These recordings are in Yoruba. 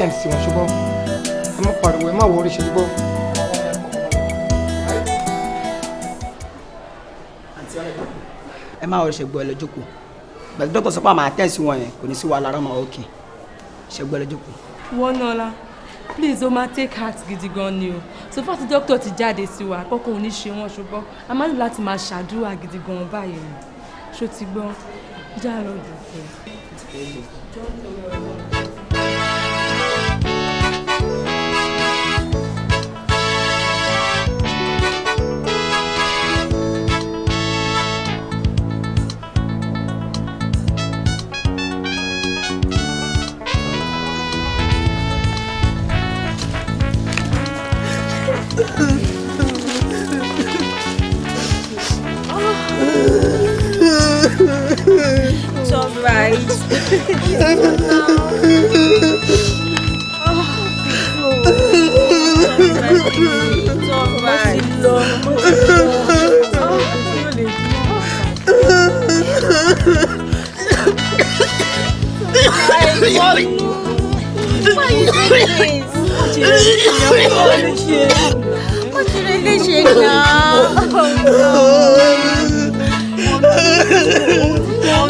send sí wọn ṣùgbọ́n ẹ má pariwo ẹ má wọrí ṣùgbọ́n. ẹ má wọrí ṣègbọ́ ẹ lọ jókòó gbẹ̀dẹ́ dọ́tọ̀ sọ pé àmà àtẹ́sí wọn yẹn kò ní sí wàhálà rán mọ́ òkè ṣègbọ́ ẹ lọ jókòó. wọ́n náà la please o ma take heart gidi gan ni o so far ti doctor ti jáde sí wa kọ́kọ́ òní ṣe wọ́n ṣùgbọ́n a máa ní láti máa ṣàdúrà gidi gan báyìí ṣó ti gbọ́ já lọ dùn fún un. Oh,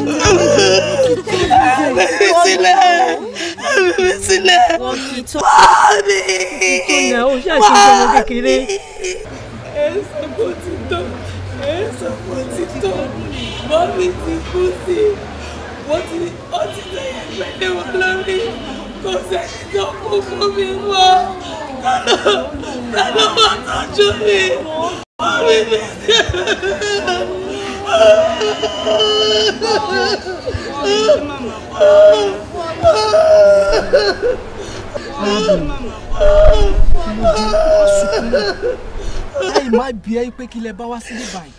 no. Fi sílẹ̀. Fi mí sílẹ̀. bó ti tọ́. Ẹ bó ti tọ́. Mami ti kú sí. Wọ́n ti ó ti sẹ́yìn pẹ̀lú wọn lórí. Kò sẹ́ni tó kú fún mi mọ́. Ta ló ta tọ́jú mi? bi ẹ́ pé kí lẹ bá wá sílé báyìí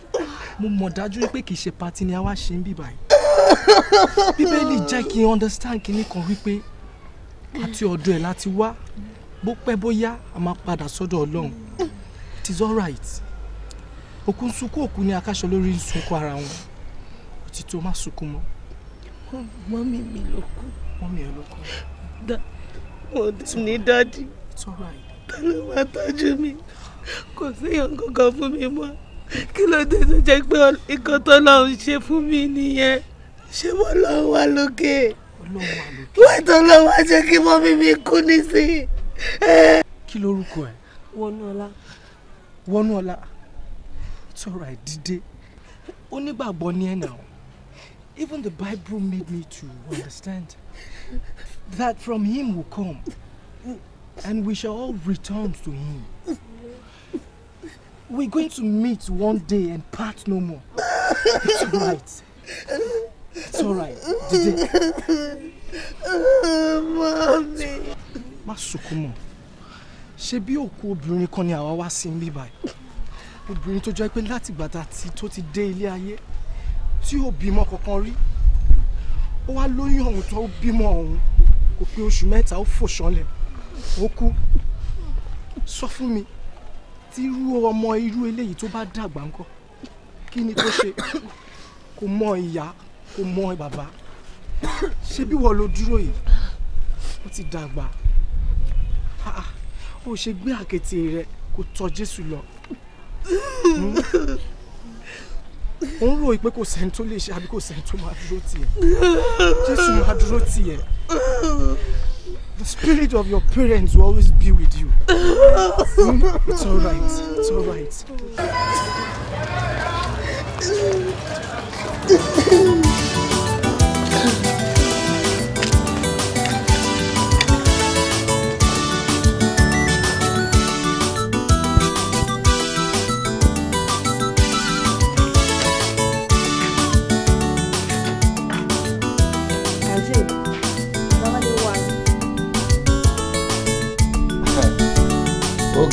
mo mọ̀ dájú pé kì í ṣe pati ni a wá ṣe ń bì bíbélì jẹ́ kí n understand kinní kan wípé àti ọ̀dọ̀ ẹ̀ láti wá bó pẹ́ bóyá a máa padà sọ́dọ̀ ọlọ́run it is alright òkú ń sunkún òkú ni akáṣọ lórí ń sunkún ara wọn òtítọ́ má sunkún mọ́. mọ́mí mi ló kú. mọ́mí ẹ ló kú. mo ní dádì. it's alright. ta máa tọ́jú mi kò séèyàn kankan fún mi mọ́ kí ló dé tó jẹ́ pé nǹkan tó lọ́hùn ṣe fún mi nìyẹn ṣé mo lọ́hùn wá lókè wọ́n tó lọ́hùn wá ṣe kí mọ́ mi mi kú nísìnyí. kí lorúkọ ẹ. wọnúọlá. wọnúọlá it's alright dídé onígbàgbọ́ ni ẹ̀ náà even the bible made me to understand that from him will come and we shall all return to him. We're going to meet one day and part no more. It's alright. It's alright. Dìde. Mami. Má sunkún mọ́. Ṣé bí òkú obìnrin kan ni àwa wá sí níbí báyìí? Obìnrin tó jẹ́ pé láti gbàdá tí tó ti dé ilé ayé tí ò bímọ kankan rí. Ó wá lóyún ọ̀hún tó bímọ ọ̀hún. Kò pé oṣù mẹ́ta ó fò ṣánlẹ̀. Ó kú. Sọ fún mi tí irú ọmọ irú eléyìí tó bá dàgbà ńkọ́ kí ni kó ṣe kò mọ ìyá kò mọ bàbá ṣé bí wọ́n lo dúró yìí ó ti dàgbà ó ṣe gbé àkètì rẹ kó tọ̀ Jésù lọ ó ń ròyìn pé kò sẹ́ni tó lè ṣe àbí kò sẹ́ni tó máa dúró tiẹ̀ Jésù máa dúró tiẹ̀. The spirit of your parents will always be with you. It's alright. It's alright.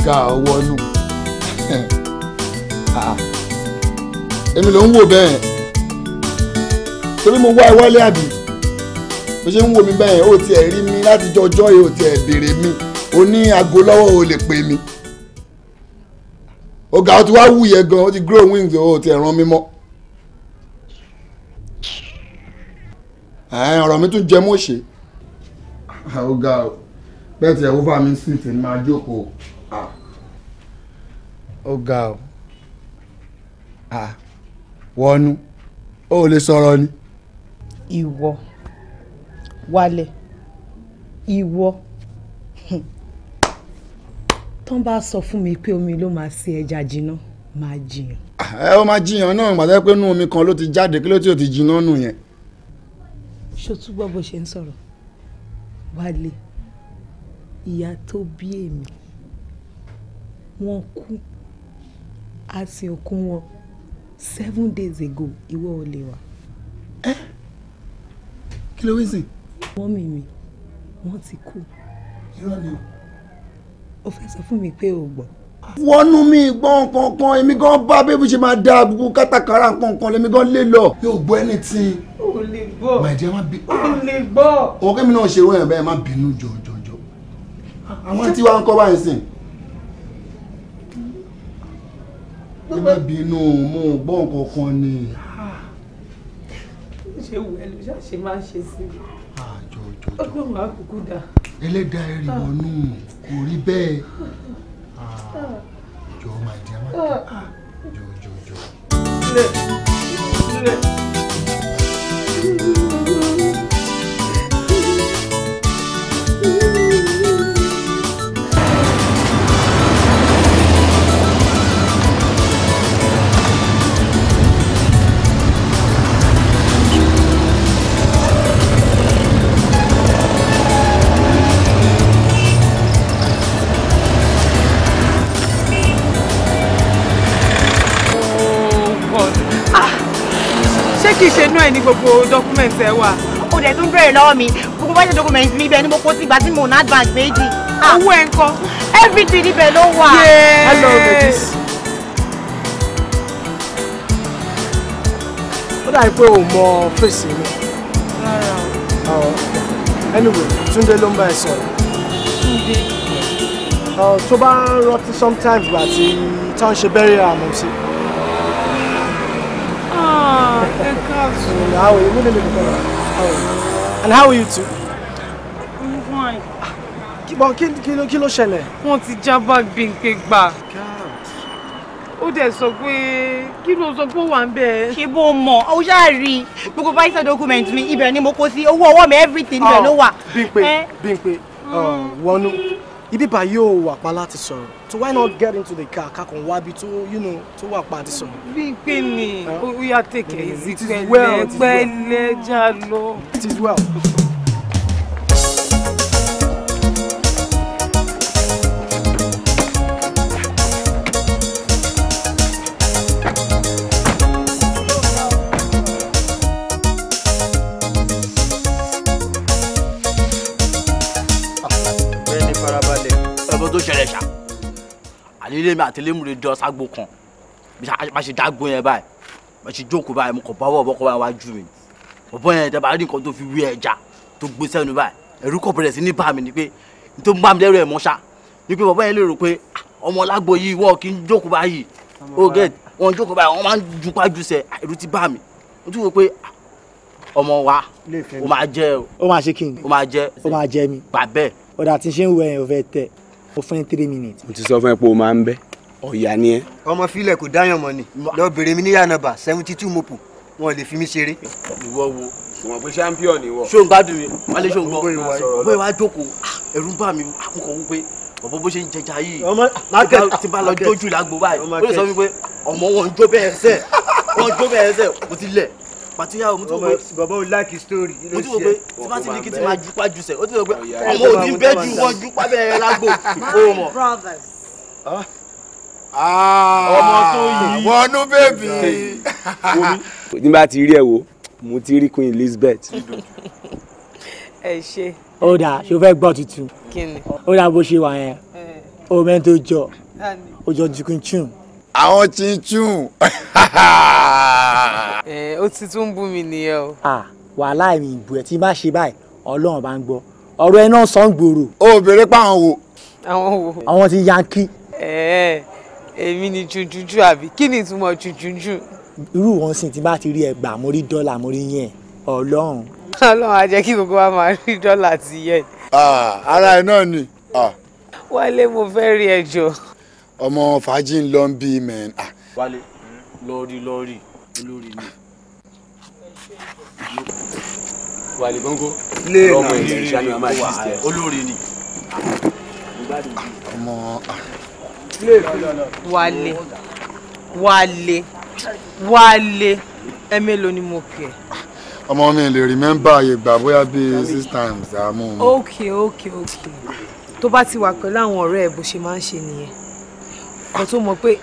ga ọwọ́ nù èmi ló ń wò bẹ́ẹ̀ torí mo wá ìwọlé àbí bó ṣe ń wò mí bẹ́ẹ̀ ó tiẹ̀ rí mi láti jọjọ́ yìí ó tiẹ̀ béèrè mi ó ní aago lọ́wọ́ ó lè pè mí ọ̀gá ó ti wá wù yẹ gan ó ti grow wings ó tiẹ̀ ràn mí mọ́ ọ̀rọ̀ mi tún jẹ mọ́ ṣe ọ̀gá bẹ́ẹ̀ tiẹ̀ wọ́n fà mí sí tèmi máa jókòó. Ah. ó ga ọ ah. wọnú ó lè sọ̀rọ̀ ni. ìwọ wálé ìwọ tó ń bá sọ fún mi pé omi ló máa ṣe ẹja jinná máa jiyàn. Ah, ẹ ó máa jiyàn náà pàtẹ́ pé inú omi kan ló ti jáde kí ló ti ò ti jinná nù yẹn. ṣó tún gbọ́ bó ṣe ń sọ̀rọ̀ wálé ìyá tó bí èmi wọ́n kú a sin òkú wọn seven days ago ìwọ ò lè wà. ẹ kí ló wí sí. wọ́n mì mí wọ́n ti kú. irọ́ ni o. o fẹ́ sọ fún mi pé o gbọ́. wọnú mi gbọ́n kankan èmi gan bá bébí ṣe máa da àbùkù kátàkárà kankan lèmi gan lè lọ. yóò gbọ́ ẹni tí. o lè gbọ́. màjẹ́ má bí. o lè gbọ́. òkè mi náà ṣe irú ẹ̀ bẹ́ẹ̀ má bínú jọjọjọ. àwọn tí wàá ń kọ́ báyìí sìn. ẹ má bínú mo gbọ́ nǹkan ni. ṣé wù ẹ ló ṣàṣe máa ń ṣe sí i. àjọ jọjọ ọlọ́run àkókò dà. ẹlẹ́dàá ẹ̀rì wọnú kò rí bẹ́ẹ̀ jọ máa jẹ́ máa jọ jọ jọ. kì í ṣe inú ẹ̀ ní gbogbo dọ́kúmẹ̀ntì ẹ wà. ó dẹ̀ tún bẹ̀rẹ̀ lọ́wọ́ mi gbogbo bá ṣe dọ́kúmẹ̀ntì mi bẹ́ẹ̀ ni mo kó sí ìgbà tí mo ná bank méjì. Ah, owó ẹ̀ ń kọ́. everything níbẹ̀ ló wà. ó dàbí pé o mọ fèsì mi. Oh, anyway Túndé ló ń bá ẹ sọ̀rọ̀. Túndé. Oh, tó bá ń rántí sometimes gbà tí táwọn ṣe bẹ́rẹ̀ àmọ̀ sí i. So, how are you? How are you? And how are you too? I'm fine. But kí ló kí ló ṣẹlẹ̀? Wọ́n ti já bag Bímpé gbà. Ó dẹ̀ sọ pé kí ló sọ pé ó mo. ń bẹ̀. Ṣé bó mọ̀? Ó ṣáà rí gbogbo báyìí document mi ibẹ̀ ni mo kó sí owó ọwọ́ mi everything ibẹ̀ ah, ló wà. Bímpé eh? Uh, wọnú ibi báyìí ò wà pa láti sọ̀rọ̀ so why not get into the car kakàn wábi tó you know tó wà pa láti sọ̀rọ̀. bí pé ni ó yà take easy pẹ̀lẹ́ pẹ̀lẹ́ lọ. it is well. nílé mi àti lémùrè jọ ságbo kan bá ṣe dágbo yẹn báyìí bá ṣe jókòó báyìí mo kàn bá wọ̀ bọ́kọ̀ báyìí wájú mi bọ̀bọ̀ yẹn tẹ́ bá rí nǹkan tó fi wí ẹja tó gbé sẹ́nu báyìí ẹ̀rú kọ̀ bẹ̀rẹ̀ sí ní bá mi ni pé n tó ń bá mi lẹ́rù ẹ̀ mọ́ṣá ni pé bọ̀bọ̀ yẹn lè rò pé ah, ọmọ lágbo yìí wọ́n kì í jókòó báyìí ó gẹ̀ wọ́n jókòó báyìí wọ́n máa ń jupá jùsẹ̀ ẹ̀rú ti bá mi o tún wò pé ah, ọmọ wa ó máa jẹ́ o ó máa ṣe kí ni ó ọ̀dà tí ń ṣe ń wẹ̀ ò fẹ́ tẹ̀ mo fún ẹ three minutes. mo ti sọ fún ẹ pé o máa ń bẹ ọ̀yà ni ẹ. ọmọ filẹ kò dáyàn mọ ni lọ bèrè mi níyà nọ́mbà seventy two mopo wọn lè fi mí ṣeré. ìwọ wo ìwọ̀n pé champion ni wọ. ṣó ń gbádùn mi wọ́n lè ṣó ń gbọ́ bóyá wàá jókòó ah, ẹ̀rù ń bà mí ah, mo kàn wọ́n pé bọ̀bọ̀ bó ṣe ń jẹjà yìí tí bá lọ jójú làgbo báyìí ó lè sọ wípé ọmọ wọn ń jó bẹ́ẹ̀ sẹ́ẹ̀ wọ́n jó bẹ́ẹ̀ sẹ́ẹ̀ mo ti lẹ̀ pàtúyàwó mo ti wò pé bàbá o like story mo ti wò pé tí bá ti ní kí ti máa jupá jùsẹ̀ o ti wò pé ọmọ òdì bẹ́ẹ̀ ju wọ́n jupá bẹ́ẹ̀ lágbo o mọ̀. Ah. ọmọ ah. tó yí wọnú bèbí. nígbà tí rí ẹ wo mo ti rí Queen Elizabeth. ẹ ṣe. ó dà ṣé o fẹ́ gbọ́ tuntun ó dà bó ṣe wà yẹn o mẹ́tò jọ o jọ jukun chun àwọn chinchin. ẹ eh, ó ti tún bú mi nìyẹn o. wàhálà ìrìn ìbò ẹ tí bá ṣe báyìí Ọlọ́run bá ń gbọ́ ọ̀rọ̀ ẹ náà sọ ń gbòòrò. o béèrè pa àwọn wo. àwọn wo. àwọn ti yankí. ẹ eh, èmi ni jujuju àbí kí ni ìtumọ̀ jujuju. irú wọn sì ti bá ti rí ẹ gbà mo rí dọ́là mo rí yẹn Ọlọ́run. Ọlọ́run á jẹ́ kí gbogbo wa máa rí dọ́là ti yẹn. Ah, ara ẹ náà ni. Ah. wálé mo fẹ́ rí ẹ jọ ọmọ fàájì ń lọ bí mẹ́rin. Ah. wálé lọ́ọ̀rì lọ́ọ̀rì olórí ni. wálé gbọ́ngàn lé ọmọ ìlẹ̀ ìṣáájú àmà ìṣiṣẹ́ olórí ni. ọmọ. Ah. wálé wálé wálé ẹ̀mélòó ni mo pè é ah, ọmọ mi lè remember àyè gbà bóyá bíi six times àmú. ok ok ok tó bá ti wà pẹ̀lú àwọn ọ̀rẹ́ ẹ̀ bó ṣe máa ń ṣe nìyẹn kan tó mọ̀ pé.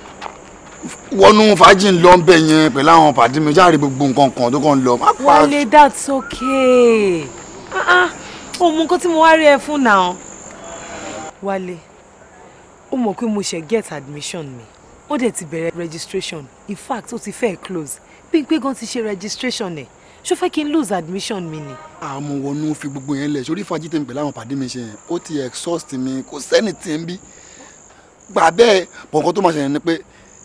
wọnú fàájì ń lọ bẹ yẹn pẹ̀lú àwọn pàdé mi járe gbogbo nǹkan kan tó kàn lọ. wọlé that's okay ó ah, ah. mú nǹkan tí mo wá rí ẹ fún náà. wálé ó mọ̀ pé mo ṣe get admission mi ó dẹ̀ ti bẹ̀rẹ̀ registration in fact ó ti fẹ́ close Bímpé gan ti ṣe registration ẹ̀ ṣó fẹ́ kí n lose admission mi ni. àmọ́ wọnú fi gbogbo yẹn lẹ̀ sórí fàájì tèmi pẹ̀lú àwọn pàdé mi ṣe yẹn ó ti exhaust mi kò sẹ́ni tí ń bí gbà bẹ́ẹ̀ bọ̀ tó máa ṣẹlẹ̀ ni pé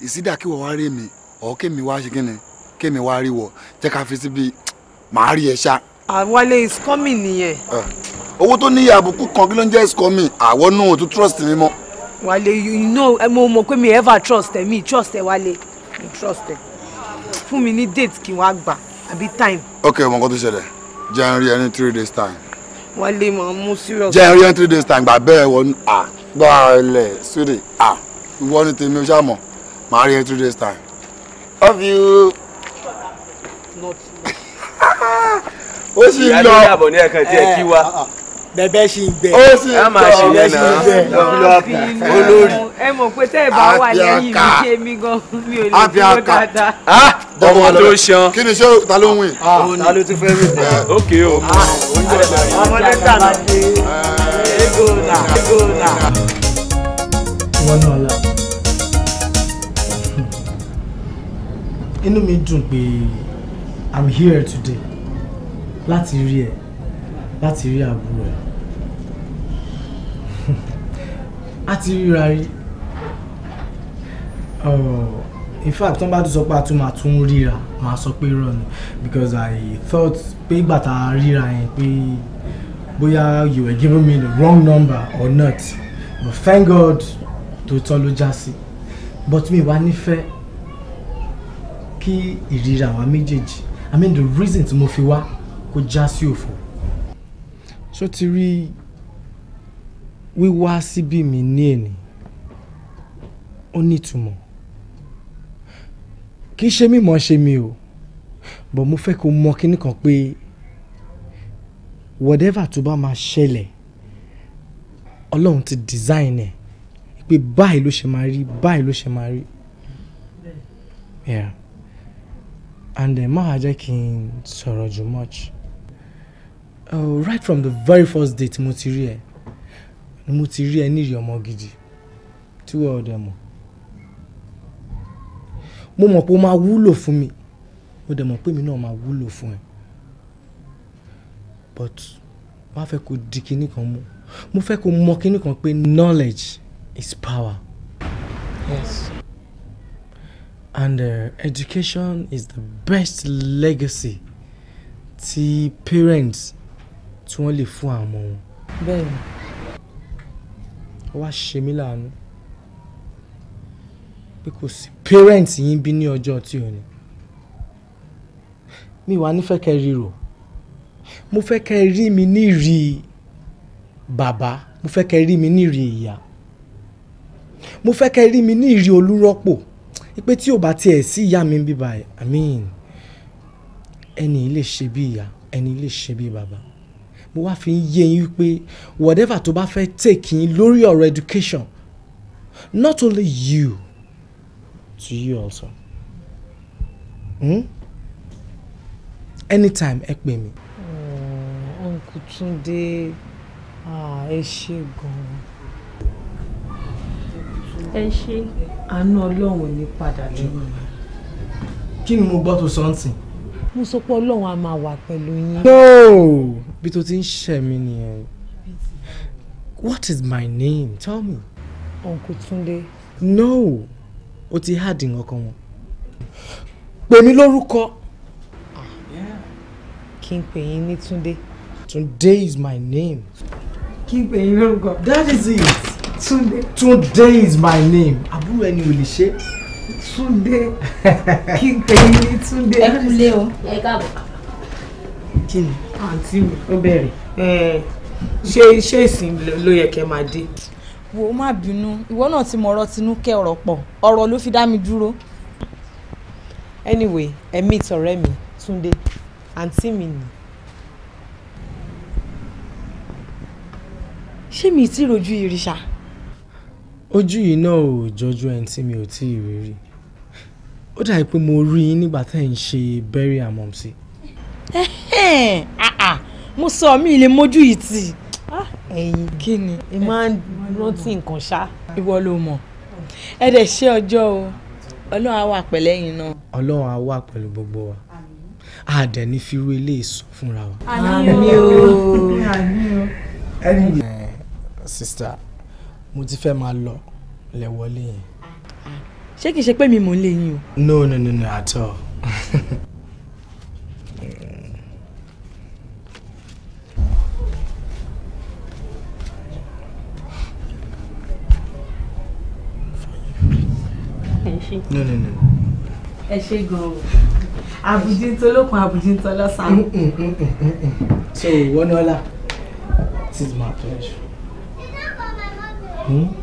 ìsídà kí wọ́n wá rí mi ọ̀ kémi wá ṣe kíni kémi wá rí wọ̀ jẹ́ ká fi síbi màá rí ẹ ṣá. àwọlé is coming nìyẹn. owó tó ní àbùkù kan kí ló ń jẹ́ is coming àwọ̀ náà tún trust mi mọ́. wálé you know mo mọ̀ pé mi ever trust ẹ mi trust ẹ wálé mi trust ẹ fún mi ní date kí n wá gbà àbí time. ok ọmọ nǹkan tó ṣẹlẹ̀ jẹ́ n rí ẹ ní three days time. wálé mo mú serious. jẹ́ n rí ẹ three days time gbà bẹ́ẹ̀ wọ́n ah gbọ́ ilẹ̀ sóde à ìwọ ní tèmi ó ṣàmọ̀ màá rí ẹ two days time. love you. ó sì ń lọ ìyá mi yàbọ̀ ní ẹ̀kan tí ẹ kí wa eh, eh, eh, bẹ̀bẹ̀ ṣì ń bẹ ó sì ń lọ bẹ̀bẹ̀ ṣì ń bẹ lọ́pì olórí. ẹ mọ̀ pé tẹ́ ẹ bá wà lẹ́yìn mi ṣe mí gan mi ò lè dúró dáadáa. Ah, ọmọ tó ṣan kí ni ṣé ta ló ń win. Ah, ta ló tún fẹ́ win. ókè o. Ah, ọmọdé tà náà. Guna, Guna. One dollar. Inú mi dùn pé I'm here today láti rí ẹ láti rí àbúrò ẹ. A ti ríra rí. Oh, in fact, tó ń bá tún sọ pé a tún máa tún ríra, màá sọ pé irọ́ ni because I thought pé ìgbà tá a ríra yẹn pé bóyá you were giving me the wrong number or not but thank God tòótọ́ ló já sí but mi wá nífẹ̀ẹ́ kí ìrírí àwa méjèèjì i mean the reason tí mo fi wá kó já sí òfò. ṣó ti rí wíwá síbí mi ní èní ó nítumọ̀ kì í ṣe mímọ̀ ṣe mi o but mo fẹ́ kó mọ kíní kan pé whatever tó bá máa ṣẹlẹ̀ ọlọ́run ti design ẹ̀ pé báyìí ló ṣe máa rí báyìí ló ṣe máa rí yeah and uh, má wàá jẹ́ kí n sọ̀rọ̀ jù much uh, right from the very first day tí mo ti rí ẹ ni mo ti rí ẹ ní ìrì ọmọ gidi tí wọ́n ọ̀dọ̀ mọ̀ mo mọ̀ pé ó máa wúlò fún mi mo dẹ̀ mọ̀ pé mi náà máa wúlò fún ẹ but wọ́n á fẹ́ kó di kinní kan mú mo fẹ́ kó mọ kinní kan pé knowledge is power. Yes. And uh, education is the best legacy tí parents tí wọ́n lè fún àwọn ọmọ wọn. Bẹ́ẹ̀ni. Ó wá ṣe mí láàánú pé kò sí parents yín bí ní ọjọ́ tí ò ní. Mi wà nífẹ̀ẹ́ kẹ́ rírò mo fẹ́ kẹ́ ẹ rí mi nírì bàbá mo fẹ́ kẹ́ ẹ rí mi nírì ìyá mo fẹ́ kẹ́ ẹ rí mi nírì olúrọ́pò pé tí ò bá tiẹ̀ sí ìyá mi bíbá ẹ̀ i mean ẹni lè ṣe bí ìyá ẹni lè ṣe bí bàbá mo wá fi ń yé yín pé whatever tó bá fẹ́ take yín lórí ọ̀rọ̀ education not only you to you also hmm? anytime ẹ pè mí. Uncle Túndé ẹ ṣe gan-an. ẹ ṣe. àánú ọlọ́run ní padà lẹ́yìn mi. kí ni mo gbọ́ tó sọ́ǹtì. mo sọ pé ọlọ́run á máa wà pẹ̀lú yín. no bí tó ti ń ṣẹ̀ mí nìyẹn what is my name tell me. Uncle Túndé. no o ti háàdì ọkọ wọn. pè mí lórúkọ. kí n pè yín ní Túndé. Tunde is my name. Keep it lórúkọ. That is it. Tunde. Tunde is my name. Àbúrò ẹni ò lè ṣe. Tunde. Kí n pè yín ní Tunde. Ẹ kúlé o. Ẹ káàbọ̀. Kí ni? Àǹtí mi ó bẹ̀rẹ̀. Ṣé iṣẹ́ ìsìn ló yẹ kẹ́ máa dé? Wo má bínú, ìwọ náà ti mọ tinú kẹ́ ọ̀rọ̀ pọ̀, ọ̀rọ̀ ló fi dá mi dúró. Anyway, ẹ meet ọ̀rẹ́ mi, Tunde, àǹtí mi nìyí. ṣé mi ti rojú yìí rí ṣá. ojú yìí náà ò jọjú ẹni tí mi ò tí ì rí rí ó dàbí pé mo rí yín nígbà tẹ́ ń ṣe bẹ́rí àmọ́msí. mo sọ mi lè mójú yìí tì ah, ẹ̀yìn kí ni ẹ máa ń rántí nǹkan ṣá ìwọ ló mọ̀ ẹ dẹ̀ ṣe ọjọ́ o ọlọ́run á wà pẹ̀lẹ́yìn náà. ọlọ́run á wà pẹ̀lú gbogbo wa a dẹ̀ ní fírú ilé ìsọ fúnra wa. àmì o àmì o. Sister, mo ti fẹ́ máa lọ lẹ wọlé yẹn. ṣé kìí ṣe pé mi mò ń lé yín o. no no no no at all. no no no. ẹ ṣe gan-an àbùjíntó lókun àbùjíntó lọ́sàn-án. Mm, mm, mm, so wọnọlá it is my pleasure. Hmm?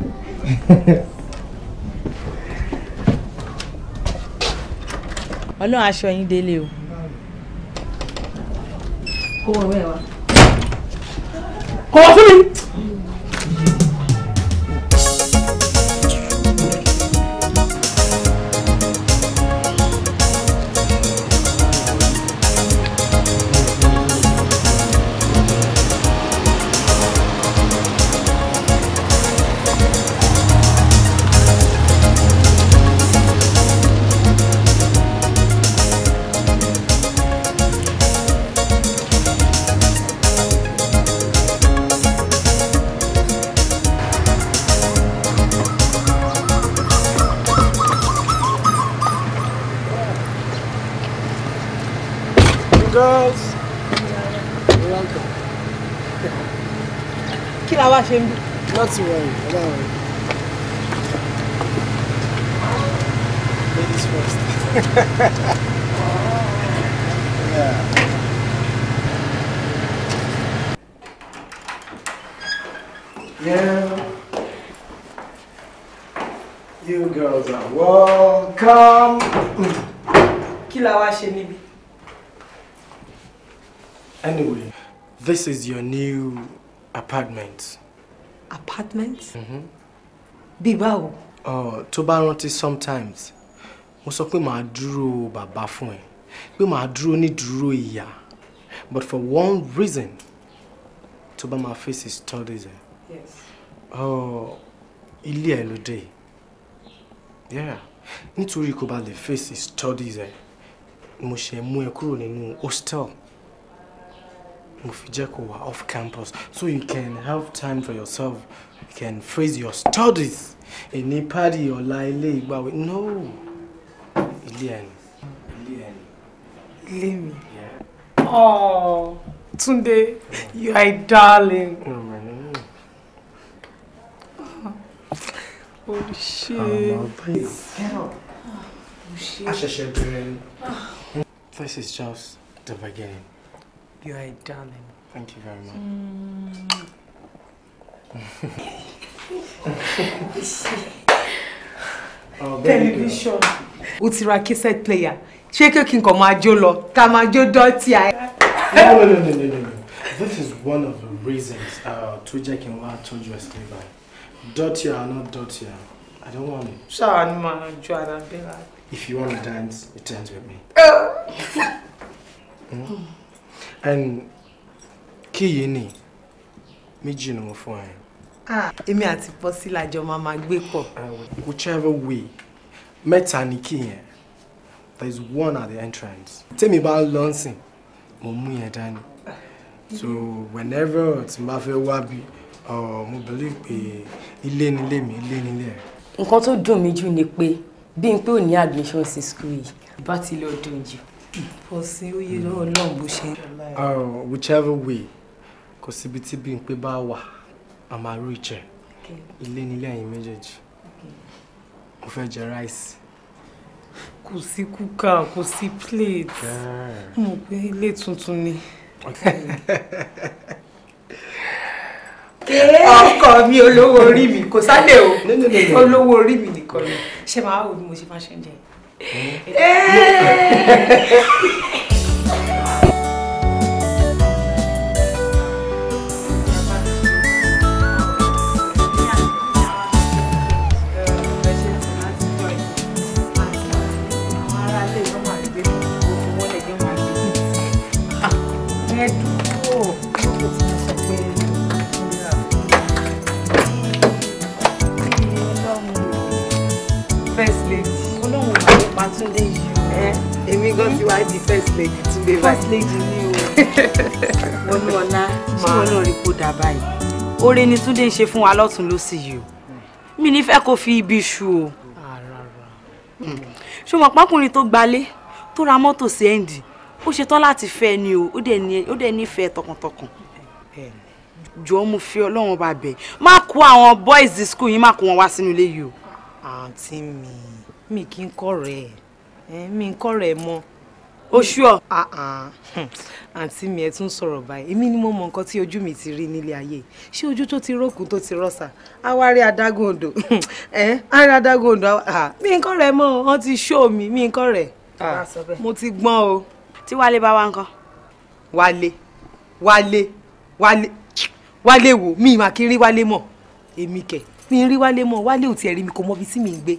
ọlọ́run aṣọ yín délé o. kó wọ́n wẹ̀ wá. kó wọ́n fún mi. This is your new apartment. Apartment? Mm-hmm. Bí báwo? Uh, tó sometimes, mo sọ pé màá dúró bàbá fún ẹ, pé màá dúró ní dúró ìyá. But for one reason, tó bá máa face studies ẹ. Yes. Oh, ilé ẹ ló dé. Yeah. Nítorí kó bá lè face studies ẹ, mo ṣe mú ẹ kúrò nínú hostel mo fi off campus so you can have time for yourself you can freeze your studies èní pàdé ọ̀la ilé ìgbàwé no ilé ẹni. ilé ẹni. ilé mi. Oh, Tunde, you are a darling. Oh, my oh, oh, shit. Oh, please. Get up. Ah, oh, shit. Ah. This is just the beginning. You are a darling. Thank you very much. Mm. Oh, Television. Utiraki ti player. Check your king. kàn máa jó lọ? Ká máa No, no, no, no, no, no. This is one of the reasons uh, tó jẹ́ kí n wá tọ́jú ẹ̀sìn báyìí. Dọ́tí or not Dotia. I don't want it. Ṣáà ni màá jó Anabella. If you want to dance, you dance with me. Mm kí yìí ni méjì ni mo fún ẹ. Ah, èmi àti pọ́sí làjọ máa máa gbé pọ̀. Ah, whichever way mẹ́ta ni kí yẹn there is one at the entrance. tèmi bá ń lọ sìn mo mú yẹn dání so whenever tí n bá fẹ́ wá bí mo believe pé ilé nílé mi ilé nílé rẹ. nǹkan tó dùn mí jù ni pé bí n pé ò ní admission sí school yìí bá ti lọ dùn jù kò sí oyè ọlọ́run bó ṣe. Ah, whichever way kò síbi tí Bímpé bá wà a máa rí ìjẹ ilé nílé ẹ̀yin méjèèjì mo fẹ́ jẹ ráìsì. kò sí kúkà kò sí plate mo gbé ilé tuntun ni. ọkọ mi olówó orí mi kò sálẹ̀ o olówó orí mi nìkan ni ṣé máa wò bí mo ṣe máa ṣe ń jẹ. ええー wàá di first lady tún dé báyìí. first lady ni o wọnú ọlá tí wọn náà rí kó dà báyìí oore ni Túndé ń ṣe fún wa lọ́tún lósì yìí o mi ní fẹ́ kó fi ibi ṣu o hmm. ṣùgbọ́n pákùnrin tó gbalé tó ra mọ́tò sí ẹ̀ǹdì ó ṣetán láti fẹ́ ni o ó dẹ̀ nífẹ̀ẹ́ tọkàntọkàn jọ mo fi ọlọ́run bá bẹ̀ má kó àwọn boys di school yín má kó wọn wá sínú ilé yìí o. àǹtí mi mi kì í kọ́ rẹ̀ ẹ̀ mi kọ́ rẹ̀ mọ́ oṣù ọ. Ah, ah. hm. àǹtí mi ẹ tún sọ̀rọ̀ báyìí èmi ni mo mọ nǹkan tí ojú mi ti rí nílé ayé ṣé ojú tó ti rókun tó ti rọ́ṣà á wá rí adágún odò ẹ á rí adágún odò ah, mi nǹkan rẹ mọ wọn ti ṣó mi mi nǹkan rẹ mo ti gbọ́n o. tí wálé bá wá nǹkan. wálé wálé wálé wálé wo mi mà kí n rí wálé mọ èmi kẹ mi rí wálé mọ wálé ò tiẹ̀ rí mi kò mọ ibi tí mi ń gbé.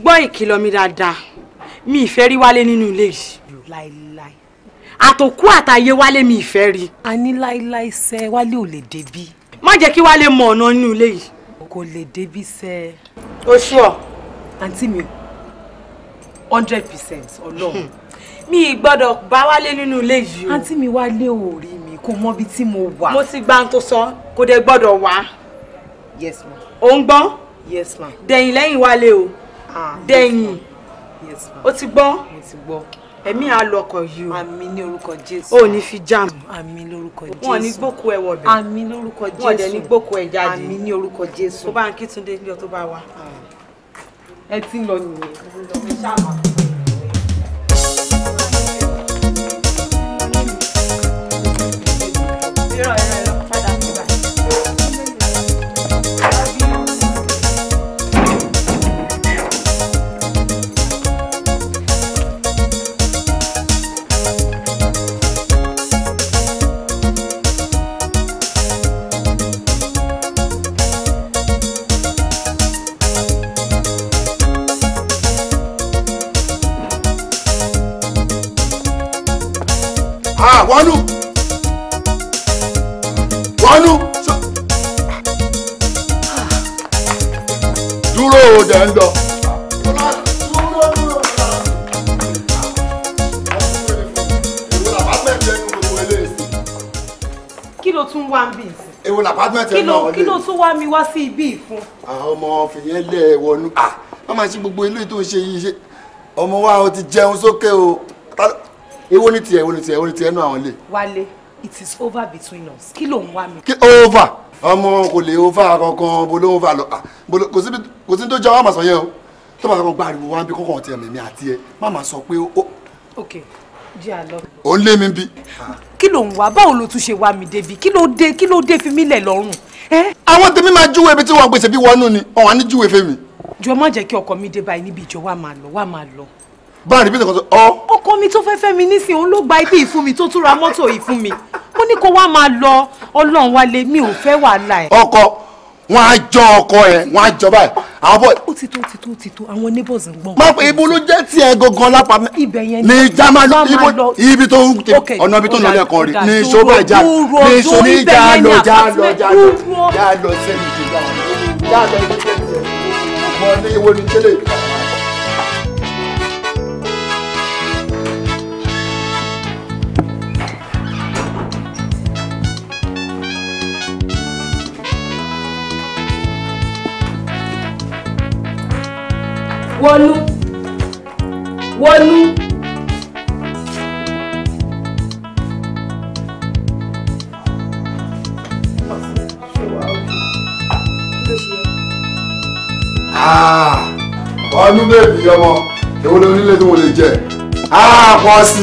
gbọ́ ìkìlọ̀ mi dáadáa mi ìfẹ́ rí wálé nínú ilé yìí láéláé àtòkú àtàyè wálé mi ìfẹ́ rí. a ní láéláé sẹ́ wálé ò lè débí. má jẹ́ kí wálé mọ ọ̀nà inú ilé yìí. kò lè débí sẹ́. o ṣùọ́. àǹtí mi hundred percent ọlọ́run mi gbọ́dọ̀ bá wálé nínú ilé yìí o. àǹtí mi wálé ò rí mi kò mọ ibi tí mo wà. mo ti gbà ń tó sọ kò dé gbọ́dọ̀ wá. yes ma. ò ń gbọ́. yes ma. dẹ̀yìn lẹ́yìn wálé o. Ah, dẹ̀yìn. yes ma. o ti gbọ́. mo ti gbọ́ ẹ̀mí àlọ́kọ̀ yìí o. àmín ní orúkọ jésù. ó ní fi jam. àmín lórúkọ jésù. wọn ní gbókù ẹ wọbẹ. àmín lórúkọ jésù. wọn dẹ̀ ní gbókù ẹ jáde. àmín ní orúkọ jésù. tó bá ń kí Túndé ní ọ bá wa. Ah. ẹ ti lọ nìyẹn. ló tún wá mi wá sí ibi ìfun. àwọn ah, ọmọ fìyẹn lẹ e wọnú ah, wọn máa ṣe gbogbo ilé tó ń ṣe yìí ṣe ọmọ wa o ti jẹun sókè o èwo ni tiẹ̀ èwo ni tiẹ̀ èwo ni tiẹ̀ nú àwọn ilé. wálé it is over between us kí ló ń wá mi. kí over ọmọ kò lè over kankan bó ló ń over lọ ah, kò sí tó jẹ wàá mà sọ yẹn o tó bá kankan gba ariwo wá bí kankan tiẹ̀ mẹ̀mí àti ẹ má má sọ pé ó. ok jẹ́ àlọ́. ò ń lé mi bí. kí ló ń wá báwo ló tún ṣe wá mi débi kí ló dé kí ló dé fi mí lẹ̀ lọ́rùn. Eh? àwọn tèmi máa júwe ibi tí wọ́n gbèsè bí wọnú ni ọ̀hún á ní júwe fèmí. jọ má jẹ́ kí ọkọ mi dé báyìí níbi ìjọ wa máa lọ wa máa lọ. báyìí bí sọ̀kọ̀ sọ ọ. ọkọ mi tó fẹ́ fẹ́ mi nísìn òun ló gba ibi ìfún mi tó tún ra mọ́tò ìfún mi ó ní kó wá máa lọ ọlọ́run wálé mi ò fẹ́ wàhálà ẹ̀. ọkọ wọ́n á jọ ọkọ yẹn wọ́n á jọ báyìí àwọn bọ́ọ̀. ó ti tó ti tó ti tó àwọn neighbors ń gbọ́n. máa pe ibo ló jẹ́ tiẹ̀ gangan lápá mi. ibẹ̀ yẹn ni jama ibo ibi tó ń tẹ ọ̀nà ibi tó ń lọ ní ẹ̀kọ́ rí ní iṣó bá ìjà ní iṣó ní ìjà lọ já lọ já lọ já lọ sẹ́yìn tó já lọ já lọ ilé tẹ́lẹ̀ ọ̀gbọ́n ní ìwé ni tẹ́lẹ̀. wọnú wọnú. Ah, ọdún bèbí ọmọ èwo ló nílé tí mo lè jẹ ah, pọ sí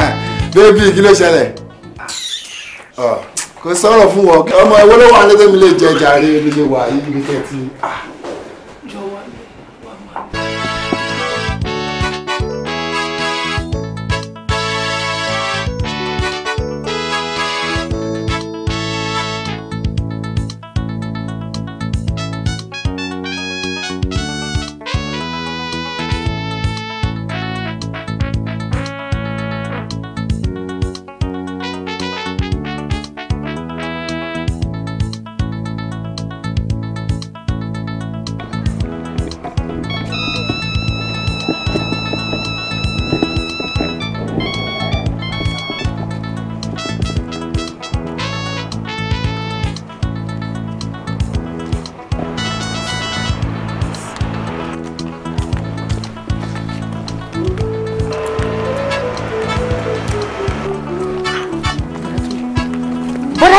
bèbí kí ló ṣẹlẹ̀ ah, kò sọ̀rọ̀ fún wọn ọmọ èwo ló wà létí mi lè jẹ jàre mi lè wà yí mi kẹ́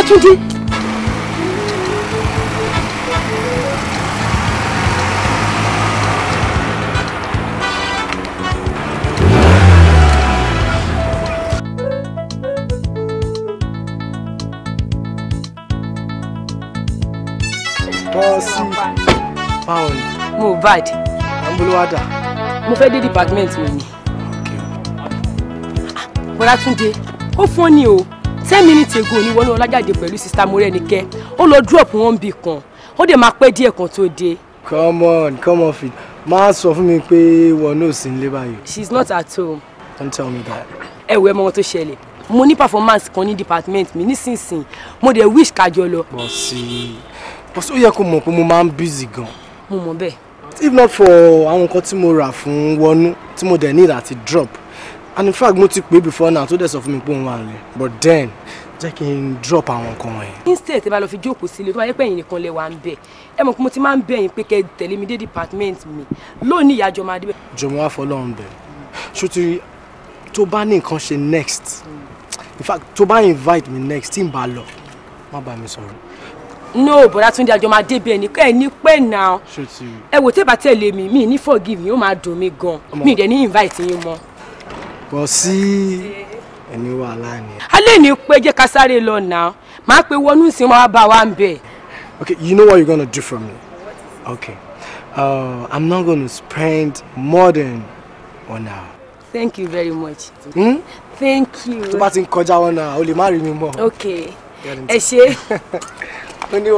Babátúndé. bọ́ọ̀sì báwo ni. mo bad. à ń bolo wá mo fẹ́ dé department mi ni. Ah, bọ́lá túndé ó fún ọ ní o ten minutes ago ni wọnú ọlájáde pẹ̀lú sista morenike ó lọ drop wọn bì kan ó dẹ̀ máa pẹ́ díẹ̀ kan tó dé. come on come on fit máa sọ fún mi pé wọn náà sì ń lé báyìí. she is not at home. don't tell me that. ẹ wo ẹ mọ ohun tó ṣẹlẹ̀ mo ní performance kan ní department mi nísinsìnyí mo dẹ̀ wish kájọ lọ. bọ́sì bọ́sì ó yẹ kó mọ̀ pé mo máa ń busy gan. mo mọ̀ bẹ́ẹ̀. if not for àwọn nǹkan tí mo rà fún wọnú tí mo dẹ̀ need àti drop and in fact mo ti pè é before now tó dẹ̀ sọ fún mi pé òun wà nílé but then jẹ́ kí n drop àwọn nǹkan wọ̀nyẹn. instead ẹ bá lọ fi jókòó sílé tó bá yẹ pé ẹ̀yin nìkan lè wà ń bẹ̀ ẹ mọ̀ pé mo ti máa ń bẹ̀ yín pé kẹ́ tẹ̀lé mi dé department mi lónìí ìyá jọmọ adébẹ̀. jọmọ wá fọlọ́run bẹ̀ ṣùtì tó bá ní nǹkan ṣe next in fact tó bá invite me next tí n bá lọ má bá mi sọ̀rọ̀. no bọ̀dá túndé àjọ máa débẹ̀ ní ẹ ní pẹ́ náà ẹ wò tẹ́ bá tẹ̀lé mi mi ní forgive mi ó máa dùn mí gan mi ì dẹ̀ bọ́ sí ẹni wàhálà ni. alẹ́ ní pé jẹ́ ká sáré lọ nà máa pe wọnú ìsìn máa bá wa ń bẹ̀. okay you know what you're gonna do for me okay uh, i'm not gonna spend more than one hour. thank you very much. Hmm? thank you. tó bá ti ń kọjá one hour o lè má rí mi mọ́. okay ẹ ṣe. ó ní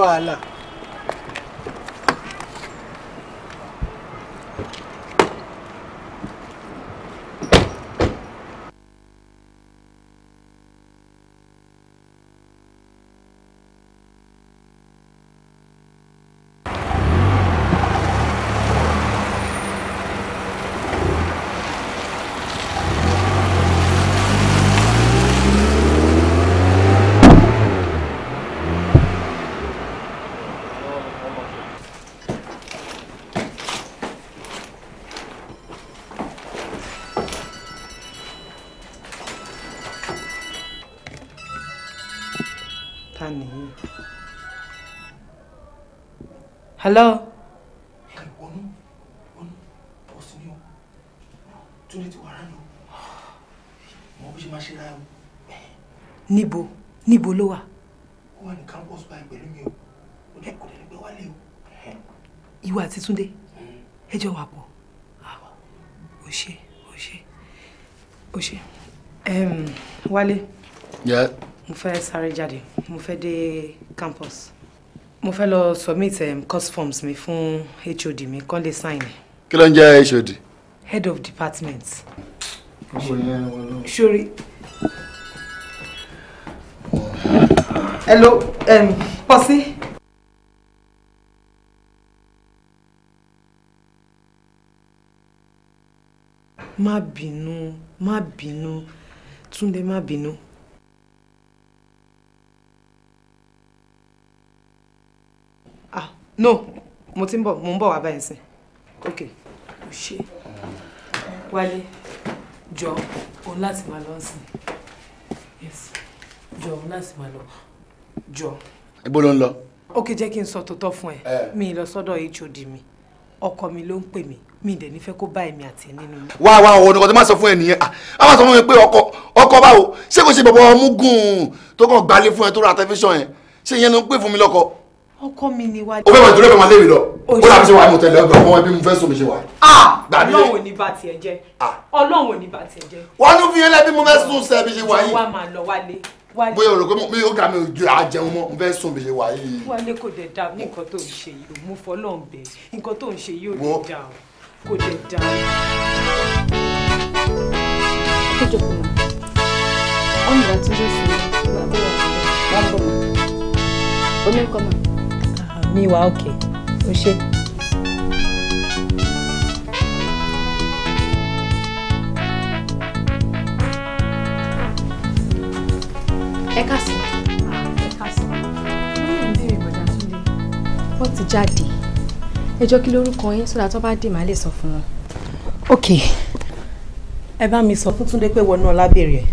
hello. Nibo, wọnú bọ́ sí o túnde ti campus báyìí pẹ̀lú mi o kò dẹ́ kò dẹ́ gbé wálé o. ìwà àti túnde hmm. ẹ jọ wà pọ̀ ó ṣe ó ṣe ó ṣe wálé. yẹ. mo fẹ́ sáré jáde mo fẹ́ dé campus mo fẹ́ lọ submit um, course forms mi fún HOD mi kán lè sign ẹ̀. kí ló ń jẹ́ HOD. head of department. sori. hello um, pọ́sí. má bínú má bínú Túndé má bínú. no mo ti ń bọ̀ mo ń bọ̀ wá báyìí sìn ok o ṣe wálé jọ òun láti máa lọ sìn yes jọ òun láti máa lọ jọ. ibo ló ń lọ. ok jẹ́ kí n sọ tòótọ́ fún ẹ mi lọ sọ́dọ̀ hod mi ọkọ mi ló ń pè mí mi dẹ̀ nífẹ̀ẹ́ kó bá èmi àti ẹ nínú mi. wá wá òun nìkan tó máa sọ fún ẹ nìyẹn ah, a máa sọ fún mi pé ọkọ ọkọ báwo ṣé kò ṣe bàbá ọmú gùn tó kàn gbalé fún ẹ tó ra tẹlifíṣàn yẹn ṣé ìyẹn ló ń pè fún mi lọkọ ọkọ mi ni wa. o fẹ́ máa dúró fẹ́ máa lé mi lọ ó dàbí ṣe wà ní mọ̀tẹ́lẹ̀ ọgbà ọmọ ẹbí mi fẹ́ sùn mi ṣe wà. Ah! ọlọ́run ò ní tiẹ̀ jẹ́ ah! ọlọ́run ò ní tiẹ̀ jẹ́. wọ́n tún fi ẹlẹ́bí mo fẹ́ sùn sẹ́ mi ṣe wà yìí. wà á máa lọ wálé. bóyá o rò pé mi ò ga mi ò ju àjẹun mọ́ mo fẹ́ sùn mi ṣe wà yìí. wálé kò dẹ̀ dá ní nǹkan tó ń ṣe yìí mo fọlọ́ ń bẹ̀ nǹkan tó ń ṣe yìí ò ní dá o kò dẹ̀ dá mi wà òkè o ṣe. ẹ kásán ẹ kásán wọn ń béèrè bọ̀dá Túndé. wọ́n ti jáde ẹ jọ kí lórúkọ yín sọ́dà tó bá dè má lè sọ fún wọn. ok ẹ bá mi sọ fún Túndé pé wọnú ọlá béèrè ẹ.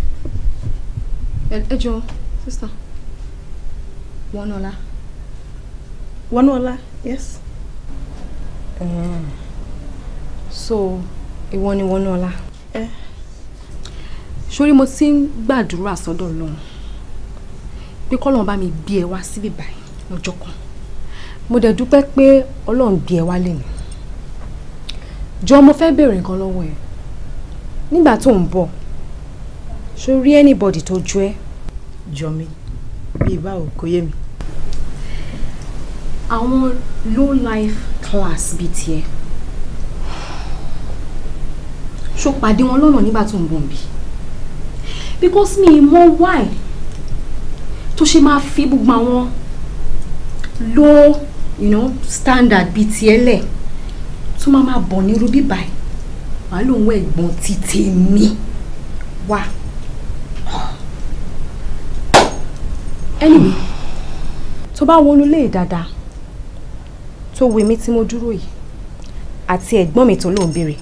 ẹ jọ sísá wọnú ọlá. Wanola, yes. Um, so, ìwọ ni Wanola. Eh. Sori mo ti ń gbàdúrà sọ́dọ̀ Ọlọ́run. Pé kọ́lọ́run bá mi bí ẹ wá síbí báyìí lọ́jọ́ kan. Mo dẹ̀ dúpẹ́ pé Ọlọ́run bí ẹ wá lénìí. Jọ mo fẹ́ bèèrè nǹkan lọ́wọ́ ẹ. Nígbà tó ń bọ̀, sori anybody tó ju ẹ. Jọ mi, bí ìbáwò kò yé mi àwọn low life class bíi tiẹ̀ ṣó pàdé wọn lọ́nà nígbà tó ń bọ̀ nbí because mi mọ why tó ṣe máa fi gbogbo àwọn low you know, standard bíi tiẹ̀ lẹ̀ tó máa máa bọ̀ nírú bíbá ẹ̀ wàá lòun wọ ẹ̀gbọ́n ti wá. anyway tó bá wọnú lé dáadáa tó wo èmi tí mo dúró yìí àti ẹ̀gbọ́n mi tó lóun béèrè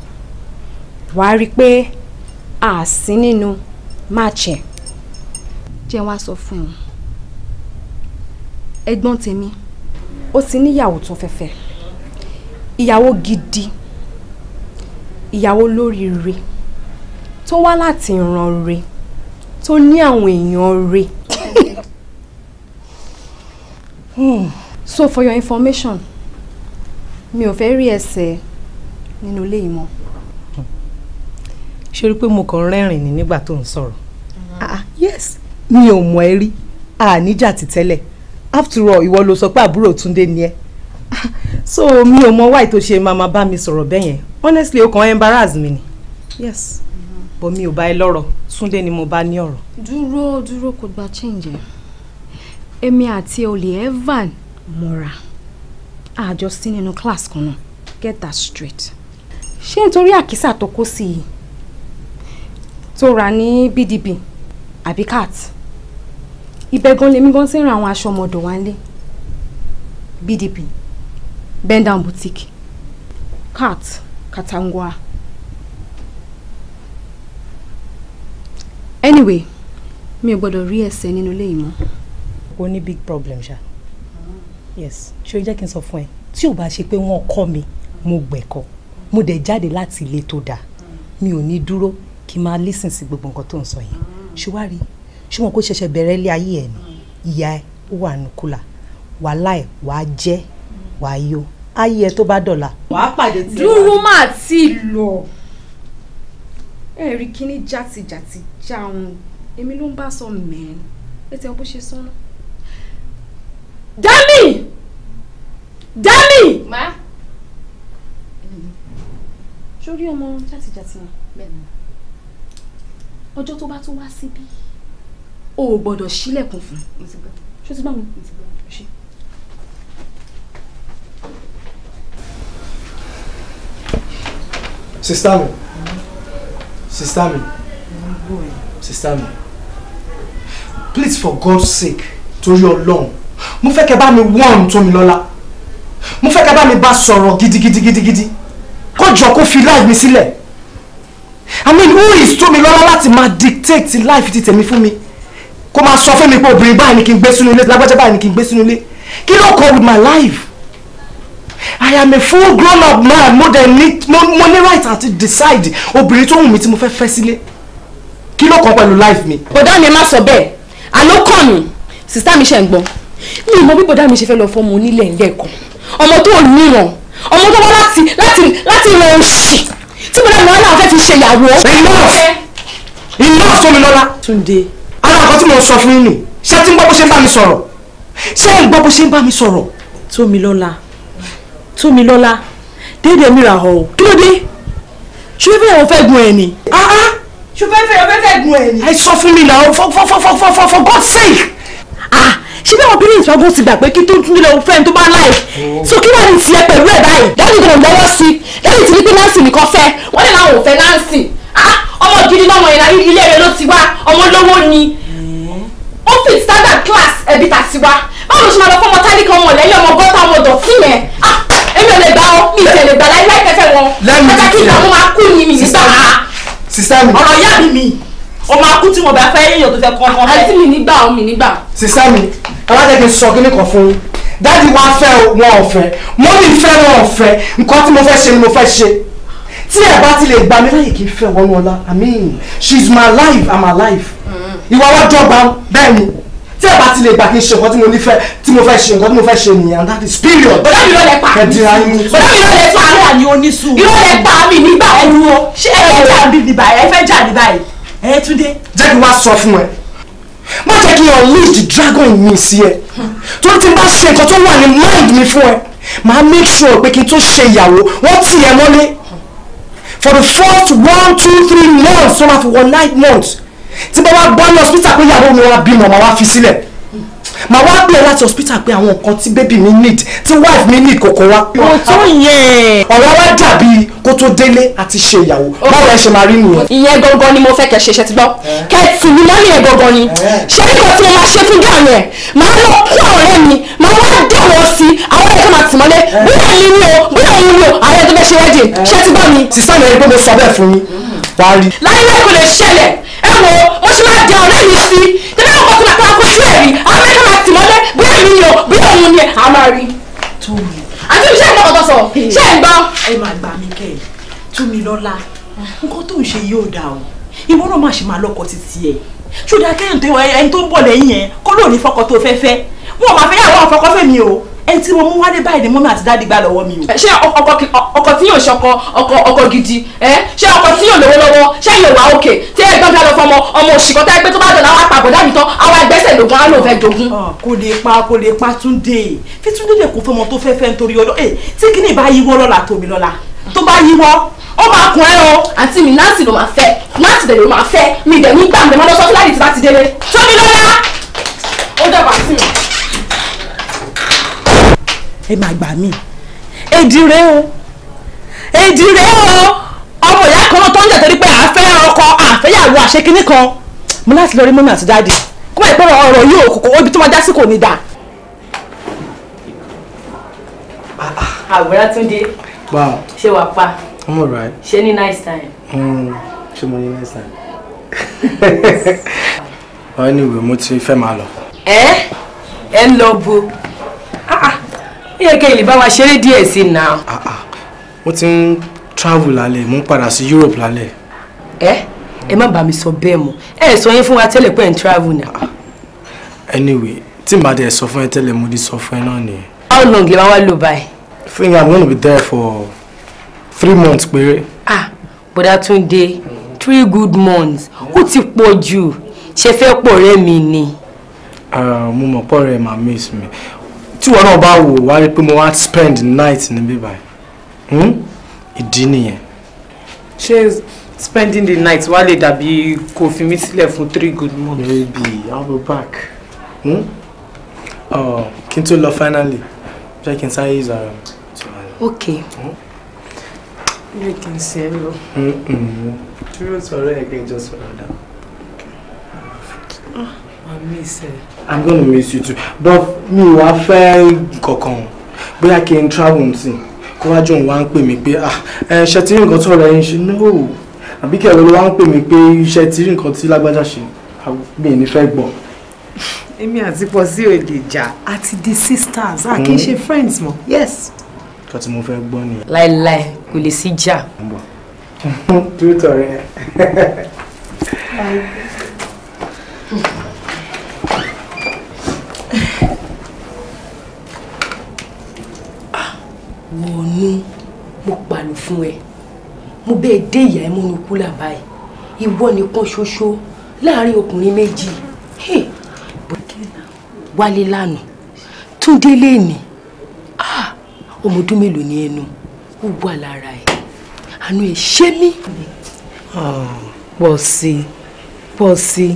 wàá rí i pé a sí nínú máàchì ẹ̀. jẹ́ wá sọ fún un ẹ̀gbọ́n tèmi ó ti níyàwó tó fẹ́fẹ́ ìyàwó gidi ìyàwó lóríire tó wá láti ìran re tó ní àwọn èèyàn re. Hmm. so for your information mi ò fẹ́ rí ẹsẹ̀ nínú ilé yìí ṣé rí pé mo kàn rẹ́rìn ní nígbà tó ń sọ̀rọ̀ ah, ah yes mi ò mọ̀ ẹ́ rí àníjà ti tẹ́lẹ̀ after all ìwọ ló sọ pé àbúrò Túndé ni ẹ́ so mi ò mọ̀ wáì tó ṣe máa máa bá mi sọ̀rọ̀ bẹ́ẹ̀ yẹn honestly o kàn embarrass mi ni yes mm-hmm. but mi ò bá ẹ lọ́rọ̀ Túndé ni mo bá ní ọ̀rọ̀. dúró dúró kò gba change èmi àti olè evan mọ́ra àjọ sí nínú class kan náà get that straight ṣé nítorí àkísà tó kó sí i tó rà ní bdb àbí cat ibẹ̀ gan lèmi gan ti ń ra àwọn aṣọ ọmọdọ̀ wá nílé bdb bend down boutique cat katangua. anyway mi ò gbọ́dọ̀ rí ẹsẹ̀ nínú ilé yìí mọ́. o ní big problem ṣá. Yeah yes ṣé o jẹ́ kí n sọ fún ẹ tí ò bá ṣe pé wọ́n kọ́ mi mo gbẹ̀kọ́ mo dẹ̀ jáde láti ilé tó dáa mi ò ní dúró kí n máa lísìn sí gbogbo nǹkan tó ń sọ yẹn ṣùwárí ṣùgbọ́n kó ṣẹ̀ṣẹ̀ bẹ̀rẹ̀ ilé ayé ẹ̀ ni ìyá ẹ̀ ó wà nù kúlà wàhálà ẹ̀ wàá jẹ́ wàá yó ayé ẹ̀ tó bá dọ̀la. wàá pàdé tí ẹ dúró má ti lọ ẹ̀rí kíní játijàti já èmi ló ń bá sọ mẹ́rin ẹ tẹ́ ọ bó ṣe sọ́nà. Dami! Dami! Ma? Sórí ọmọ játijàti yẹn. Bẹ́ẹ̀ni. Ọjọ́ tó bá tún wá síbí, o ò gbọ́dọ̀ ṣílẹ̀kùn fún. Mo ti gbọ́. Ṣé o ti gbọ́ mi? Mo ti gbọ́. Sista mi. Sista mi. Sista mi. Please for God's sake, torí Ọlọ́run mo fẹ́ kẹ́ bá mi wọ́n Tómilọ́lá mo fẹ́ kẹ́ bá mi bá sọ̀rọ̀ gidigidi gidigidi kó jọ kó fi life mi sílẹ̀ i mean who is Tómilọ́lá láti máa dictate life ti tèmi fún mi kó máa sọ fún mi pé obìnrin báyìí ni kí n gbé sínú ilé lágbájá báyìí ni kí n gbé sínú ilé kí ló kọ with my life i am a full grown up man mo dẹ̀ ní mo ní right àti decide obìnrin tó wù mí tí mo fẹ́ fẹ́ sílé kí ló kọ pẹ̀lú life mi. bọ̀dá mi má sọ bẹ́ẹ̀ àlọ́ kàn mí sista mi ṣe ń gbọ́n mi ò mọ bí bọ̀dá mi ṣe fẹ́ lọ fọmọ onílẹ̀ ńlẹ̀ kan ọmọ tó níran ọmọ tó wá láti láti láti ran oṣì tí bọ̀dá mi wá fẹ́ fi ṣe ìyàwó. enough enough tómi lọ́la. Túndé. ara nǹkan tí mo sọ fún yín nì ṣé tí ń gbọ́ bó ṣe ń bá mi sọ̀rọ̀ ṣé ń gbọ́ bó ṣe ń bá mi sọ̀rọ̀. tómi lọ́la tómi lọ́la déédéé mi ra ọ kí ló dé ṣé fẹ́ o fẹ́ gun ẹ̀ ni. Ah, ah. ṣé fẹ́ fẹ́ o fẹ́ fẹ́ gun ẹ̀ ni. ẹ sọ fún mi náà for for for for for for God's sake ṣé bí àwọn bílíọ̀nù ìṣọ́gun ti gbà pé kí tó tún nílò ohun fẹ́ni tó bá láì oh. so kí wàá ní tiẹ̀ pẹ̀lú ẹ̀ báyìí dájú kò lọ́wọ́ sí dájú ti ní pé Nancy nìkan fẹ́ wọ́n ní láwọn ò fẹ́ Nancy ah, ọmọ gidi lọ́mọ yẹn ilé rẹ̀ ló ti wá ọmọ lówó ni mm-hmm. ó fi standard class ẹbí tà sí wa báwo ló ṣe máa lọ fọmọ tálíkà ọmọ lẹ́yìn ọmọ gọ́tà ọmọ dọ̀tí yẹn ah, èmi ò lè gbà ọ́ mi ò lè gbà láyé láì fẹ́fẹ́ wọn ẹ̀ka kí ìdààmú máa kú ni mi nígbà ọ̀rọ̀ ìyá mi mi ọmọ akú tí mo bá fẹ́ yíyan tó fẹ́ kọ́ ọmọ fẹ́. Ah, àti mi nígbà ọ mi nígbà. sísá mi alájẹ́kí sọ kí nìkan fún un dáàdi wa fẹ́ wọn ọ̀fẹ́ mọ́mí fẹ́ wọn ọ̀fẹ́ nǹkan tí mo fẹ́ ṣe ni mo fẹ́ ṣe tí ẹ bá ti lè gbà mí láyè kí n fẹ́ wọnú ọlá i mean she is my life i'm alive mm. ìwà wa dọ́gba bẹ́ẹ̀ ni tí ẹ bá ti lè gbà kí n ṣe nǹkan tí mo nífẹ̀ẹ́ tí mo fẹ́ ṣe nǹkan tí mo fẹ́ ṣe nìyẹn and that is period. bọ́dá mi ló lè pa mi bọ́dá mi ló lè pa mi àní onísùn ló lè pa mi nígbà ẹnu o ṣé ẹ fẹ́ jà níbàyẹ ẹ fẹ́ jà níbàyẹ ẹ túndé. jẹ́ kí n wá sọ fún ẹ má jẹ́ kí unleash the dragon mi sí ẹ tó ti bá ṣe nǹkan tó wà ní mind mi fún ẹ máa make sure pé kí n tó ṣe ìyàwó wọ́n tì ẹ mọ́lé for the first one two three months tó máa fi wọ nine months tí bá wá gbọ́ ní hospital pé ìyàwó mi wá bímọ màá wá fi sílẹ̀ màá wá bẹ̀rẹ̀ láti hospital pé àwọn nǹkan tí baby mi need tí wife mi need kòkó wa. kò tó yẹn. ọ̀rọ̀ wa dàbí kó tó délé àti ṣe ìyàwó báwo ẹ ṣe máa rí nìyẹn. ìyẹn gangan ni mo fẹ́ kẹ́ ṣe ṣe ti gbọ́ kẹ́ẹ̀tì mi lọ́nà yẹn gangan ni eh. ṣé nígbà tí mo máa ṣe fún gíà yẹn màá lọ kí ọ̀rẹ́ mi màá wá dé wọn sí àwọn ẹ̀ka máa tì mọ́lé eh. bóyá mi ni o bóyá mi ni o àwọn ẹ̀ka bẹ́ẹ̀ ṣe wẹ́dì eh. ṣé ti gbọ́ mi. sísá mi ẹni pé mo sọ bẹ́ẹ̀ fún yín hmm. wá rí. láyé láì kò lè ṣẹlẹ̀ ẹ wo mo ṣe máa dẹ ọ̀rẹ́ mi sí tẹ́lẹ̀ ọkọ̀ tó máa kọ́ tìmọ́lé bí èmi ni o bí òun ni a máa rí. túmi àti ibi iṣẹ́ ìgbà kan tó sọ ṣé ẹ̀ ń gbọ́. ẹ máa gbà mí kẹ́ ẹ̀ túmi lọ́la nǹkan tó ń ṣe yóò dáa o ìwọ náà má ṣe máa lọ́kọ títí ẹ̀ ṣùgbọ́n akẹ́yìn tó ń bọ̀ lẹ́yìn ẹ̀ kó lóò ní fọkọ tó fẹ́ fẹ́ wọn ò máa fẹ́ yàwó àfọkọ́fẹ́ mi o ẹni tí mo mú wálé báyìí ni mọ́mí àti dáàdì gbà lọ́wọ́ mi o. ṣé ọkọ tí yóò ṣọkọ ọkọ ọkọ gidi ṣé ọkọ tí yóò lówó lọ́wọ́ ṣé yóò wá òkè tí ẹ̀gbọ́n mi á lọ fọmọ ọmọ òṣìkọ́ tá ẹ pé tó bá dọ̀la wá pa àbọ̀dá mi tán àwa ẹgbẹ́sẹ̀ lògùn á lò fẹ́ jogún. Ah, kò lè pa kò lè pa túndé fi túndé lè kó fọmọ tó fẹ́fẹ́ nítorí ọdọ ẹ eh, tí kìíní bá yíwọ́ lọ́la tómi lọ́la tó bá yíwọ́ ó máa kún ẹ o. àǹtí mi nancy ló máa fẹ́ nancy dẹ̀ ló máa fẹ́ mi dẹ̀ ní gbàǹdẹ̀ mọ́ lọ́sọ́ fúlàní tí bá ti délé. tómi lọ́la ó dàgbà sí mi ẹ máa gbà mí èdì rẹ o èdì rẹ o ọmọ ìyá kan tó ń jà torí pé àfẹ́ ọkọ àfẹ́yàwó àṣekínní kan mo láti lọ rí mọ́mí àti dáàdì kó má ìpẹ́rọ ọ̀rọ̀ yìí ò kòkó ibi tó máa dá sí kò ní dà. àwòrán túnde ṣé wàá pa ṣé ní nice time. Hmm, ṣé mo ní nice time. anyway mo ti fẹ́ máa lọ. ẹ ẹ ń lọ bo yẹ kẹ́ lè bá wa ṣeré díẹ̀ sí i náà. Ah, ah. mo ti ń travel lálẹ́ mo ń padà sí Europe lálẹ́. ẹ ẹ má bà mí sọ bẹ́ẹ̀ mọ́ ẹ sọ yín fún wa tẹ́lẹ̀ pé ẹ̀ ń travel na. Ah, anyway tí màá dẹ̀ sọ fún ẹ tẹ́lẹ̀ mo di sọ fún ẹ náà nìyẹn. how long lè wá wá lò báyìí. fúnyà i'm gonna be there for three months péré. ah bọ́dá Túndé three good months ó ti pọ̀ jù ṣe fẹ́ pọ̀ rẹ́ mi ni. mo mọ̀ pọ̀ rẹ̀ máa miss mi tí wọn náà bá wò wá rí pé mo wá spend night níbí báyìí hmm? ìdí nìyẹn. ṣé spending the night wá lè dàbí kò fi mí sílẹ̀ fún three good months. maybe I will back. Hmm? Oh, kí n tó lọ finally jẹ́ kí n sáré ìzọ ara mi. ok jẹ́ hmm? kí n ṣe é lọ. Mm-hmm. dúró sọ̀rọ̀ ẹ̀ kí n jọ sọ̀rọ̀ dà. Ah, màmí ìṣẹ̀lẹ̀ i'm gonna miss you too but me wá fẹ́ kankan bóyá kí n travel nsìn kó wá jọ̀hún wá ń pè ah ẹ ṣe tí nǹkan tó rẹ̀ ń ṣe no àbí kẹ̀rọ ló wá ń pè mí pé iṣẹ́ tí nǹkan tí lágbájá ṣe mi ì ní fẹ́ gbọ́. èmi àti pọ̀ sí òde the sisters a kì í mm. friends mọ́ yes. nǹkan tí mo fẹ́ gbọ́ nìyẹn. láéláé kò lè sí jà. tó tọrẹ. fún ẹ mo bẹ́ẹ̀ dé ìyá ẹ múnú kúlà báyìí ìwọ nìkan ṣoṣo láàrin ọkùnrin méjì wálé lánàá túndé lẹ́ẹ̀ni ah! ọmọ mélòó ni ẹnu ó wà lára ẹ àánú ẹ ṣé mí. Ah, pọ̀ sí pọ̀ sí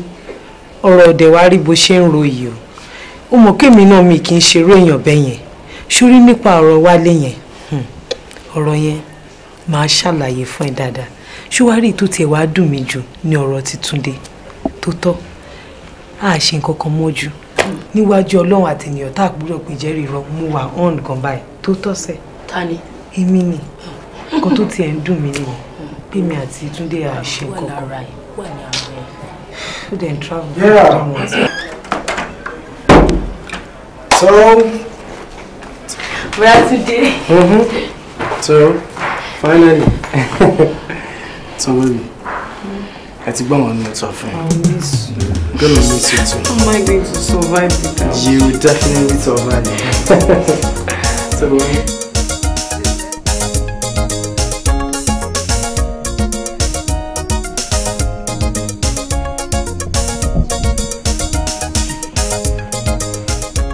ọ̀rọ̀ ọ̀dẹ̀ wá rí bó ṣe ń ro o ó mọ̀ kémi náà mi kì í ṣerú èèyàn bẹ́ẹ̀ yẹn ṣúrí nípa ọ̀rọ̀ wálé yẹn hmm. ọ̀rọ̀ yẹn máa ṣàlàyé fún ẹ dáadáa ṣúwárì tó tiẹ̀ wá dùn mí jù ní ọ̀rọ̀ ti Túndé tó tọ́ a ṣe nǹkan kan mọ́ jù níwájú ọlọ́run àtẹnìyàn tá àgbúrò pé jẹ́rìí rọ mú wa hàn gan báyìí tó tọ́sẹ̀. ta ni. èmi ni nǹkan tó tiẹ̀ ń dùn mí ni pèmí àti Túndé a ṣe nǹkan kan. wà ní ara ẹ. food and travel. Yeah. so. we are today. Mm-hmm. so finally tọmọ mi ẹ ti gbọ́n wọn ní ọ̀tọ̀ fún Going to miss you too. am I going to survive without you? you definitely survive. tọmọ mi.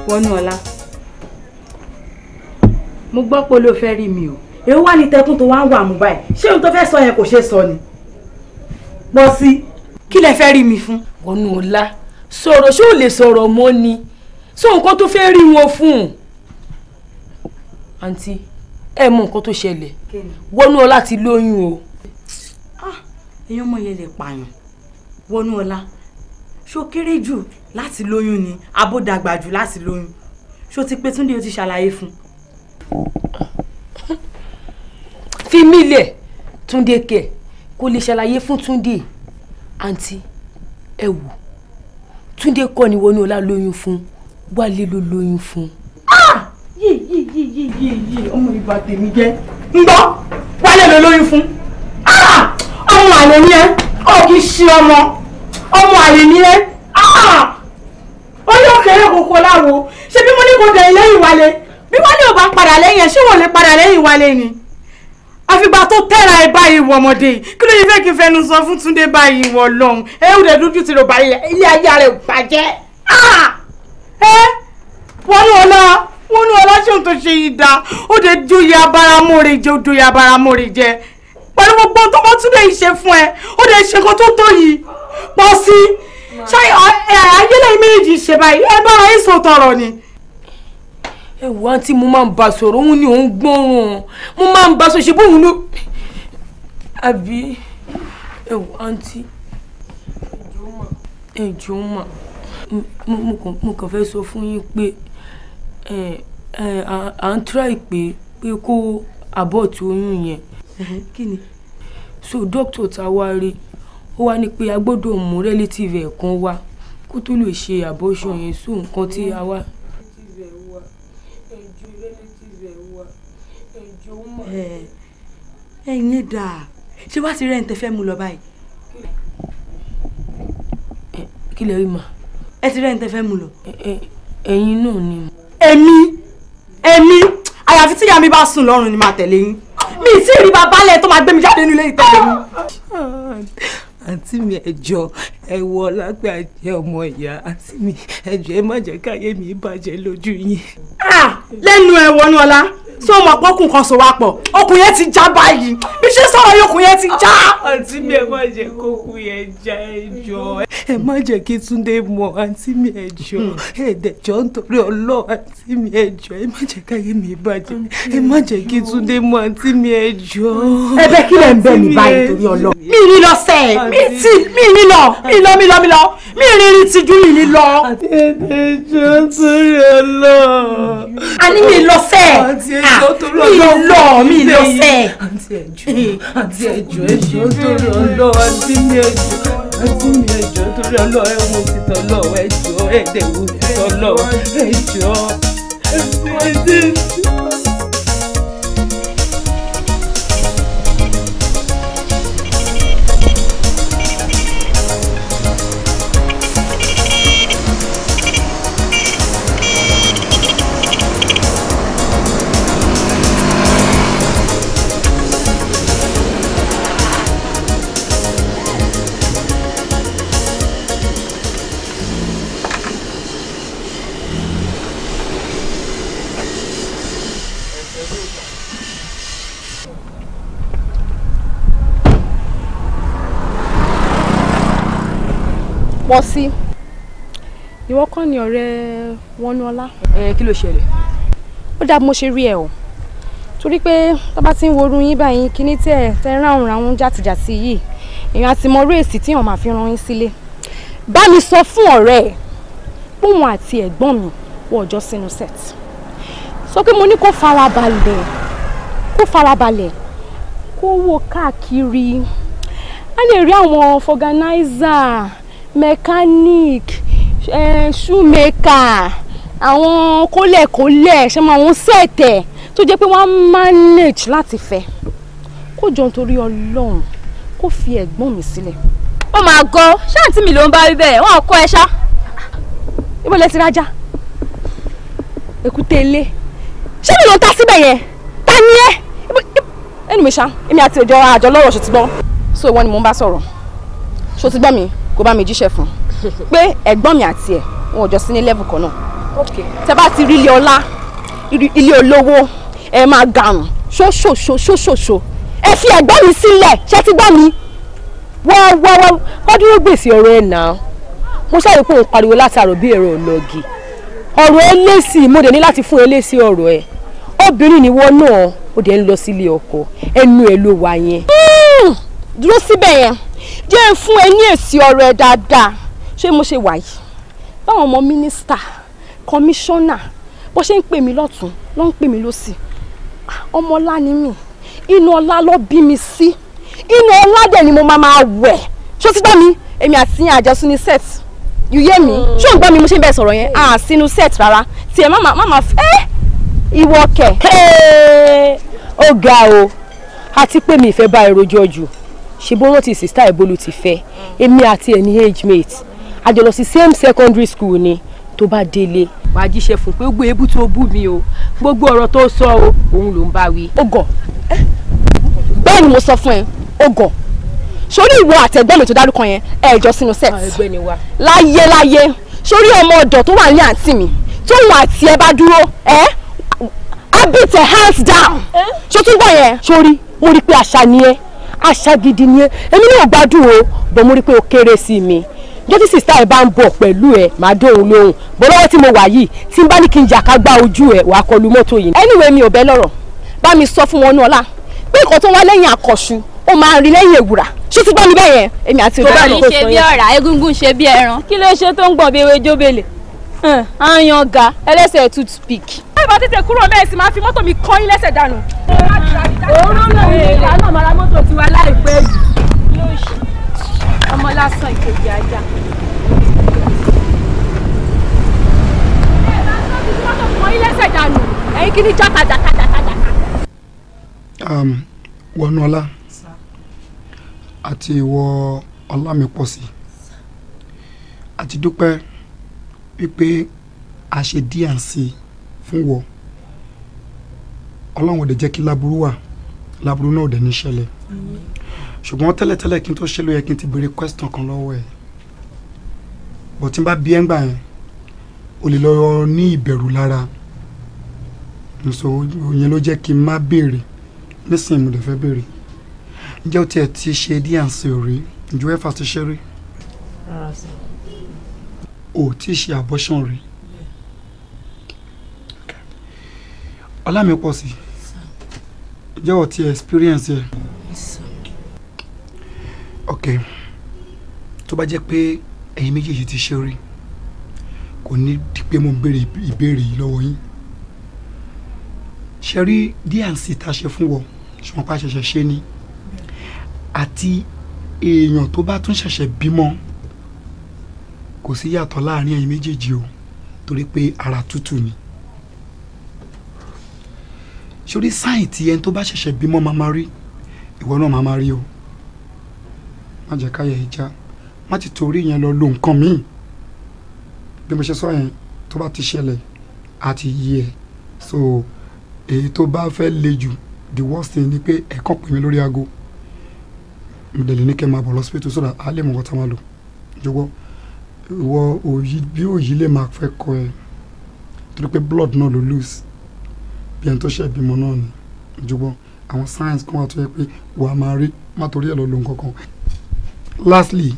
wọnú ọlá mo gbọ́ pé ló rí mi o èwo wá ní tẹkùn tó wá ń wà mú báyìí ṣé ohun tó fẹ́ sọ yẹn kò ṣe sọ ni. pọ̀ sí kí lẹ fẹ́ rí mi fún. ọ̀nà ọ̀la sọ̀rọ̀ ṣé ò lè sọ̀rọ̀ mọ́ ni sọ nǹkan tó fẹ́ rí wọn fún un. àǹtí ẹ mọ nǹkan tó ṣẹlẹ̀ wọnú ọlá ti lóyún o. èèyàn ah, mọ̀ yẹn lè pààyàn wọnú ọlá ṣó kéré jù láti lóyún ni abódàgbà jù láti lóyún ṣó ti pé túndé o ti ṣàlàyé fún un fi mí lẹ̀ túndé kẹ̀ kò lè ṣàlàyé fún túndé àǹtí ẹ wò túndé kọ́ ni wọnú ọlá lóyún fún wálé ló lóyún fún. Ah! yìí yìí yìí yìí yìí ọmọ ìbá tèmi jẹ́ ń gbọ́ wálé ló lóyún fún ah! ọmọ àlè ni ẹ ọ kì í ṣe ọmọ ọmọ àlè ni ẹ ah! ó yóò kéré kókó láwo ṣe bí mo ní kó dẹ̀yìn lẹ́yìn wálé bí wọ́n ní ò bá padà lẹ́yìn ẹ̀ ṣé wọ́n lè padà lẹ́yìn wálé ni àfìgbà tó tẹ́ra ẹ báyìí wọ ọmọdé yìí kí ló yẹ fẹ́ kí n fẹnu sọ fún Túndé báyìí wọ lọ́hùn ẹ ò dẹ̀ dúdú tìrò báyìí ilé ayé rẹ̀ bàjẹ́ ah! ẹ wọnú ọlá wọnú ọlá ṣé òun tó ṣe yìí dá ó dẹ̀ joyè abáramóore jẹ ó joyè abáramóore jẹ pẹ̀lú gbogbo tó bá Túndé yìí ṣe fún ẹ ó dẹ̀ ṣe nǹkan tó tó yìí pọ̀ sí ṣáà ayélujára méjì ṣe báyìí ẹ bára ẹ sọ tọrọ ni ẹ wò àǹtí mo máa ń bá sọ̀rọ̀ òun ni òun gbọ́ràn mo máa ń bá sọ̀rọ̀ ṣe bóun ló àbí ẹ wò àǹtí ẹ jọ̀ọ́ mà mo kàn fẹ́ sọ fún yín pé à ń tíráì pé pé kó abort oyún yẹn. kí ni. so doctor ta wá rí ó wá ní pé a gbọ́dọ̀ mú relative ẹ̀ kan wá kó tó lè ṣe abortion yẹn so nǹkan tí a wá. Oh. ẹ̀yin lè dáa ṣé wá ti rẹ́ ní tẹ́fẹ́ mú lọ báyìí. kí lè rí ma. ẹ ti rẹ́ ní tẹ́fẹ́ mú lọ. ẹ̀yin náà ni. èmi èmi àyàfi tíyà mi bá sùn lọ́rùn ni màá tẹ̀lé yín mi ì tí ì rí babalẹ̀ tó máa gbé mi jáde nílé ìtẹ̀lé mi. àǹtí mi ẹjọ ẹ wọ lápẹ àjẹ ọmọ ìyá àǹtí mi ẹjọ ẹ má jẹ́ káyé mi bàjẹ́ lójú yín. lẹ́nu ẹ̀wọ̀n ní ọlá tí ó mọ̀ pé okùn kan so wa pọ̀ okùn yẹn ti já báyìí bí ṣe sọ̀rọ̀ yìí okùn yẹn ti já. àǹtí mi ẹ má jẹ́ kókùn yẹn já ẹjọ́. ẹ má jẹ́ kí Túndé mọ̀ àǹtí mi ẹjọ́ hmm. ẹ̀ẹ́dẹ̀jọ́ nítorí ọlọ́ àǹtí mi ẹjọ́ ẹ má jẹ́ káyé mi bàjẹ́ ẹ má jẹ́ kí Túndé mọ̀ àǹtí mi ẹjọ́. ẹ̀bẹ̀ kí lẹ ń bẹ̀ mí báyìí torí ọlọ. mi rí lọ sẹ mi ti mi rí lọ mi lọ mi lọ mi lọ mi rí rí ti ju mi lọ. ẹ̀ẹ́dẹ̀jọ́ nítorí ọlọ. a ní mi lọ sẹ mi lọ mi lọ fẹ́. àǹtí ẹ̀jọ́ àǹtí ẹ̀jọ́ ẹ̀jọ́ torí ọlọ́ àǹtí mi ẹ̀jọ́ àǹtí mi ẹ̀jọ́ torí ọlọ́ ẹ̀wọ̀n títọ́ lọ́wọ́ ẹ̀jọ́ ẹ̀dẹ̀wọ̀n títọ́ lọ́wọ́ ẹ̀jọ́ àǹtí ẹ̀jọ́. pọ̀ sí. ìwọ kọ́ ni ọ̀rẹ́ Wọnúọlá. ẹ kí ló ṣẹlẹ̀. ó dáa bí mo ṣe rí ẹ o torí pé tó bá ti ń worú yín báyìí kíní tẹ tẹ ráhùn ráhùn jàtìjàtì yìí èèyàn àti mọ réèsì tí èèyàn máa fi ran yín sílé bá mi sọ fún ọ̀rẹ́ ẹ̀ póun àti ẹ̀gbọ́n mi wọ ọjọ́ sínú set sọ pé mo ní kó farabalẹ̀ kó farabalẹ̀ kó wò káàkiri a lè rí àwọn fọganáísà mechanic eh, shoemaker àwọn kólẹ̀kólẹ̀ ṣe máa wọn sẹ̀tẹ̀ tó jẹ́ pé wọ́n á manage láti fẹ́ kó jọ nítorí ọlọ́run kó fi ẹ̀gbọ́n mi sílẹ̀. ó máa gọ ṣáàtì mi ló ń bá wí bẹ́ẹ̀ wọ́n kọ́ ẹ ṣá. ibo lẹ ti rájà èkúté ilé ṣé mi ló ń ta síbẹ̀ yẹn ta ni ẹ́ ẹnu mi ṣá èmi àti ìjọ àjọ lọ́rọ̀ ṣòtìgbọ́n so ìwọ ni mò ń bá sọ̀rọ̀ ṣòtìgbọ́n mi kó bá mi jíṣẹ́ fún un pé ẹ̀gbọ́n mi àti ẹ̀ wọn ò jọ sí ní level kan náà tẹ́ bá ti rí ilé ọlá ilé olówó ẹ máa gàrùn ṣóṣòṣòṣòṣò ẹ fi ẹ̀gbọ́n mi sílẹ̀ ṣé ti gbọ́ mi. wọ́ọ́wọ́ọ́ kọ́ dúró gbèsè ọ̀rọ̀ ẹ̀ náà mo ṣàyè pé òun pariwo látàrò bí èrò ọlọ́gì ọ̀rọ̀ ẹlẹ́sì mo dẹ̀ ní láti fún ẹlẹ́sì ọ̀rọ̀ ẹ̀ obìnrin ni wọ́n náà ó dẹ̀ ń lọ sílé ọkọ ẹnu ẹ̀ ló wà yẹn. Hmm, dúró síbẹ̀ yẹn jẹ́ fún ẹ ní èsì ọ̀rọ̀ ẹ dáadáa ṣé mo ṣe wà yìí báwọn ọmọ mínísítà kọmíṣánná bó ṣe ń pè mí lọ́tún ló ń pè mí lọ́sì ah, ọmọ ọlá ni mí inú ọlá ló bí mi sí inú ọlá dẹ̀ ni mo máa máa wẹ̀ ṣó ti gbọ́ mi èmi àti yín àjẹsùn ní set you hear me mm. ṣó ń gbọ́ mi mo ṣe ń bẹ̀ sọ̀rọ̀ yẹn à ah, sínú set rárá tiẹ̀ má má má fẹ́ ìwọ kẹ̀. ó ga o àti pé mi ìfẹ́ bá ẹ rojọ́ jù ṣebóró ti sista ìbolú ti fẹ́ èmi àti ẹ̀ ní age mate àjọlọ sí same secondary school ni tó bá délé wàá jíṣẹ́ fún pé gbogbo ebú tó bú mi o gbogbo ọ̀rọ̀ tó sọ o òun ló ń bá wí. ogò bẹ́ẹ̀ ni mo sọ fún ẹ ogò sórí ìwọ àtẹ̀gbọ́n mi tó dárúkọ yẹn ẹ jọ sínú set ah, láyé láyé sórí ọmọ ọ̀dọ̀ tó wà ní àǹtí mi tóun àti ẹ bá dúró ẹ á bìtẹ̀ hands down eh? ṣó tún gbọ́ yẹn sórí mo rí i pé àṣà ni ẹ àṣà ni ẹ èmi náà gbádùn o bọ́ mo rí pé o kéré sí mi jọ́tí sista ẹ̀ bá ń bọ̀ pẹ̀lú ẹ̀ máa dé òun lóhùn bọ́ lọ́wọ́ tí mo wà yìí tí n bá ní kí n jàká gba ojú ẹ̀ wàá kọlu mọ́tò yìí. anyway mi ò bẹ́ lọ́rọ̀ bá mi sọ fún wọn náà la pé nǹkan tó wá lẹ́yìn àkọ́ṣu ó máa rí lẹ́yìn èwùrà ṣé ti gbọ́ mi yẹn èmi àti ọ̀gá mi kò sọ yẹn. tó bá ní ṣe bí ọ̀rá egungun ṣe bí ẹran kí ló ṣe tó ń gbọ̀n bí ewé jóbele tẹ́ bá tètè kúrò mẹ́ẹ̀ sì máa fi mọ́tò mi kọ́ yín lẹ́sẹ̀ dànù. òórùn náà ni ìyá náà mara mọ́tò tiwa láìpẹ́ yìí. ọmọ lásán ìkejì ajá. kọ́ yín lẹ́sẹ̀ dànù ẹ̀yin kí ni jáka jáka jáka jáka. wọnúọlá àti ìwọ ọlámipọ̀sí àti dúpẹ́ wípé a ṣe díẹ̀ sí i fún ìwọ ọlọ́run ò dẹ̀ jẹ́ kí láburú wà láburú náà ò dẹ̀ ní ṣẹlẹ̀ ṣùgbọ́n tẹ́lẹ̀tẹ́lẹ̀ kí n tó ṣe ló yẹ kí n ti béèrè question kan lọ́wọ́ ẹ̀ bọ̀ tí n bá bí ẹ́ ń gbà yẹn o lè lọ ní ìbẹ̀rù lára nso yẹn ló jẹ́ kí n má béèrè nísìnyí mo dẹ̀ fẹ́ béèrè ǹjẹ́ o tiẹ̀ ti ṣe díẹ̀ à ń ṣe òrí ìjọ ẹ̀fà ti ṣe rí o ti ṣe abortion rí. ọlámi pọ̀ sí jẹ́wọ́ ti experience ẹ̀. ok tó bá jẹ́ pé ẹ̀yin méjèèjì ti ṣe rí kò ní di pé mo béèrè ìbéèrè yìí lọ́wọ́ yín ṣe rí dnc ta ṣe fún wọ ṣùgbọ́n pa ṣẹ̀ṣẹ̀ ṣe ni àti èèyàn tó bá tún ṣẹ̀ṣẹ̀ bímọ kò sí yàtọ̀ láàrin ẹ̀yin méjèèjì o torí pé ara tútù ni sórí sáìn tí ẹni tó bá ṣẹ̀ṣẹ̀ bímọ máa máa rí ìwọ náà máa máa rí o má jẹ́ káyà ìjà má ti torí yẹn lọ lo nǹkan míì bí mo ṣe sọ yẹn tó bá ti ṣẹlẹ̀ àti yí ẹ̀ so èyí tó bá fẹ́ le jù the worst thing ni pé ẹ̀kan pè mí lórí aago mo dẹ̀ lè ní kẹ́ máa bọ̀ lọ́sípítù sódà á lè mọ̀ ọ́ tá máa lò jọ̀wọ́ ìwọ òyì bí òyì lè máa fẹ́ kọ ẹ torí pé blood náà ló lose bí ẹni tó ṣe bímọ náà ni jùgbọ́n àwọn signs kan wà tó yẹ pé wà á máa rí má torí ẹ̀ lọ lo nǹkan lastly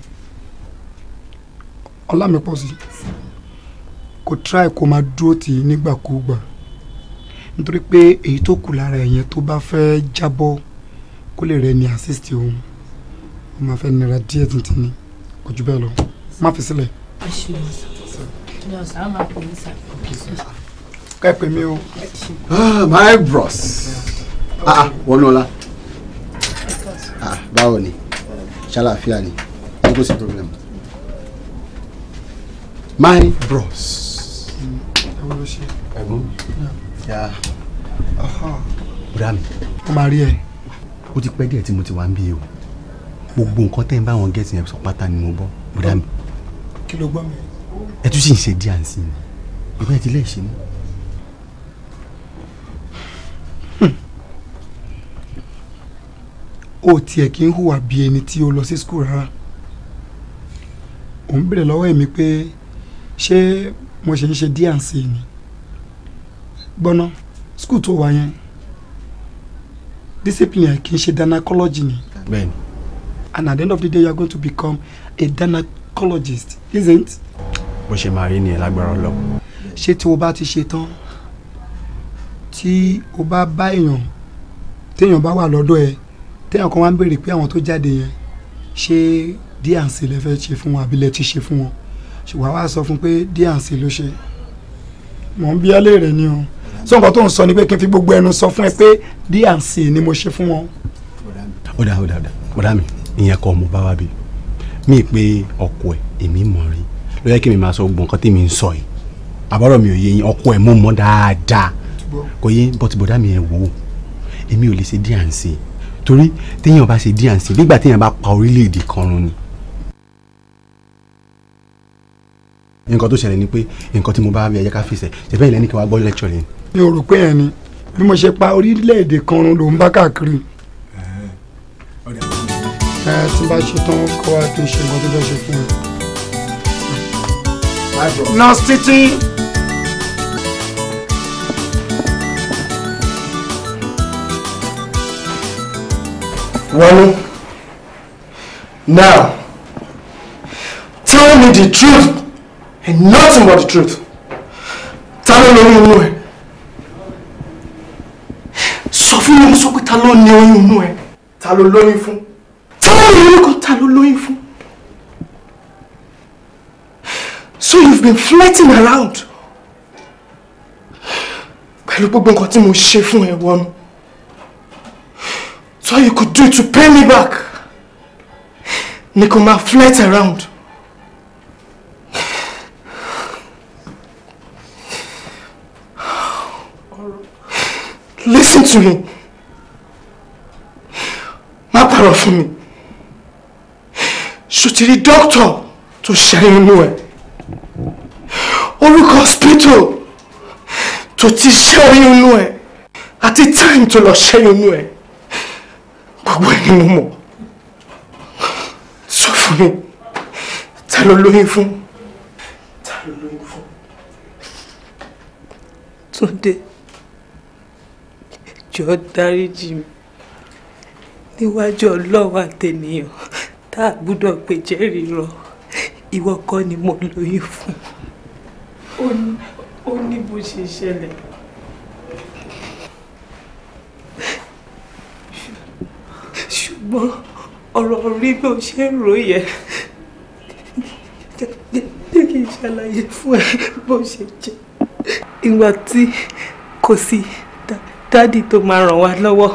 ọlámípọ̀sí kò try kó máa dúró tì í nígbàkúùgbà nítorí pé èyí tó kù lára ẹ̀yẹn tó bá fẹ́ jábọ́ kó lè rẹ ní assist òun ó máa fẹ́ nira díẹ̀ tuntun ni kò jù bẹ́ẹ̀ lọ má fi sílẹ̀. ẹ ṣe ọ̀sán ọ̀sán ọ̀sán máa pè é sáré ẹ pè mí o. Ah, my bros ah, ah, wọnúọlá báwo ni ṣàlàáfíà ni kò sí problem my bros. ẹ̀gbọ́n ya bùdá mi. ó máa rí ẹ. ó ti pẹ́ díẹ̀ tí mo ti wà ń bí o gbogbo nǹkan tẹ́ ń bá wọn gẹ̀ẹ́sì yẹn sọ pátá ni mo bọ́ bùdá mi. kí ló gbọ́ mi. ẹ tún sì ń ṣe díà ń sìn ìgbà ẹ ti lẹ́ẹ̀ ṣe mọ́. ó tiẹ̀ kí ń hùwà bí ẹni tí ó lọ sí skul rárá òun bèrè lọ́wọ́ mi pé ṣé mo ṣe ń ṣe dnc ni gbọ́ná skul tó wà yẹn discipline kì í ṣe dynacology ni. and at the end of the day you are going to become a gynecologist isn't. bó ṣe máa rí nìyẹn lágbára lọ. ṣé tí o bá ti ṣe tán tí o bá bá èèyàn téèyàn bá wà lọ́dọ̀ ẹ̀ téèyàn kan wá ń béèrè pé àwọn tó jáde yẹn ṣé dnc lè fẹ́ ṣe fún wọn àbí lè ti ṣe fún wọn ṣùgbọ́n wàá sọ fún pé dnc ló ṣe mọ̀ ń bí alẹ́ rẹ̀ ni o sọ nǹkan tó ń sọ ni pé kí n fi gbogbo ẹnu sọ fún ẹ pé dnc ni mo ṣe fún wọn. ọ̀dà ọ̀dà ọ̀dà ọ̀dà mi ìyẹn kọ́ mo bá wá bi mí pé ọkọ ẹ̀ èmi mọ̀ rí ló yẹ kí mi máa sọ gbọ̀n kan tèmi ń sọ yìí àbárò mi ò yé yín ọkọ ẹ̀ mo mọ̀ dáadáa kò yé bọ́tìbọ̀dá mi ẹ̀ wò ó èmi ò lè ṣe dnc torí téèyàn bá ṣe díà ń sìn nígbà téèyàn bá pa orílẹ̀-èdè kan run ni. nǹkan tó ṣẹlẹ̀ ni pé nǹkan tí mo bá mi ẹ̀yẹ ká fèsẹ̀ ṣe fẹ́ẹ́ lẹ́ni kí wọ́n gbọ́ lẹ́kṣọ̀ yẹn. mi ò rò pé yẹn ni bí mo ṣe pa orílẹ̀-èdè kan run ló ń bá káàkiri. ẹ tí bá ṣe tán kọ́ wa kí n ṣe nǹkan tó fẹ́ ṣe fún mi. nọ́ọ̀sì títí. Wale, now, tell me the truth and nothing but the truth. Tell me lórí you know. Sọ fún mi know sọ you know. Tell me oyún you know. Tell me lóyún you know. So you've been flirting around. Pẹ̀lú gbogbo nǹkan tí mo ṣe fún ẹ wọnú. That's all you could do to pay me back. Nikoma flirt around. Listen to me. Má parọ́ fún mi. Ṣòtìrí dọ́kítọ̀ tó ṣẹ́yìn inú ẹ̀. Orúkọ hospital to teach share ṣẹ́yìn inú At the time to lọ share inú ẹ̀ gbogbo ẹni mo mọ̀ sọ fún mi ta ló lóyún fún ta ló lóyún fún Túndé jọ dáríjì mi níwájú ọlọ́wà tènìyàn tá a gbúdọ̀ pé jẹ́rìí rọ ìwọ kọ́ ni mo lóyún fún. ó ní bó ṣe ṣẹlẹ̀. ṣùgbọ́n ọ̀rọ̀ orí bí o ṣe ń rò yẹ jẹ́ kí n ṣàlàyé fún ẹ bó ṣe jẹ́ ìgbà tí kò sí dádì tó máa ràn wá lọ́wọ́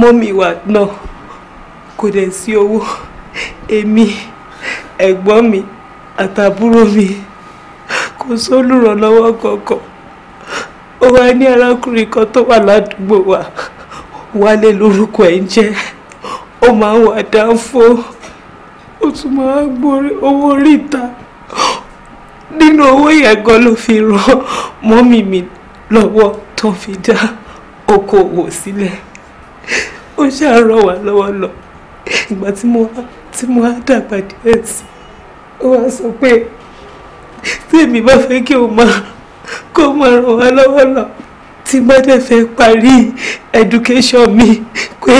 mọ́mì wa náà kò dẹ̀ sí owó èmi ẹ̀gbọ́n mi àtàbúrò mi kò sólùrànlọ́wọ́ kankan ó wá ní arákùnrin kan tó wà ládùúgbò wa wálé lórúkọ ẹ̀ ń jẹ́ ó máa ń wà dáńfó ó tún máa ń gbórí owó orí ìta nínú owó yẹn gan ló fi ràn mọ́mì mi lọ́wọ́ tó fi dá okòwò sílẹ̀ ó ṣáà ràn wá lọ́wọ́ lọ ìgbà tí mo tí mo á dàgbà díẹ̀ sí ó wá sọ pé tí èmi bá fẹ́ kí o máa kó máa ràn wá lọ́wọ́ lọ́wọ́ tí mo dẹ̀ fẹ́ parí education mi pé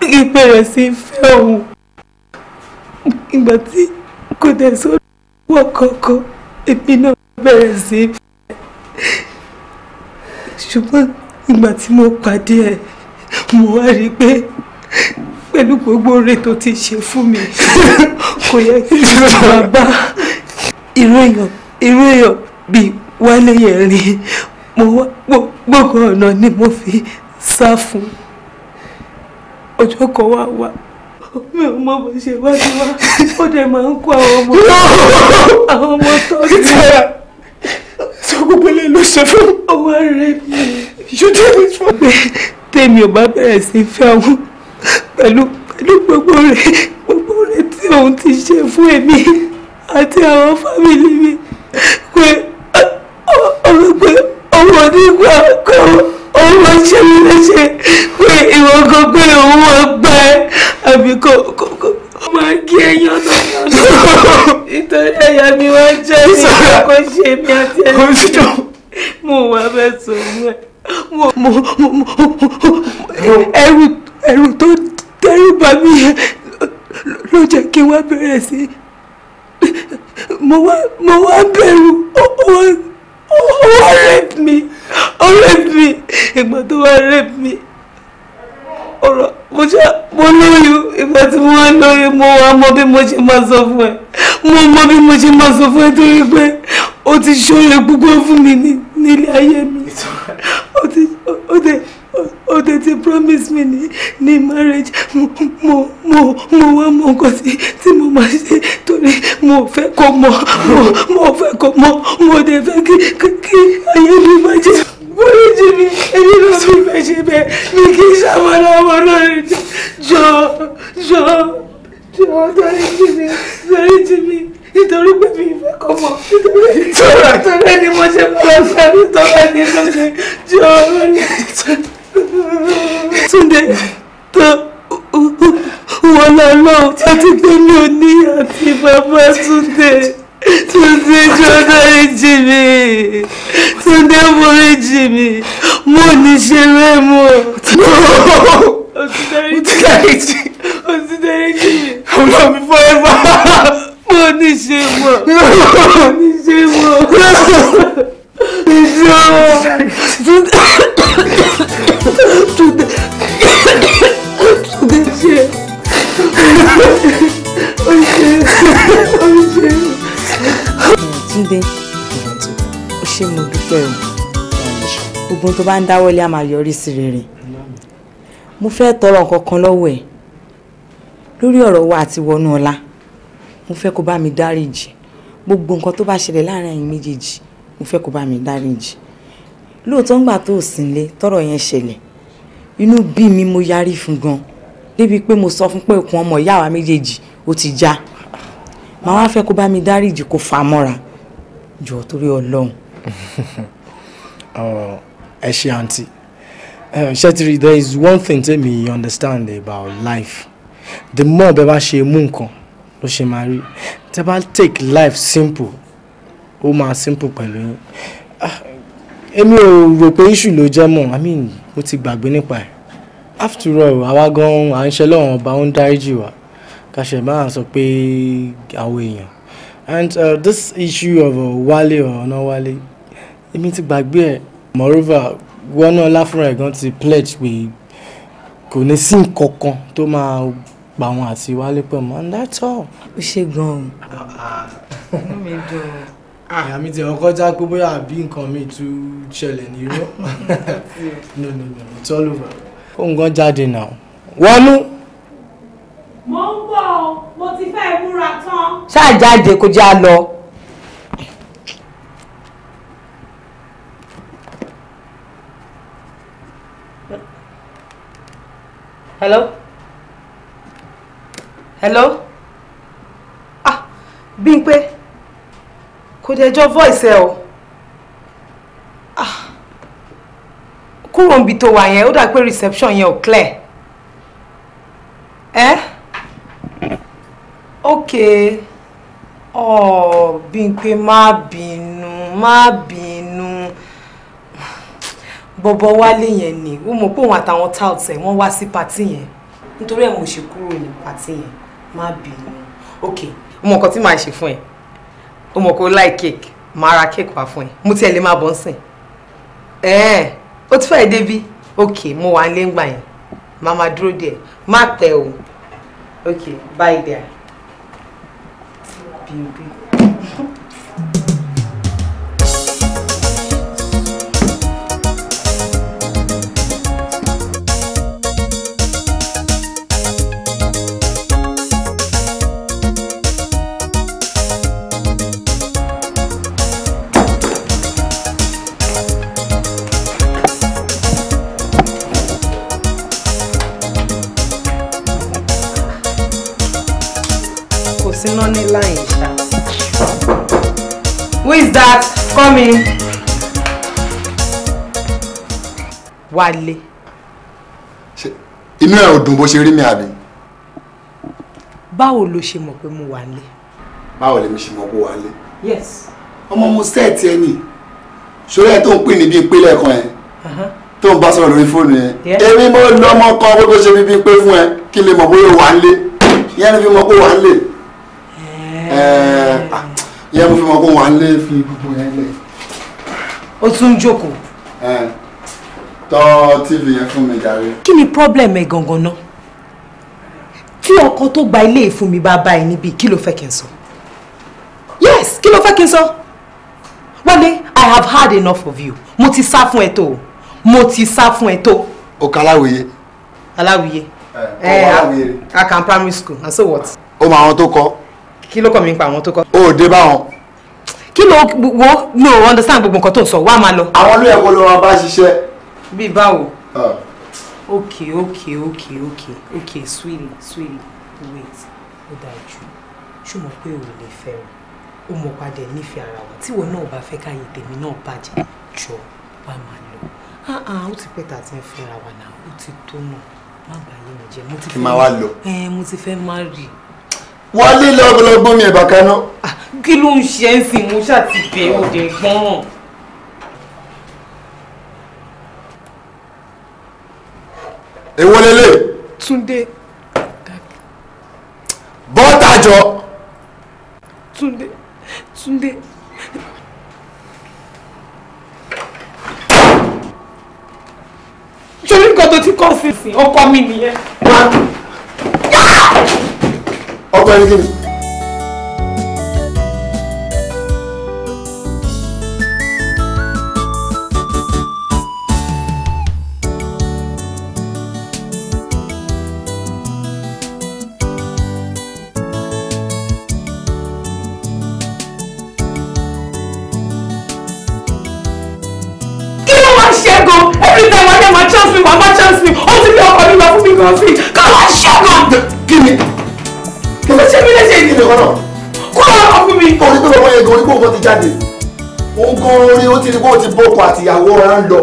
kí n bẹ̀rẹ̀ sí fẹ́ òun ìgbà tí kò dẹ̀ sọ́wọ́ kankan èmi náà bẹ̀rẹ̀ sí fẹ́ ṣùgbọ́n ìgbà tí mo pàdé ẹ̀ mo wá rí pé pẹ̀lú gbogbo oore tó ti ṣe fún mi kò yẹ kí n bá irú èèyàn irú èèyàn bíi wálé yẹn rìn mo wá gbogbo ọ̀nà ni mo fi sá fún ọjọ́ kan wá wá mi ò mọ bó ṣe wá sí wá ó dẹ̀ máa ń kó àwọn ọmọ àwọn ọmọ tó ń bọ̀. sọ gbogbo ilé ló ṣe fún. ọwọ́ rẹ̀ mi. you did it for me. tèmi ò bá bẹ̀rẹ̀ sí fẹ́ àwọn pẹ̀lú pẹ̀lú gbogbo rẹ̀ gbogbo rẹ̀ tí òun ti ṣe fún èmi àti àwọn fámìlì mi pé ọ̀rọ̀ pé kò nígbà kan òun máa ṣe mí léṣe pé ìwọ kan pé òun máa gbà ẹ́ àbí kò kò kò máa gé ẹyán náà yọ̀ọ̀sán nítorí ẹ̀yà mi wá jẹ́ ní ìkọ́kọ́ ṣe mi àti ẹ̀yà mo wà bẹ́ẹ̀ tó mú ẹ. mo mo mo ẹrù ẹrù tó dẹ́rù bà mí yẹn ló jẹ́ kí n bẹ̀rẹ̀ sí mo wá mo wá bẹ̀rù ó wá ó rape me, ó rape me, ìgbà tó wá rape me. ọ̀rọ̀ mo ṣe mo lóyún ìgbà tí mo wá lóyún mo wá mọ bí mo ṣe máa sọ fún ẹ mo mọ bí mo ṣe máa sọ fún ẹ torí pé ó ti ṣòro gbogbo fún mi nílé ayé mi ó ti ó ti. Oh, they promise me ni ni marriage mo mo mo mo wá mọ nǹkan tí tí mo máa ṣe torí mo fẹ́ ko mọ mo mo fẹ́ ko mo mo de fẹ́ ki ki ayé mi máa jẹ́ bóyájú mi èyí ló fi fẹ́ ṣe bẹ́ẹ̀ mi kì í ṣàwọn ọmọ náà jọ jọ jọ torí jì mí torí jì mí nítorí pé mi fẹ́ kọ́ mọ́ nítorí nítorí ni mo ṣe fọlọ́fẹ́ nítorí ni mo ṣe jọ ọ́ Túndé tó wọ́n lọ lọ́wọ́ àti pẹ̀lú òní àti bàbá Túndé. Túndé jọ̀dọ̀ èjì mi. Túndé mo èjì mi. Mo ní ṣe rẹ̀ mọ́. O Туда. Туда все. Túndé, ó ṣe mo dúpẹ́ o. Gbogbo tó bá ń dáwọ́lé a máa yọrí sí rere. Mo fẹ́ tọrọ nǹkan kan lọ́wọ́ ẹ̀. Lórí ọ̀rọ̀ wa àti wọnú ọlá. Mo fẹ́ kó bá mi dáríjì. Gbogbo nǹkan tó bá ṣẹlẹ̀ láàárín ẹ̀yin méjèèjì, mo fẹ́ kó bá mi dáríjì lóòótọ́ ńgbà tó sì lé tọ́rọ̀ yẹn ṣẹlẹ̀ inú bí mi mo yarí fún gan débi pé mo sọ fún pé okùn ọmọ ìyá wa méjèèjì ó ti já màá wá fẹ́ kó bá mi dáríjì kó fà á mọ́ra jọ̀ọ́ torí ọlọ́run. Oh, ẹ ṣe àǹtí ṣẹ́tìrì there is one thing tẹ́mi understand about life the more bẹ́ẹ̀ bá ṣe mú nǹkan ló ṣe máa rí tẹ́ bá take life simple ó máa simple pẹ̀lú èmi ò rò pé iṣu ló jẹ́ mọ́ i mean mo ti gbàgbé nípa ẹ̀ after all àwa gan-an à ń ṣe lọ́wọ́n ọba ó ń dáríjì wá ká ṣe máa sọ pé àwọn èèyàn and uh, this issue of uh, wálé or ọ̀nà wálé èmi ti gbàgbé ẹ̀ moreover wọn náà láfúnra ẹ̀ gan ti pledge pé kò ní sí nǹkan kan tó máa pa àwọn àti wálé pẹ̀lú and that's all. ó ṣe gan-an. Ah, ah. inú mi dùn. Ah. ìyá mi tiẹ̀ ọkọ já pé bóyá àbí nǹkan mi tún ṣẹlẹ̀ ní irọ́ no no no it's all over. ó ń gan jáde náà wọnú. mo ń bọ̀ mo ti fẹ́ múra tán. ṣáà jáde kó já lọ. hello hello ah Bímpé kò dẹ̀ jọ voice ẹ o ah. kúrò níbi tó wà yẹn ó dà pé reception yẹn ò clear ẹ ok ọ Bímpé má bínú má bínú bọ̀bọ̀ wálé yẹn ni ó mọ̀ pé òun àtàwọn tout ẹ̀ wọ́n wá sí pàtí yẹn nítorí ẹ̀ mo ṣe kúrò ní pàtí yẹn má bínú ok mo nǹkan tí màá ṣe fún ẹ ó mọ̀ kó láì kéèkì máa ra kéèkì wá fún ẹ mo tiẹ̀ lè máa bọ́ ń sìn ẹ̀ẹ́n ó ti fẹ́ẹ̀ débi òkè mo wà nílé ńgbà yẹn màá máa dúró díẹ̀ má tẹ̀ o òkè báyìí dẹ̀ bíbí. ní láyìn ṣá. Who is that? coming? in. Wálé. Inú ẹ̀ ò dùn bó ṣe mi abi. Báwo lo ṣe mọ̀ pé mo wà lé? Báwo lèmi ṣe mọ̀ pé wà Yes. Ọmọ mo sẹ́ẹ̀tì ẹ nì. Ṣoré ẹ tó ń pè ní bí ìpínlẹ̀ kan ẹ uh-huh. tó ń bá sọ̀rọ̀ lórí fóònù yẹn èmi mo lọ́mọ kan gbogbo ṣe bíbí pé fún ẹ kí lè mọ̀ bóyá wà ń lé ìyẹn ni fi mọ̀ pé Eh, ah, ìyá mo fi mọ̀ kó wà ń lé fi gbogbo yẹn lẹ̀. ó tún ń jókòó. Eh, tọ́ tv yẹn fún mi jàre. kí ni problem ẹ gangan náà tí ọkọ tó gba ilé ìfún mi bá bá ẹ níbi kí ló fẹ́ kí n sọ yes kí ló fẹ́ kí n sọ wọlé i have had enough of you mo ti sá fún ẹ tó o mo ti sá fún ẹ tó. o kà aláwìyé. aláwìyé ẹ ẹ akan primary school and so what. ó mọ àwọn tó kọ kí ló kàn mí pa àwọn tó kọ́. o ò dé báwọn. kí ló wo mi ò understand gbogbo nǹkan tó ń sọ wá máa lọ. àwọn ló yẹ kó ló bá ṣiṣẹ́. bí báwo. Ah. ok ok ok ok ok sweetie sweetie wait ó dáa jù ṣùgbọ́n pé òun lè fẹ́ràn ó mọ̀ padà nífẹ̀ẹ́ ara wa tíwọ náà bá fẹ́ káyé tèmi náà bàjẹ́ jọ wá máa lọ ah, ah, ó ti pẹ́ tà tí ń fẹ́ra wa náà ó ti tó náà má gbà yé mi jẹ́ eh, mo ti fẹ́ máa rí wálé lọ́gbọ́lọ́gbọ́n mi ẹ̀bà kaná. Ah, kí ló ń ṣe ń sìn mú ṣáàtì bẹ́ẹ̀ òde gbọ́n. èwo lélẹ̀. túndé. bọ́tàjọ. túndé túndé. ṣé nǹkan tó ti kọ́ sí ọkọ mi nìyẹn ọgbọ́n ẹni kíni. Every time I get my chance, me, my chance, me. Ó ti fi coming, mi lọ fún mi gan-an sí. Kọ́lá ṣẹ́gun. Kí ni? mo fẹ́ ṣe mí léṣe ìdìbò kan náà kó lọ kọ́ fún mi. orí pé bàbá yẹn gan orí gbòǹkan ti jáde òun gan orí ó ti rí bóun ti bókọ àtìyàwó ọ̀rá ń lọ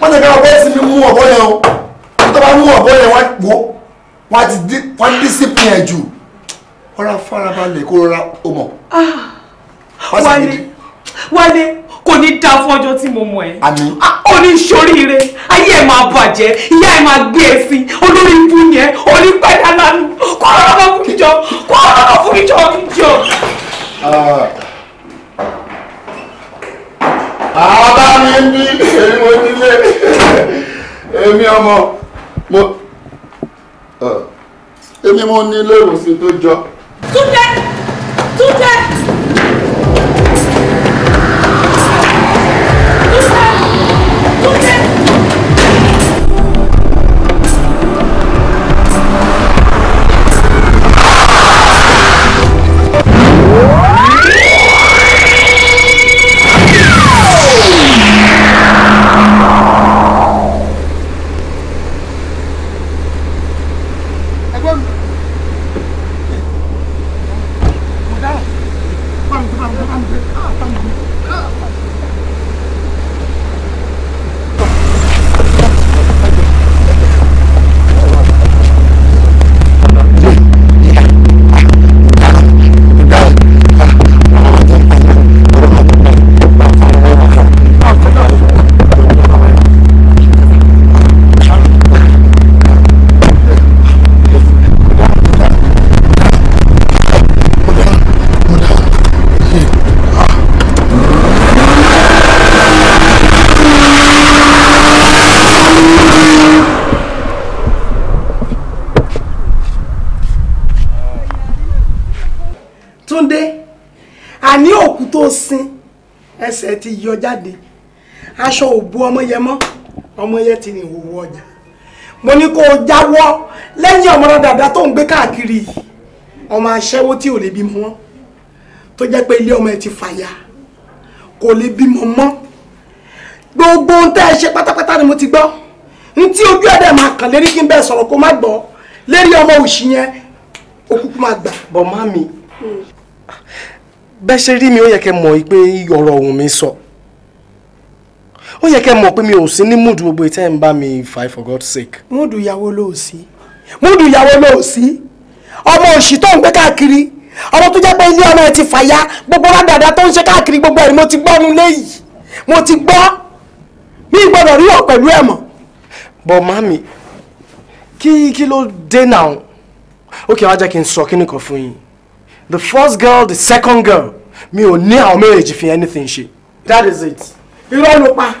wọ́n ti gbàgbọ́ sí mi mú ọ̀bọ yẹn o tó bá mú ọ̀bọ yẹn wọ́n ti discipline jù ọ̀rá farabalẹ̀ kó rọra o mọ̀. Ah, wálé wálé kò ní dá fún ọjọ́ tí mo mọ̀ ẹ́. àmín. Ah, ó ní ṣoríire ayé ẹ̀ máa bàjẹ́ ìyá ẹ̀ máa gbé e sí olórí ibú yẹn onípẹ̀dá lánàá kó ọ̀rọ̀ lọ fún ìjọ kó ọ̀rọ̀ lọ fún ìjọ ìjọ. àbá mi ń ah. ah, bí èmi mo nílé èmi ọmọ mo èmi mo nílé ìwòsàn tó jọ. túnjẹ túnjẹ. Túndé àní òkú tó sin ẹsẹ̀ ti yọ jáde aṣọ òbu ọmọ yẹn mọ́ ọmọ yẹn ti ní ìwòwò ọjà mo ní kó o jáwọ́ lẹ́yìn ọmọ dàda tó ń gbé káàkiri ọmọ aṣẹ́wó tí ò lè bímọ wọn tó jẹ́ pé ilé ọmọ ẹ ti fàya kò lè bímọ mọ́ gbogbo ohun tẹ́ ẹ ṣe pátápátá ni mo ti gbọ́ n tí ojú ẹ̀dẹ̀ máa kàn lérí kí n bẹ́ẹ̀ sọ̀rọ̀ kó má gbọ́ lérí ọmọ òṣì yẹn òkúkú máa gbà. bọ̀ mami hmm bẹ́ẹ̀ ṣe rí mi ó yẹ kẹ́ mọ̀ pé ọ̀rọ̀ ọ̀hún mi sọ ó yẹ kẹ́ mọ̀ pé mi ò sí ní múdù gbogbo ìtẹ́ ń bá mi fà for God's sake. múdù ìyàwó ló sí múdù ìyàwó ló sí ọmọ òṣì tó ń gbé káàkiri ọmọ tó jẹ́ pé ilé ọmọ ẹ ti fàya gbogbo rádàdà tó ń ṣe káàkiri gbogbo ẹ̀rí mo ti gbọ́ ọ́nú léyìí mo ti gbọ́ mi gbọ́dọ̀ rí ọ̀ pẹ̀lú ẹ̀ mọ́. bọ mami kí kí ló dé náà ó kí wàá jẹ́ kí n sọ kíní kan fún yín the first girl the second girl mi ò ní àwọn méjèèjì fi anything she. that is it. irọ́ ló pa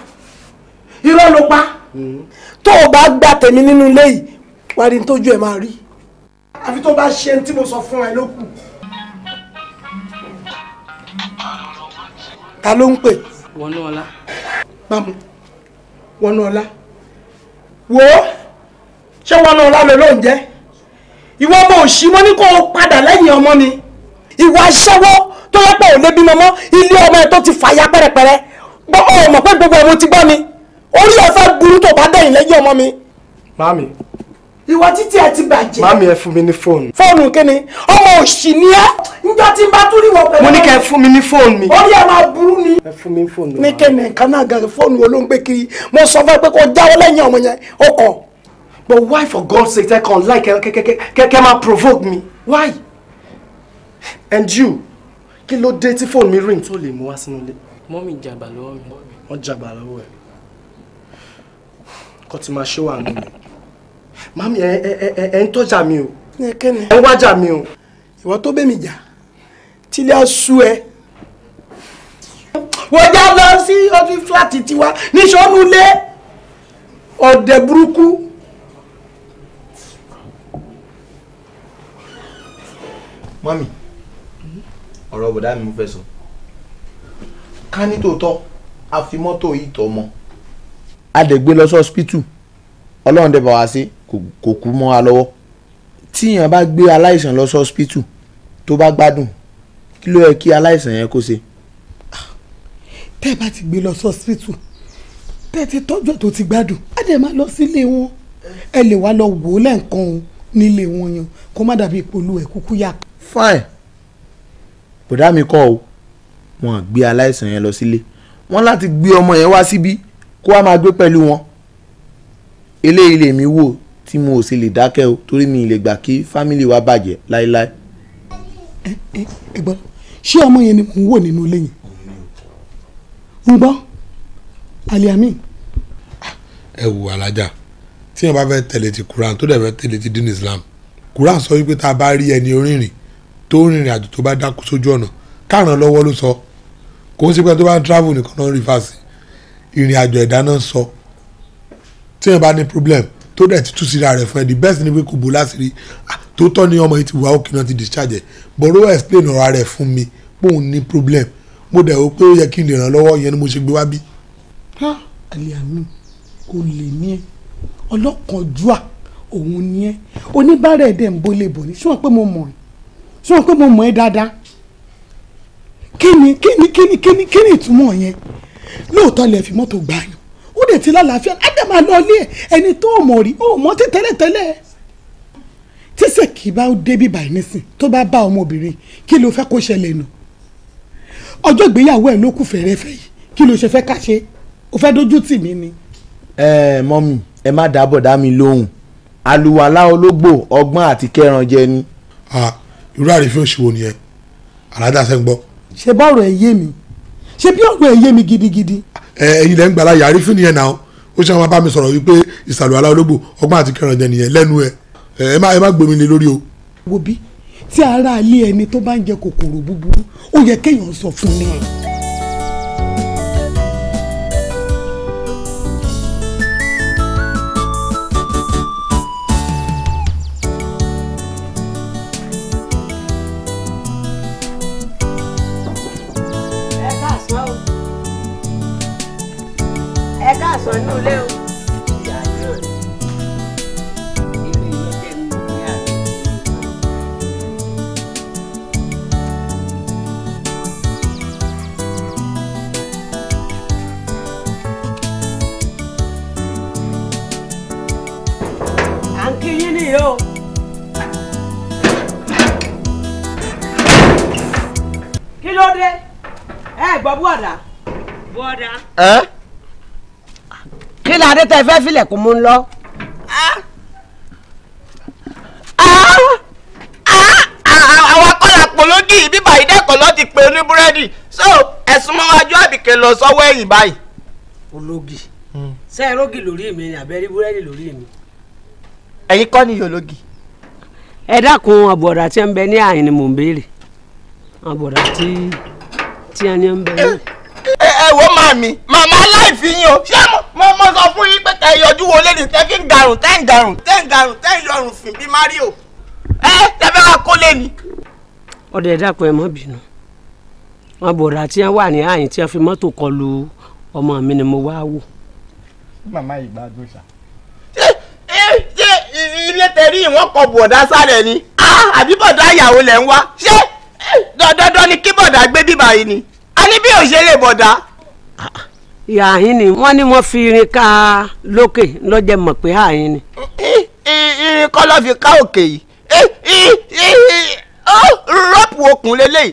irọ́ ló pa. Hmm. To o bá gbà tèmi nínú ilé yìí wàá rí tójú ẹ máa rí. àfi tó bá ṣe mo sọ fún ẹ ló ta ló ń pè. wọnúọlá. bámu wọnúọlá wo ṣé wọnúọlá ló ló ń jẹ ìwọ bò sí mo ní kó o padà lẹ́yìn ni ìwà aṣẹ́wó tó yẹ ò lè bímọ mọ́ ilé ọmọ ẹ tó ti fàya pẹ́rẹpẹ́rẹ gbọ́ ọ pé gbogbo ọmọ ti gbọ́ mi orí ẹ burú tó bá dẹ̀yìn lẹ́yìn ọmọ mi. mami. ìwà títí ẹ ti bàjẹ́. mami ẹ fún mi ní fóònù. fóònù kíni ọmọ òṣì ni ẹ. njọ tí bá tún ìwọ pẹ̀lú. mo ní kẹ́ fún mi ní fóònù mi. orí ẹ burú ni. ẹ fún mi fóònù. ní kẹ́ni nǹkan náà gàrí fóònù olóńgbé kiri mo sọ fún ẹ pé kó jáwọ́ lẹ́yìn ọmọ yẹn ó kọ̀. but why for God's sake ẹ kàn láì kẹ kẹ kẹ provoke me why and you kí ló dé tí fóònù mi ring tó lè mú wá sínú ilé. mọ́mí jàgbà lọ́wọ́ mi. wọ́n jàgbà lọ́wọ́ ẹ̀ kọ́ ti máa ṣe wà nù mí. mami ẹ ẹ ẹ ẹ ń tọ́jà mi o. ẹ kẹ́ni. ẹ ń wájà mi o. ìwọ tó bẹ́ẹ̀ mi jà tílé aṣú ẹ. wọ́n já lọ sí ọdún fúláàtì tiwa ní sọ́nù ilé burúkú. mami ọ̀rọ̀ bọ̀dá mi mo fẹ́ sọ ká ní tòótọ́ a fi mọ́tò yìí tọ́ mọ́ a lọ sí hospital ọlọ́run dẹ̀ bá wa ṣe kò kú mọ́ wa lọ́wọ́ tíyàn bá gbé aláìsàn lọ sí hospital tó bá gbádùn kí ló yẹ kí aláìsàn yẹn kó ṣe. tẹ́ ẹ bá ti gbé lọ sí hospital tẹ́ ẹ ti tọ́jú tó ti gbádùn á dẹ̀ máa lọ sílé wọn ẹ lè wá lọ wò ó lẹ́ǹkan o nílé wọn yan kó má dàbí ìpolú ẹ̀ kúkú yá. fine bọ̀dá mi kọ́ o wọn gbé aláìsàn yẹn lọ sílé wọn láti gbé ọmọ yẹn wá síbí kó wá máa gbé pẹ̀lú wọn eléyìí lèmi wò tí mo ò sì lè dákẹ́ o torí mi lè gbà kí fámìlì wa bàjẹ́ láéláé. ẹ ẹ ẹ gbọ́ ṣé ọmọ yẹn ni mò ń wò nínú ilé yìí ń gbọ́ aliami. ẹ wo alájà tí wọn bá fẹ́ tẹ̀lé ti Quran tó dẹ̀ fẹ́ tẹ̀lé ti dín Islam Quran sọ wípé tá a bá rí ẹni orírìn tó ń rìnrìn àjò tó bá dákú sójú ọ̀nà káràn lọ́wọ́ ló sọ kò ń ṣe tó bá ń travel nìkan náà ń rìfàsì ìrìn àjò ẹ̀dá náà sọ tí yẹn bá ní problem tó dẹ̀ ti tú síra rẹ̀ fún ẹ the best ni pé kò bó láṣìírí tó tọ́ ni ọmọ yìí ti wà òkè náà ti discharge bọ̀rọ̀ explain ọ̀rọ̀ rẹ̀ fún mi pé òun ní problem mo dẹ̀ wò pé ó yẹ kí n lè ràn lọ́wọ́ yẹn ni mo ṣe gbé wá bí. ha Aliami kò lè ní ẹ ọlọ́kànjúà òun ní ẹ oníbàárẹ̀ dẹ̀ ń bó lè bọ̀ ní ṣùgbọ́n pé mo mọ̀ ẹ́ sọ pé mo mọ̀ ẹ́ dáadáa kí ni kí ni kí ni kí ni kí ni ìtumọ̀ yẹn lóòótọ́ lè fi mọ́tò gbà yàn ó dẹ̀ ti lálàáfíà ádámà lọ ilé ẹ̀ ẹni tó mọ̀ rí ó mọ̀ tí tẹ́lẹ̀tẹ́lẹ̀ tí sèkì bá débi báyìí nísìn tó bá bá ọmọbìnrin kí ló fẹ́ kó ṣẹlẹ̀ nù ọjọ́ ìgbéyàwó ẹ̀ ló kù fẹ́rẹ́fẹ́ yìí kí ló ṣe fẹ́ ká ṣe ó fẹ́ dójú tì mí ni. ẹ ẹ mọ́mì ẹ má dábọ̀ dá mi lóhùn àlùwàlá ológbò ọgbọ́n àti kẹran jẹ Ah irú àrífín òṣìwò nìyẹn aládàáṣẹ́ ń gbọ́. ṣe bọ́ọ̀rọ̀ ẹ̀ yé mi ṣe bí ọ̀rọ̀ ẹ̀ yé mi gidigidi. ẹ ẹ̀yin lẹ ń gbàlá yàrá àrífín nìyẹn náà ó ṣe àwọn bá mi sọ̀rọ̀ wípé ìsàlù aláológbò ọgbọ́n àti kẹrànjẹ nìyẹn lẹ́nu ẹ ẹ má ẹ má gbèmí lé lórí o. wo bí tí ara alẹ́ ẹni tó bá ń jẹ kòkòrò búburú ó yẹ kéèyàn sọ fún mi. tẹ fẹ́ filẹ̀ kó mú un lọ. àwọn akọ́là pológì bíbá ìdẹ́kọ̀ lọ ti pe oníbúrẹ́dì so ẹ̀sùn mọ́ wájú àbìkẹ́ lọ sọ́wọ́ ẹ̀yìn báyìí. ológì hmm. ṣé ẹ rógì lórí mi ni àbẹ́rí búrẹ́dì lórí mi. ẹ̀yin kọ́ ni yòlógì. ẹ dákun àbọ̀dà tí ń bẹ ní àyìn ni mò ń béèrè àbọ̀dà tí tí a ní ń bẹ ní wo máa mi màmá láìfi yín o ṣé mo mo sọ fún yín pé kẹ́ yọjú wọlé ní tẹ́ fi ń dàrùn tẹ́ ń dàrùn tẹ́ ń dàrùn tẹ́ ń yọrùn fìn bí Mario ẹ tẹ́ fẹ́ wá kólé ni. ọ̀dọ̀ ẹ̀ dàpọ̀ ẹ̀ mọ́ bínú wọn bòrà tí wọn wà ní àyìn tí wọn fi mọ́tò kọlu ọmọ mi ni mo wá wò. màmá ìgbádùn ṣá. ṣé ṣé ilé tẹ̀rí ìwọ̀n kọ bọ̀dá sálẹ̀ ni àbí bọ̀dá ìyàwó lẹ̀ ń wá ṣé dandan ni kí bọ̀dá gbé bíbá yìí ni a ní bí òṣèré bọ̀dá ìyá yín ni wọ́n ní wọ́n fi irin ká lókè lọ́jẹ́ mọ̀ pé àyín ni. irin kọ́ ló fi ká òkè yìí rọ́pù okùn lélẹ́yìí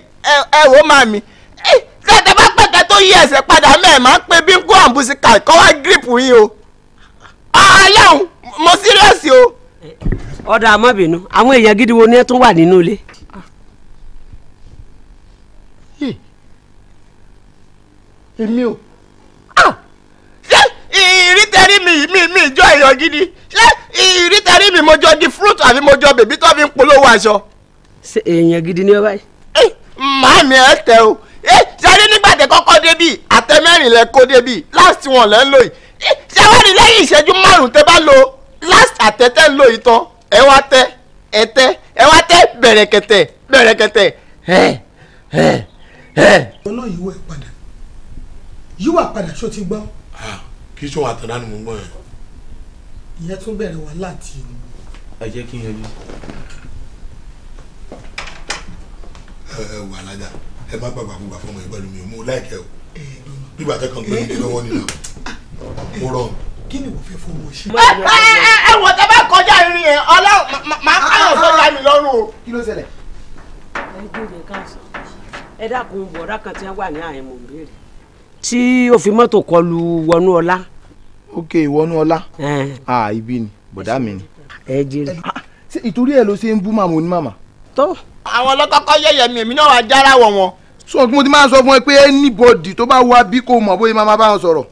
ẹ wò ó máa mi tẹ́tẹ́ bá pẹ̀tẹ́ tó yí ẹsẹ̀ padà mẹ́ẹ̀ máa ń pe bíngó àǹbùsíkà kọ́ wá gírípù yín o ah, ọlọ́run mo síríọ̀sì o. ọ̀dà àmọ́bìnú àwọn èèyàn gidi wo ni ẹ tún wà nínú ilé. èmi o. Ah! ṣé ìrítẹ́rí mi mi mi jọ èèyàn gidi ṣé ìrítẹ́rí mi mo jọ di fruit àbí mo jọ bèbí tó fi ń polówó aṣọ. ṣe èèyàn gidi ni ọ báyìí. Eh, màá mi ẹ tẹ o eh, ṣe rí nígbà tẹ kọ́kọ́ débì àtẹmẹ́rin lẹ kó débì last one lẹ ń lò yìí eh, ṣé wọ́n rí lẹ́yìn ìṣẹ́jú márùn-ún tẹ bá lo last àtẹ̀tẹ̀ ń lò yìí tán ẹ wá tẹ ẹ tẹ ẹ wá tẹ bẹ̀rẹ̀kẹ̀tẹ̀ bẹ̀rẹ̀kẹ̀tẹ̀ ẹ ẹ ẹ. ọlọ́yin wẹ̀ padà yíwà padà ṣó ti gbọ́. kì í ṣe òun àtàndá ni mò ń gbọ́ yẹn. ìyẹn tún bẹ̀rẹ̀ wá láti inú. ẹ jẹ́ kí n yọjú. ẹ wà lájà ẹ má gbàgbà gbogbo àfọmọ ìgbàlù mi ò mú láìkẹ o bí bàtẹ kan gbé mi lọ́wọ́ nínú mo rọ. kí ni mo fẹ́ fowó ṣe. ẹ ẹ ẹ wọ tẹ bá kọjá irin yẹn Ọlọ́run máa ń kàyọ sọjà mi lọ́rùn o. kí ló ṣẹlẹ̀. ẹ dákun bọ̀dá kan tí wọ́n wà ní àyẹ̀mọ̀ ń béèrè tí ó fi mọ́tò kọlu wọnú ọlá. ok wọnú ọlá eh. ah ibi ni bọ̀dá mi ni. ẹ jẹrẹ. Ah, ah, ìtorí ẹ ló ṣe ń bú màmá onímàmá. tó. àwọn ọlọ́kọ́kọ́ yẹ̀yẹ̀ mi èmi náà wàá jára wọ̀ wọn sọ pé mo ti máa sọ fún ẹ pé anybody tó bá wá bí kò mọ̀ bóyá máa bá wọn sọ̀rọ̀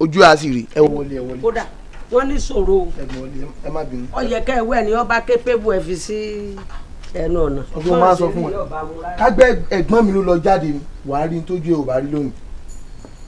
ojú àṣírí. ẹ wọlé ẹ wọlé. kódà wọn ní sọ̀rọ̀ o. ẹ wọlé ẹ má bínú. ọyẹ ká ẹwẹ ni ọba képe bu ẹ fi sí ẹnu ọ̀nà. ọgbọ́n mi ló lọ jáde wàá rí tójú ẹ ò bá rí lónìí.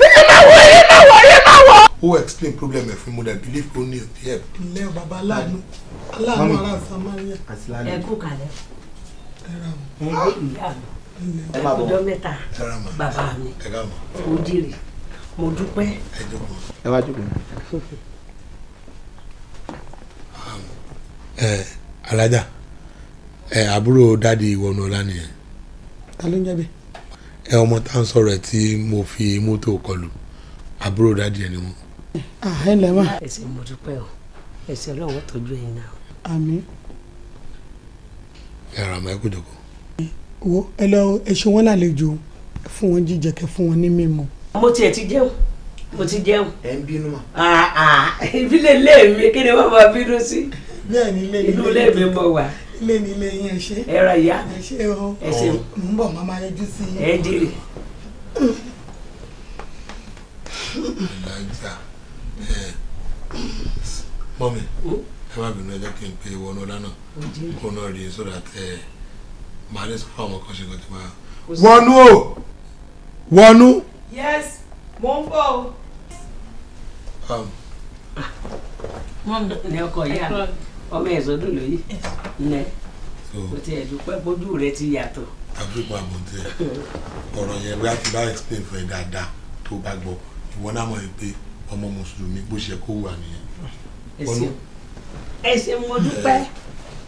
ẹ má wọ ẹ má wọ ẹ má wọ. who explain problem ẹ fún mi that believe only you dey help. ilé baba aláàánú aláàánú ara samaria. ẹ kú kalẹ̀. ẹ dé ìyá mi ẹ kú ọjọ́ mẹ́ta bàbá mi ó jèrè mo dúpẹ́. ẹ wá jókòó. Um, ẹ alájà ẹ àbúrò dáàdi ìwọ ọ̀nà ọ̀la nìyẹn. ta ló ń jẹ́ bẹ́ẹ̀ ẹ ọmọ tá à ń sọ̀rọ̀ ẹ̀ tí mo fi mọ́tò kọlù àbúrò dáàdì ẹ̀ ni wọn. Ah, ẹ lẹ mo dúpẹ́ o ẹsẹ̀ ọlọ́wọ́ tọ́jú ẹ̀yin náà. àmín. yàrá máa kú jòkó. wo ẹ lọ ẹṣọ wọn lálejò fún wọn jíjẹ kẹ fún wọn ní mímu. mo tiẹ̀ ti jẹun mo ti jẹun. ẹ ń bínú mà. ìbílẹ̀ ilé mi kí ni wọ́n máa bínú sí. bẹ́ẹ̀ ni ilé mi. ìlú mi mọ̀ wá ilé mi ilé yín ẹ ṣe. ẹ ra ìyá ẹ ṣe o ẹ ṣe o mò ń bọ̀ máa máa yọjú sí i. ẹ jèrè. ìlàjà ẹ mọ́mi ẹ má bínú ẹ jẹ́ kí n pe ìwọ náà lánàá kó náà rí sódà tẹ màá lè sọ fún àwọn kan ṣe kan tí máa. wọnú o wọnú. yes mò ń bọ̀ o. mọ́mi um, ah. ni ọkọ̀ yá mi ọmọ ẹ̀sọ́dún lóyè nẹ mo ti ẹ̀dúpẹ́ bójú rẹ ti yàtọ̀. àdúgbò àbòǹtẹ ọ̀rọ̀ yẹn bí a ti bá explain fún ẹ dáadáa tó bá gbọ́ ìwọ náà mọ̀ pé ọmọ mùsùlùmí bó ṣe kó wà nìyẹn. ẹ ṣé mo dúpẹ́. Eh,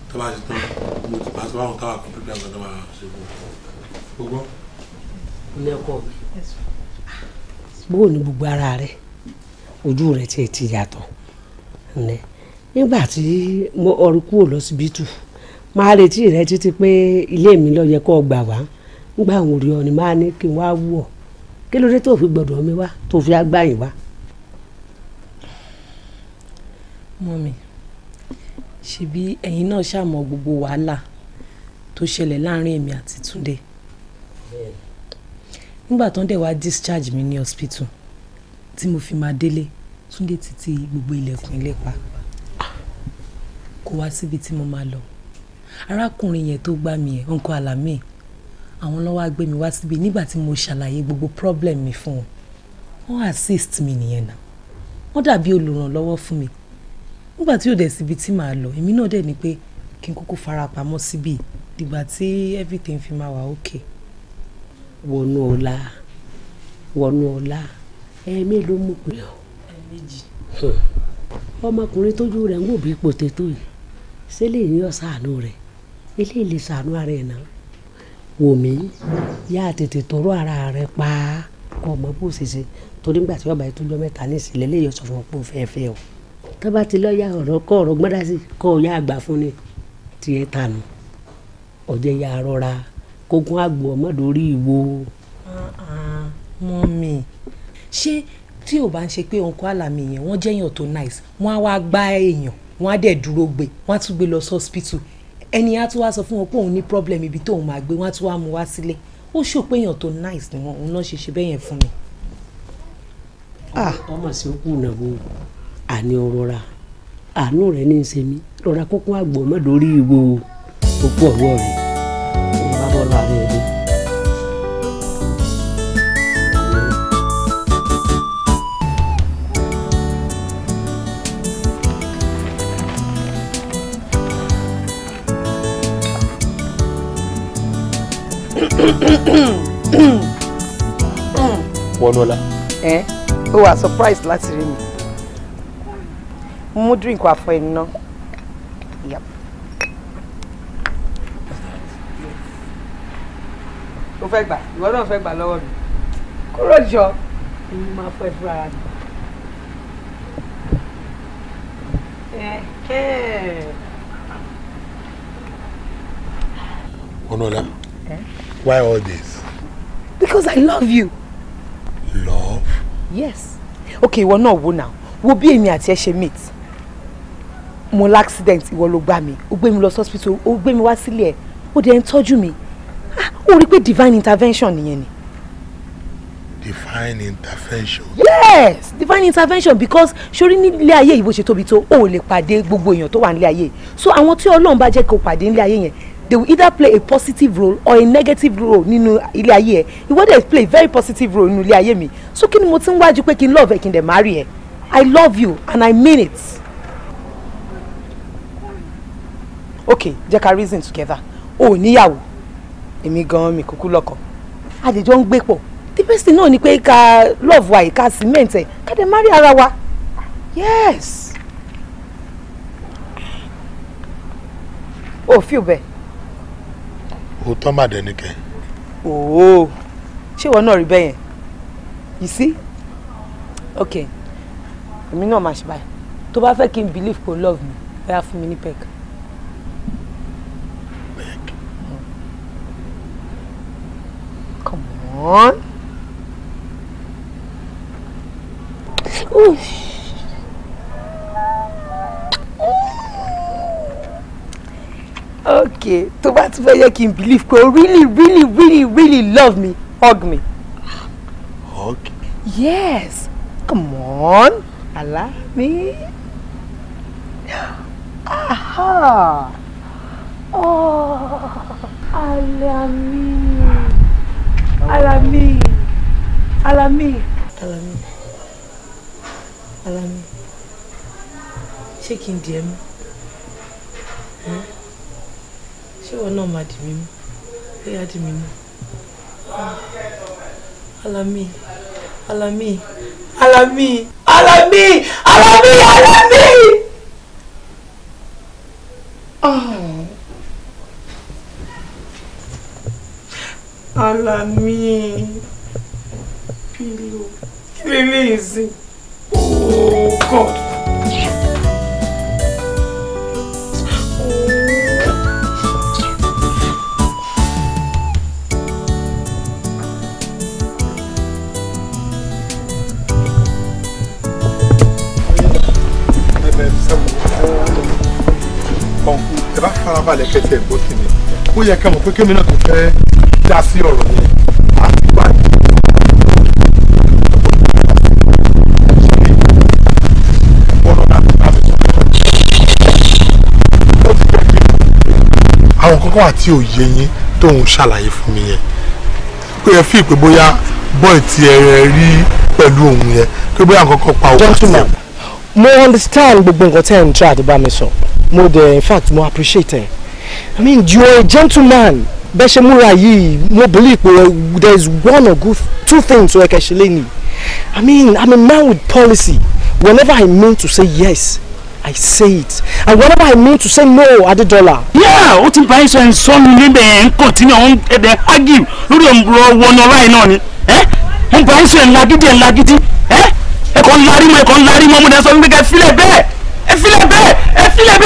tó bá ti tán mo ti máa sọ fáwọn táwọn kọ̀ǹpútà àgbà tó máa ṣe kó gbọ́. lẹ́kọ̀ọ́ mi bóò ni gbogbo ara rẹ ojú rẹ tiẹ̀ ti yàtọ̀ ǹlẹ́ nígbà tí mo ọrù kúrò lọ́sibítù máa retí rẹ títí pé ilé mi lọ yẹ kó gbà wá nígbà òun rí ọ ni máa ní kí n wá wù ọ kí ló dé tó fi gbọ́dọ̀ mi wá tó fi agbáyìn wá. mọ́mi ṣebí ẹ̀yin náà ṣàmọ̀ gbogbo wàhálà tó ṣẹlẹ̀ láàrin èmi àti Túndé nígbà tó ń dẹ̀ wá discharge mi ní hospital tí mo fi máa délé Túndé ti ti gbogbo ilẹ̀kùn ilé pa. Yeah kó wá síbi tí mo máa lọ arákùnrin yẹn tó gbá mi ẹ̀ ọkọ àlàmì àwọn ló wá gbé mi wá síbi nígbà tí mo ṣàlàyé gbogbo problem mi fún wọn assist mi nìyẹn náà wọ́n dàbí olùrànlọ́wọ́ fún mi nígbà tí ò dẹ̀ síbi tí màá lọ èmi náà dẹ̀ ni pé kí n kúkú fara pamọ́ síbi dìgbà tí everything fi máa wà òkè. wọnú ọlá wọnú ọlá ẹ̀ẹ́mí ló mú pé ọ ọmọkùnrin tójú rẹ̀ ń wò bí potato yìí ṣé lè yín ọ̀sánú rẹ̀ eléyìí lè ṣàánú ara ẹ̀ náà wò mí yá tètè tọrọ ara rẹ pa kọ ọmọ bó ṣe ṣe torí nígbà tí ọba ìtọ́jọ́ mẹ́ta ní ìsìlẹ̀ lè yọ sọ fún ọpọ fẹ́ẹ́fẹ́ o tó ti lọ́ọ́ ya ọ̀rọ̀ kọ́ ọ̀rọ̀ gbọ́dá sí kọ́ ọ àgbà fún ni tiẹ̀ tànù ọ̀jẹ̀ ya rọra kókún àgbò ọmọdórí ìwo. mọ́mì ṣé tí ò bá ń ṣe pé òǹkọ́ àlàmì yẹn wọ́n jẹ́yàn tó nice wọ́n á wá gbá èèyàn wọ́n á dẹ̀ dúró gbé wọ́n á tún gbé lọ sí hospital ẹni á tún wá sọ fún wọn pé òun ní problem ibi tóun máa gbé wọ́n á tún wá mú wá sílé ó ṣò pé èèyàn tó nice ni wọn òun náà ṣe ṣe bẹ́ẹ̀ yẹn fún mi. Ah. ọmọ sí ó kùnà wo àní ọ̀rọ̀ àánú rẹ̀ ní í ṣe mí rọra kókó àgbọ̀ mọ́ lórí ìwo òkú ọ̀wọ́ rẹ̀. ọ̀nọ́lá. ẹ ó wà surprise láti rí mi mú drink wá fún ẹ ná. o fẹ́ gbà ìwọ náà fẹ́ gbà lọ́wọ́ mi kúrò jọ èmi máa fẹ́ fúra rà gbà. Onola, eh? why all this? Because I love you yes Okay. ìwọ náà wo now wo bí èmi àti ẹ ṣe meet mo l'accident ìwọ ló gbà mí ó gbé mi lọ sí hospital ó gbé mi wá sílé ẹ ó dẹ̀ ń tọ́jú mi ah ó rí pé divine intervention nìyẹn ni. divine intervention. yes divine intervention because sori nílé ayé yìí bó ṣe tóbi tó o ò lè pàdé gbogbo èèyàn tó wà nílé ayé so àwọn tí Ọlọ́run bá jẹ́ kó pàdé nílé ayé yẹn they will either play a positive role or a negative role nínú ilé ayé ẹ ìwọ dey play a very positive role nínú ilé ayé mi so kí ni mo ti ń wájú pé kí n love ẹ kí n dẹ̀ marry ẹ i love you and i mean it. okay jẹ́ ká reason together o ò níyàwó èmi gan-an mi kúkú lọ́kọ àjèjọ ń gbé pọ̀ the best thing náà ni pé ká love wa ká cement ẹ̀ ká dẹ̀ marry ara wa yes. o oh, feel bẹ́ẹ̀ òótọ́ mà dẹni kẹ. òó ṣé ìwọ náà rí bẹ́ẹ̀ yẹn you see ok èmi náà máa ṣe báyìí tó bá fẹ́ kí n believe kò love me bẹ́ẹ̀ fún mi ní peg. come on. Oof. Okay. To bá tún fẹ́ yẹ kí n believe pé o really really really really love me hug me. hug yes come on allow me. aha oh alami alami alami. alami alami ṣé kí n di ẹ mú. Hmm? ṣé wọn náà máa dì mí mú bóyá dì mí mú alami alami alami alami alami alami. Ah. Alami pillow. Kí lélẹ́yìn Oh God. Oh. ọ̀nkú ẹ bá farabalẹ̀ kẹsẹ̀ bó sì ni ó yẹ ká mọ̀ pé kémi náà tó fẹ́ dá sí ọ̀rọ̀ yẹn àti ìwádìí. àwọn kankan àti òye yín tóun ṣàlàyé fún mi yẹn ó yẹ fi ìpè bóyá bọ́ọ̀ tí ẹ rí pẹ̀lú òun yẹn pé bóyá nǹkan kan pa òun àti òun mo understand gbogbo nǹkan tẹ́ ẹ̀ ń try àti bá mi sọ mo dẹ̀ in fact mo appreciate ẹ̀ i mean you are a gentleman bẹ́ẹ̀ ṣe múra yìí mo believe pé there is one or good, two things wey kẹ́ṣe lé ní i mean i'm a man with policy whenever i mean to say yes i say it and whenever i mean to say no adedola. yẹ́ẹ̀ o ti bá iṣẹ́ ìsọ́nu níbẹ̀ ẹ̀ ń kọ̀tínú ọ̀hún ẹ̀dẹ̀ ágìm lórí ọ̀rọ̀ wọnọ̀ọ́láì náà ni ẹ̀ ń bá iṣẹ́ ńlá gidi ńlá gidi ẹ̀ ẹ̀kọ́ ńlárí mọ́ ẹ̀kọ́ ńlárí mọ́ mo dẹ̀ sọ fún mi kẹ́ filẹ̀ bẹ́ẹ̀ ẹ filẹ̀ bẹ́ẹ̀ ẹ filẹ̀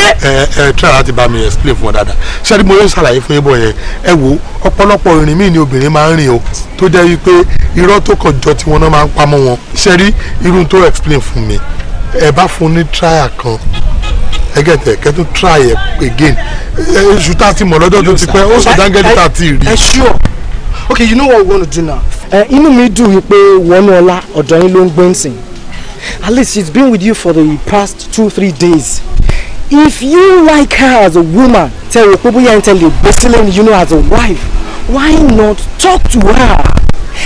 lé. ẹ ẹ tí ara ti bá mi explain fún ọ dáadáa sẹ́ni mo yóò ṣàlàyé fún yín bọ̀ yẹn ẹ wo ọ̀pọ̀lọpọ̀ ìrìn míì ni obìnrin máa ń rìn o tó jẹ́ wípé irọ́ tó kàn jọ tí wọ́n náà máa ń pamọ́ wọn sẹ́rí irú tó explain fún mi ẹ bá fún ní trial kan ẹgẹtẹ kẹtù try again ẹ ṣùtà ti mọ̀ lọ́jọ́ tó ti pẹ́ ó ṣàdángẹ́dì tá a ti rí okay you know what we want to do now. ẹ eh, inú mi dùn wípé wọnúọlá ọ̀dọ̀ yín ló ń gbé nsìn at least she's been with you for the past two three days if you like her as a woman tell your people here and tell the bustling you know as a wife why not talk to her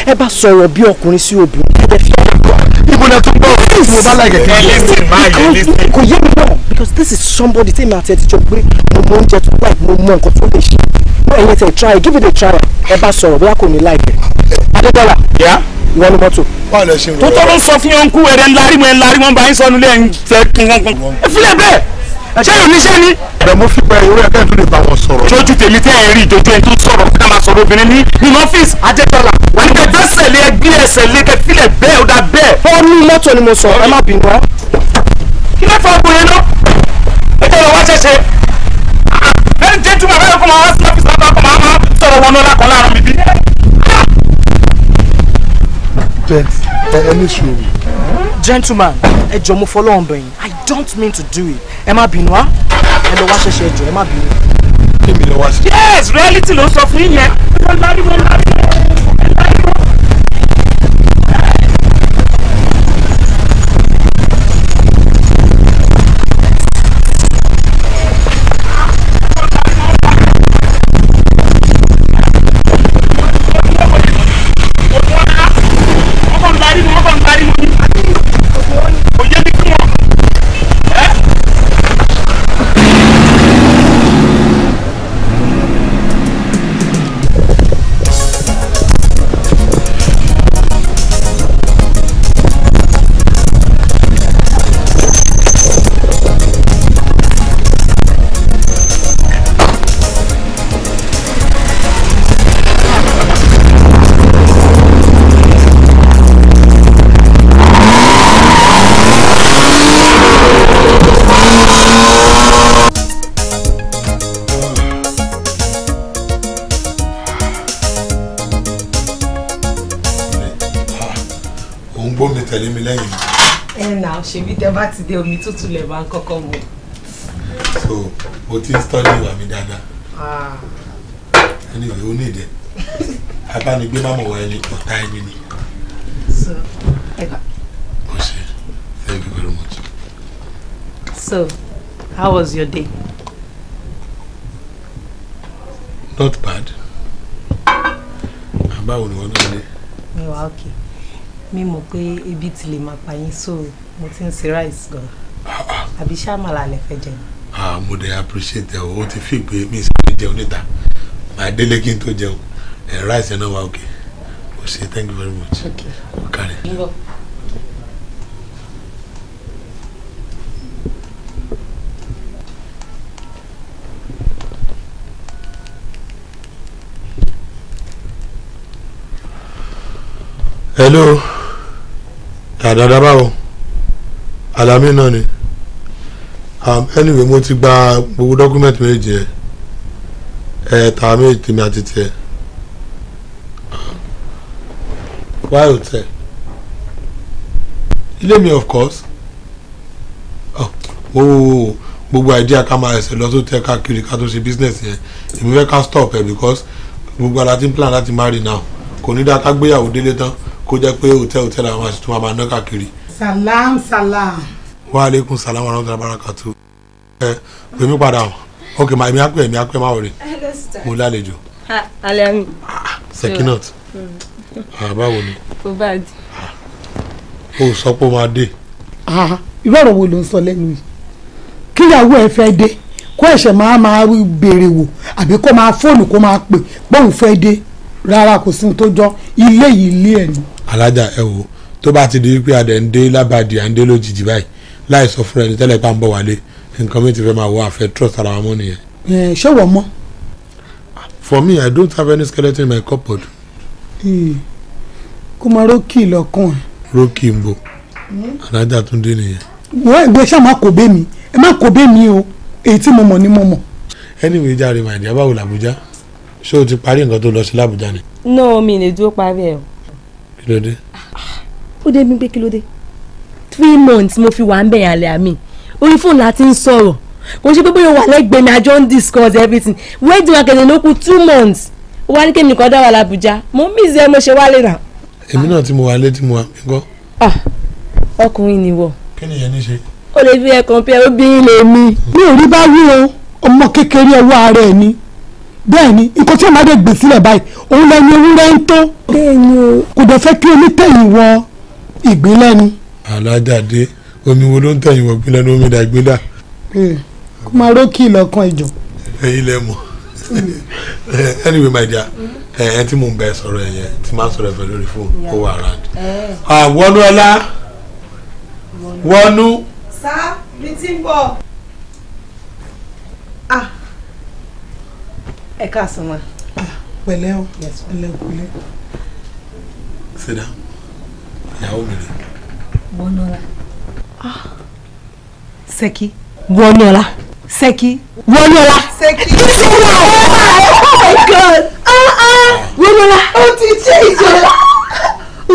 ẹ bá sọ̀rọ̀ bí ọkùnrin sí obìnrin ẹ bẹ fi ọ̀rọ̀ gbọ́. ibo na tún gbọ́ ọ̀rọ̀ mo bá láyé kí n lè sè má lè sè. kò yé mi náà because this is somebody tí mi àti ẹ ti jọ gbé mo mọ oúnjẹ tó wà mo mọ nǹkan tó lè ṣe ẹ̀yin tẹ̀ try give it a try ẹ bá sọ̀rọ̀ bóyá kò ní láìpẹ́. adédọ́là ìwọ ni mọ́tò. tó tọ́ ló ń sọ fún yẹn ń kú ẹ̀rẹ́ ńlá rí mọ́ ńlá rí mọ́ bá yín sọnù lẹ́yìn tẹ̀ kúnkún. ẹ filẹ̀ bẹ́ẹ̀ ṣé yóò níṣẹ́ ni. ẹ̀rọ mo fi pẹ́ ìwé ẹ̀kẹ́ ìdúró ìbá wọn sọ̀rọ̀. jójú tèmi tẹ́ ẹ̀ rí ìjọjọ́ ẹ̀ tó sọ̀rọ̀ fún ká máa sọ̀rọ̀ obìnrin ní nínú ọ́fíìsì ajẹ́tọ́lá. wọ́n ní kẹ́ gbẹ́sẹ̀ lé ẹgbẹ́ ẹsẹ̀ lé kẹ́ filẹ̀ bẹ́ẹ̀ ó dà bẹ́ẹ̀. ó ní mọ́tò ni mo sọ ẹ má bínú. kí ló fọ ọkùnrin náà? ẹ tẹ́ lọ wá ṣẹ̀ṣẹ̀ ẹni tí túmọ̀ bẹ́ẹ̀ kọ́ máa wá sí ọ́fíìsì náà kọ́ máa máa sọ̀rọ̀ wọn lọ́la kan láàrin mi gentleman ẹ jọ̀ọ́ mo fọlọ́ ọ̀bẹ̀ yín i don't mean to do it ẹ má bínú á ẹ lọ wá ṣẹ̀ṣẹ̀ ẹ ẹ má bínú. yes reality ló sọ fún yín yẹn. tẹ̀lé mi lẹ́yìn. ẹ nà ṣèbí tẹ bá ti dé omi tútù lẹ máa ń kọ́kọ́ mu. so mo ti ń study ìwà mi dáadáa. Ah. anyway ó ní ìdẹ abánigbé má mọ̀ wá ẹni ọ̀tá ẹni ni. so ẹ gbà. mo ṣe thank you very much. so how was your day. not bad. báwo ni wọ́n náà dé. mi wà ókè. Okay mi mọ̀ pé ebi ti lè máa pa yín so mo ti ń se rice gan àbí ṣàmàlà lè fẹ́ jẹ. mo dey appreciate ẹ o ti fi pé mi sì jẹun níta màá délé kí n tó jẹun rice ẹ náà wà òkè o ṣe thank you very much o kárí. hello àdáadáa báwo àlàmì náà ni um, anyway mo ti gba gbogbo dọ́kúmẹ̀tì méjì yẹn ẹ̀ẹ́ta méjì tèmi àti tiẹ̀ why hotel ilé mi of course ooo oh, gbogbo idea ká máa ẹsẹ̀ lọ tó tẹ káàkiri ká tó ṣe business yẹn èmi fẹ́ ká stop ẹ̀ because gbogbo ara ti ń plan láti marry now kò ní dáa ká gbéyàwó délé tán kó jẹ́ pé hòtẹ́ẹ̀lì hòtẹ́ẹ̀lì àwọn àṣetò máa máa ná káàkiri. salam salam. wa aleykum salam wa rahmatulah barakatu. ẹ pè mí padà o ok ma èmi á èmi á pè mo lálejò. alẹ́ mi. Ah, ah, sekinot hmm. ah, báwo ni. kò bá a di. o sọ pé o máa dé. irú ọ̀rọ̀ wo ló ń sọ lẹ́nu yìí kíyàwó ẹ fẹ́ dé kó ẹ̀ṣẹ̀ máa máa béèrè wò àbí kó máa fóònù kó máa pè bóun fẹ́ dé rárá kò sí ní tó jọ ilé yìí ilé ẹ̀ ni alájà ẹ wò tó bá ti di wípé adẹ ń dé lábàdì à ń dé lójijì báyìí láì sọ fún ẹni tẹ́lẹ̀ bá ń bọ̀ wálé nǹkan mi ti fẹ́ máa wọ àfẹ́ trust ara wa mọ́ nìyẹn. ẹ ṣọwọ́ mọ́. for me i don't have any skeleton in my cupboard. kó máa rókì lọ́kàn ẹ̀. rókì ń bò hmm? alájà tún dé nìyẹn. wọ́n ẹgbẹ́ ṣáà má kò bẹ́ mi ẹ má kò bẹ́ mi o èyí tí mo mọ̀ ni mo mọ̀. anyway jàre my dear báwo làbújá ṣé o ti parí nǹkan tó lọ sí làbújá ni. no mi lè dúró parí ẹ o kí ló dé. ó dé mi pé kí three months mo fi wà ń bẹ̀yàn alẹ́ àmì orí fóònù la ti ń sọ̀rọ̀ kò ṣe pé bóyá wà lẹ́gbẹ̀ẹ́ mi àjọ ń discuss everything wedding wa ló kù two months ó wá ní kémi kan dá wà làbújá mo mí ìzẹ́ mo ṣe wálé náà. èmi náà tí mo wà lé tí mo wà mí gbọ́. Ah, ọkùnrin ni wọ. kí ni ìyẹn ní ṣe. o lè fi ẹ̀ kàn pé obìnrin lè mi. mi ò rí bá wí o ọmọ kékeré ọwọ́ ara ẹ̀ ni bẹ́ẹ̀ni ikọ tí ọmọdé gbè sílẹ̀ báyìí òun lẹni ewúrẹ́ ń tó. bẹ́ẹ̀ni o. kò dẹ̀ fẹ́ kí omi tẹ̀yìn wọ ìgbélẹ́nu. alájáde omi wo ló ń tẹ̀yìn wọ ìgbélẹ́nu omi dà ìgbélà. Eh, kó máa rókì lọ́kàn ìjọ. ẹ̀yin lẹ mọ̀ anyway my dear eh, ẹ tí mò ń bẹ sọ̀rọ̀ ẹ yẹn tí máa sọ̀rọ̀ ẹ fẹ́ lórí fóònù ó wà around. Eh. Ah, wọnú ọlá wọnú. sá mi ti ń bọ̀. ah ẹ káàsán ma. pẹ̀lẹ́ o pẹ̀lẹ́ kúlẹ̀. sit down ìyàwó mi rè. wọnọlá. sẹ́kì wọnọlá sẹ́kì wọnọlá. sẹ́kì wọnọlá. oh my god wọnọlá. Ah, ah. o ti ṣe ìjọ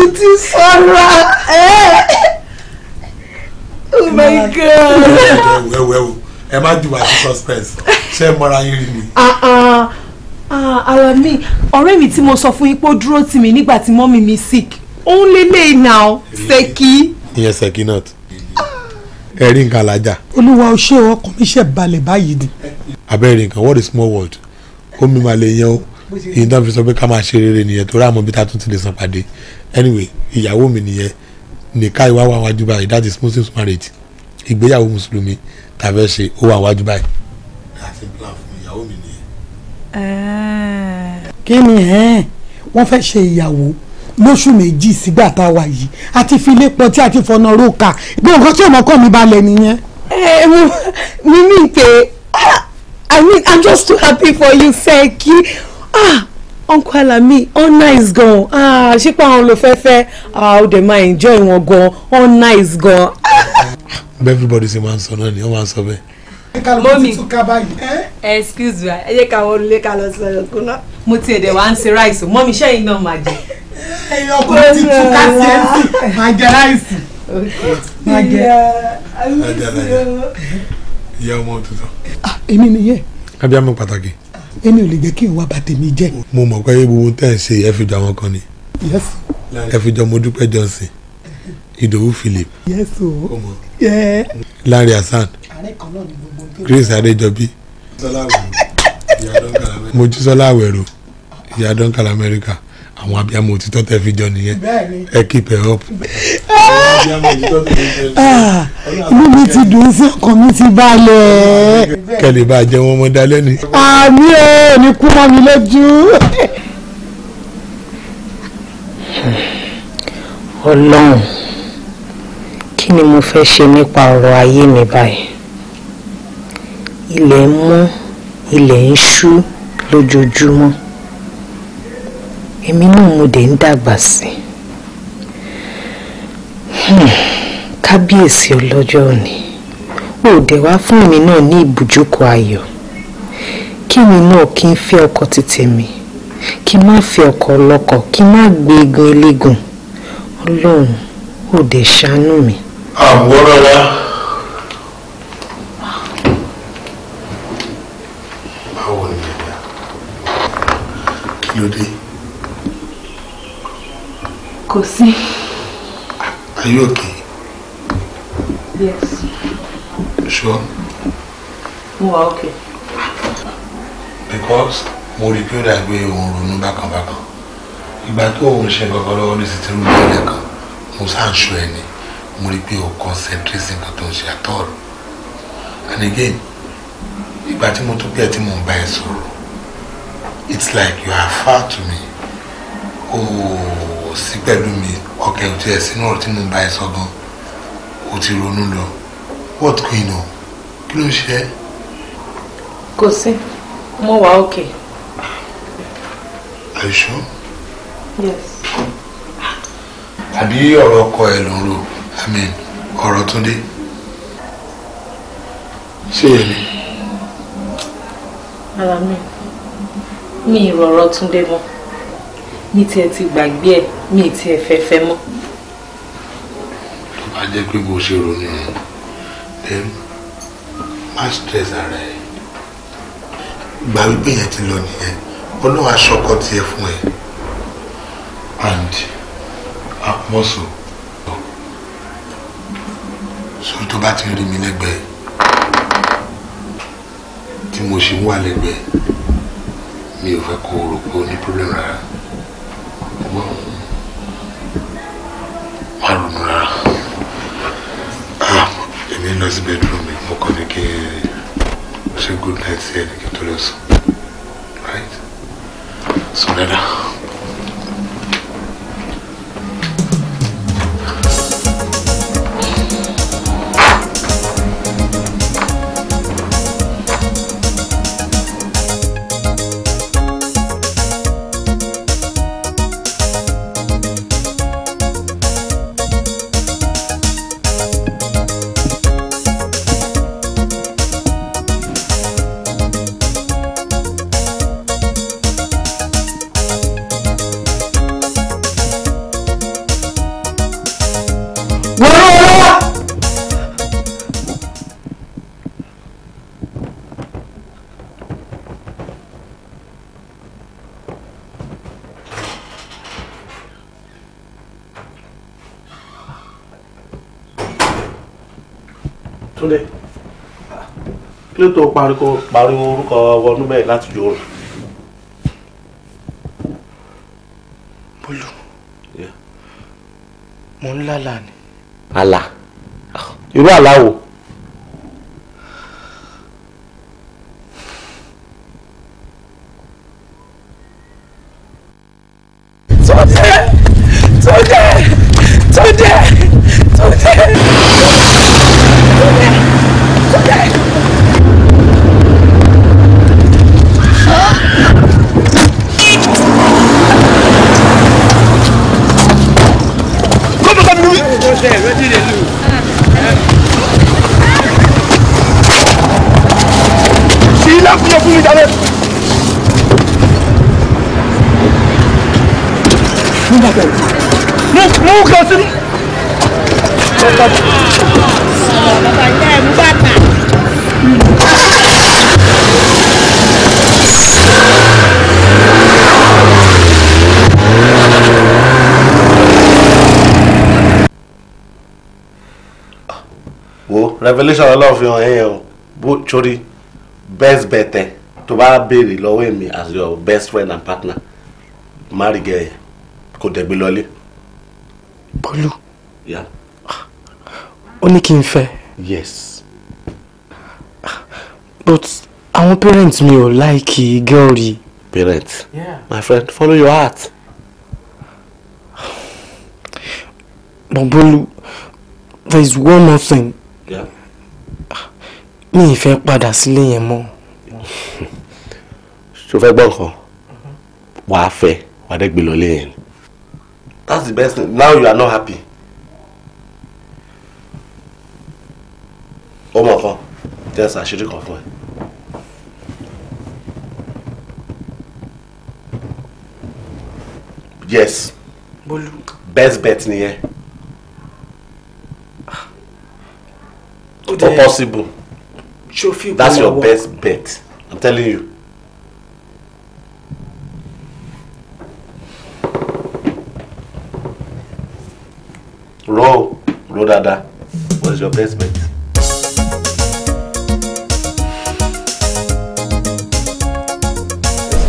o ti sọra. Eh. oh my god. wẹ́wẹ́wẹ́ ẹ má jù wá suspense ṣé ẹ mọra yín rí ni. Ah, ah, ah, ara mi ọ̀rẹ́ mi tí mo sọ fún yín pé ó dúró tì mí nígbà tí mọ́mì mi sick òun lélẹ̀ náà ṣèkí. ìyẹn ṣèkí náà ẹ rí nǹkan alájà. olúwa o ṣé ọkàn mi ṣe balẹ̀ báyìí ni. abẹ́rẹ́ nǹkan what a small world ó mi máa lè yan o èyí náà fi sọ pé ká máa ṣe rere nìyẹn torí àmọ́ bí ta tún ti lè san pàdé anyway ìyàwó mi nìyẹn nìka ìwà wà wájú báyìí that is muslim marriage ìgbéyàwó mùsùlùmí tá fẹ́ ṣe ó wà wájú báyìí. Eh. kí ni ẹ eh? wọ́n fẹ́ ṣe ìyàwó lóṣù méjì sígbà tá a wà yìí àti fi ilé pọtí àti fọnà róòkà bí nǹkan tí ọmọkọ mi balẹ̀ nìyẹn. ẹ eh, mo mi mi pe ah, i mean i'm just too happy for you Sẹ́kí ah uncle alami all nice gan ah ṣípò àwọn olùfẹ́fẹ́ ah ó dẹ̀ máa enjoy wọn gan all nice gan. Ah everybody is máa ń sọ náà ni wọ́n máa ń sọ bẹ́ẹ̀. mọ́mí excuse me ẹ jẹ́ ká wọ́n lé ká lọ sọ ẹ̀kú náà. mo ti èdè wá ń ṣe ráìsì mọ́mí sẹ́yìn náà máa jẹ. ẹyin ọkùnrin ti tún ká sí ẹsì máa jẹ ráìsì. máa jẹ ìyá ọmọ tuntun. Ah, èmi nìyẹn. abiyamọ pàtàkì. èmi ò lè jẹ́ kí ìwà bàtẹ́ mi jẹ́. mo mọ̀ pé gbogbo tẹ̀ ń ṣe ẹ fi àwọn kan ni ẹ mo dúpẹ́ jọ ìdòwú philip ọmọ larry hasan grace adéjọbí mojísọ́lá àwẹ̀rò ìyá duncan america àwọn abiyamọ òtítọ́ tẹ fi jọ nìyẹn ẹ keep it up. Ah! Ah! inú mi ti dùn sí ọkàn mi ti balẹ̀. kẹ́lẹ̀ bá a jẹ́ wọn mọ́ dalẹ́ ni. àmì ò ní kú mọ́ mi lójú. ọlọ́run kí ni mo fẹ́ ṣe nípa ọ̀rọ̀ ayé mi báyìí ilẹ̀ ń mọ́ ilẹ̀ ń ṣú lójoojúmọ́ èmi náà mo dé ń dàgbà sí hmm, kábíyèsí ọlọ́jọ́ òní ò dẹ̀ wá fún èmi náà ní ibùjókòó ayọ̀ kí èmi náà kí n fẹ́ ọkọ ti tèmi kí n má fẹ́ ọkọ ọlọ́kọ kí n má gbé egun eléegun ọlọ́run ò dẹ̀ ṣàánú mi àmúrọ́lá. báwo ni ẹ̀yà kí ló dé. kò sí. are you okay? yes. sure. mo wà okay. because mo rí i pé ó dàgbé òun ronú bákan bákan ìgbà tó òun ṣe kankan lọ́wọ́ ní sí ti rú mi lẹ́ẹ̀kan mo sáà ń ṣọ ẹni. Muri rí o concentrate sí nǹkan tó ń and again ìgbà tí mo tún bí ẹ tí mo ń bá ẹ sọ̀rọ̀ it's like you are far to me o sí pẹ̀lú mi ọ̀kẹ́ ò tiẹ̀ sínú ọ̀rọ̀ tí mo ń bá ẹ sọ gan o ti ronú lọ what queen o kí ló ń ṣe ẹ́. kò sí mo wà okay. are you sure. yes. àbí ọ̀rọ̀ ọkọ ẹ ló ń rò àmín ọ̀rọ̀ Túndé ṣé yẹn ni. ara mi mi ìrọ̀rọ̀ Túndé mọ́ ní tiẹ̀ ti gbàgbé ẹ̀ mi tiẹ̀ fẹ́ fẹ́ mọ́. tó bá jẹ́ pé bó ṣe ronú ẹ̀ then má stress ara ẹ̀ gbà wípé yẹn ti lọ nìyẹn olóhùn aṣọkọ tiẹ̀ fún ẹ and uh, so tó bá ti rí mi lẹ́gbẹ̀ẹ́ tí mo ṣe ń wà lẹ́gbẹ̀ẹ́ mi ò fẹ́ kó o rò pé o ní problem rárá ọgbọ́n má ronú rárá ah, èmi lọ sí bedroom mi mo kàn ní kí n ṣe good night sí ẹnì kí n tó lọ sùn right so dáadáa. tó pariwo pariwo orúkọ wọnú bẹ́ẹ̀ láti jò rò. bólú mo ń lálàá ni. àlà irú àlá wo. wo revelation ọlọ́run fi hàn yẹn o bó sori best bet ẹ tó bá béèrè lọ́wọ́ èmi as your best friend and partner marry girl yẹn kò dẹ̀gbẹ́ lọlé. bọ́lú ó ní kí n fẹ́. yes. but àwọn parents mi ò láìkì girl rí. parents yeah. my friend follow your heart. but Bolu there is one more thing mi ì fẹ́ padà sílé yẹn mọ́. ṣo fẹ́ gbọ́ nǹkan wàá fẹ́ wàá dẹ́ gbé lọlé yẹn. that's the best thing now you are not happy. ó mọ̀ kan jẹ́ ṣàṣírí kan fún ẹ. yes Bolu. best bet nìyẹn ah. ó possible. Trophy That's your work. best bet. I'm telling you. Roll, roll dada. What your best bet?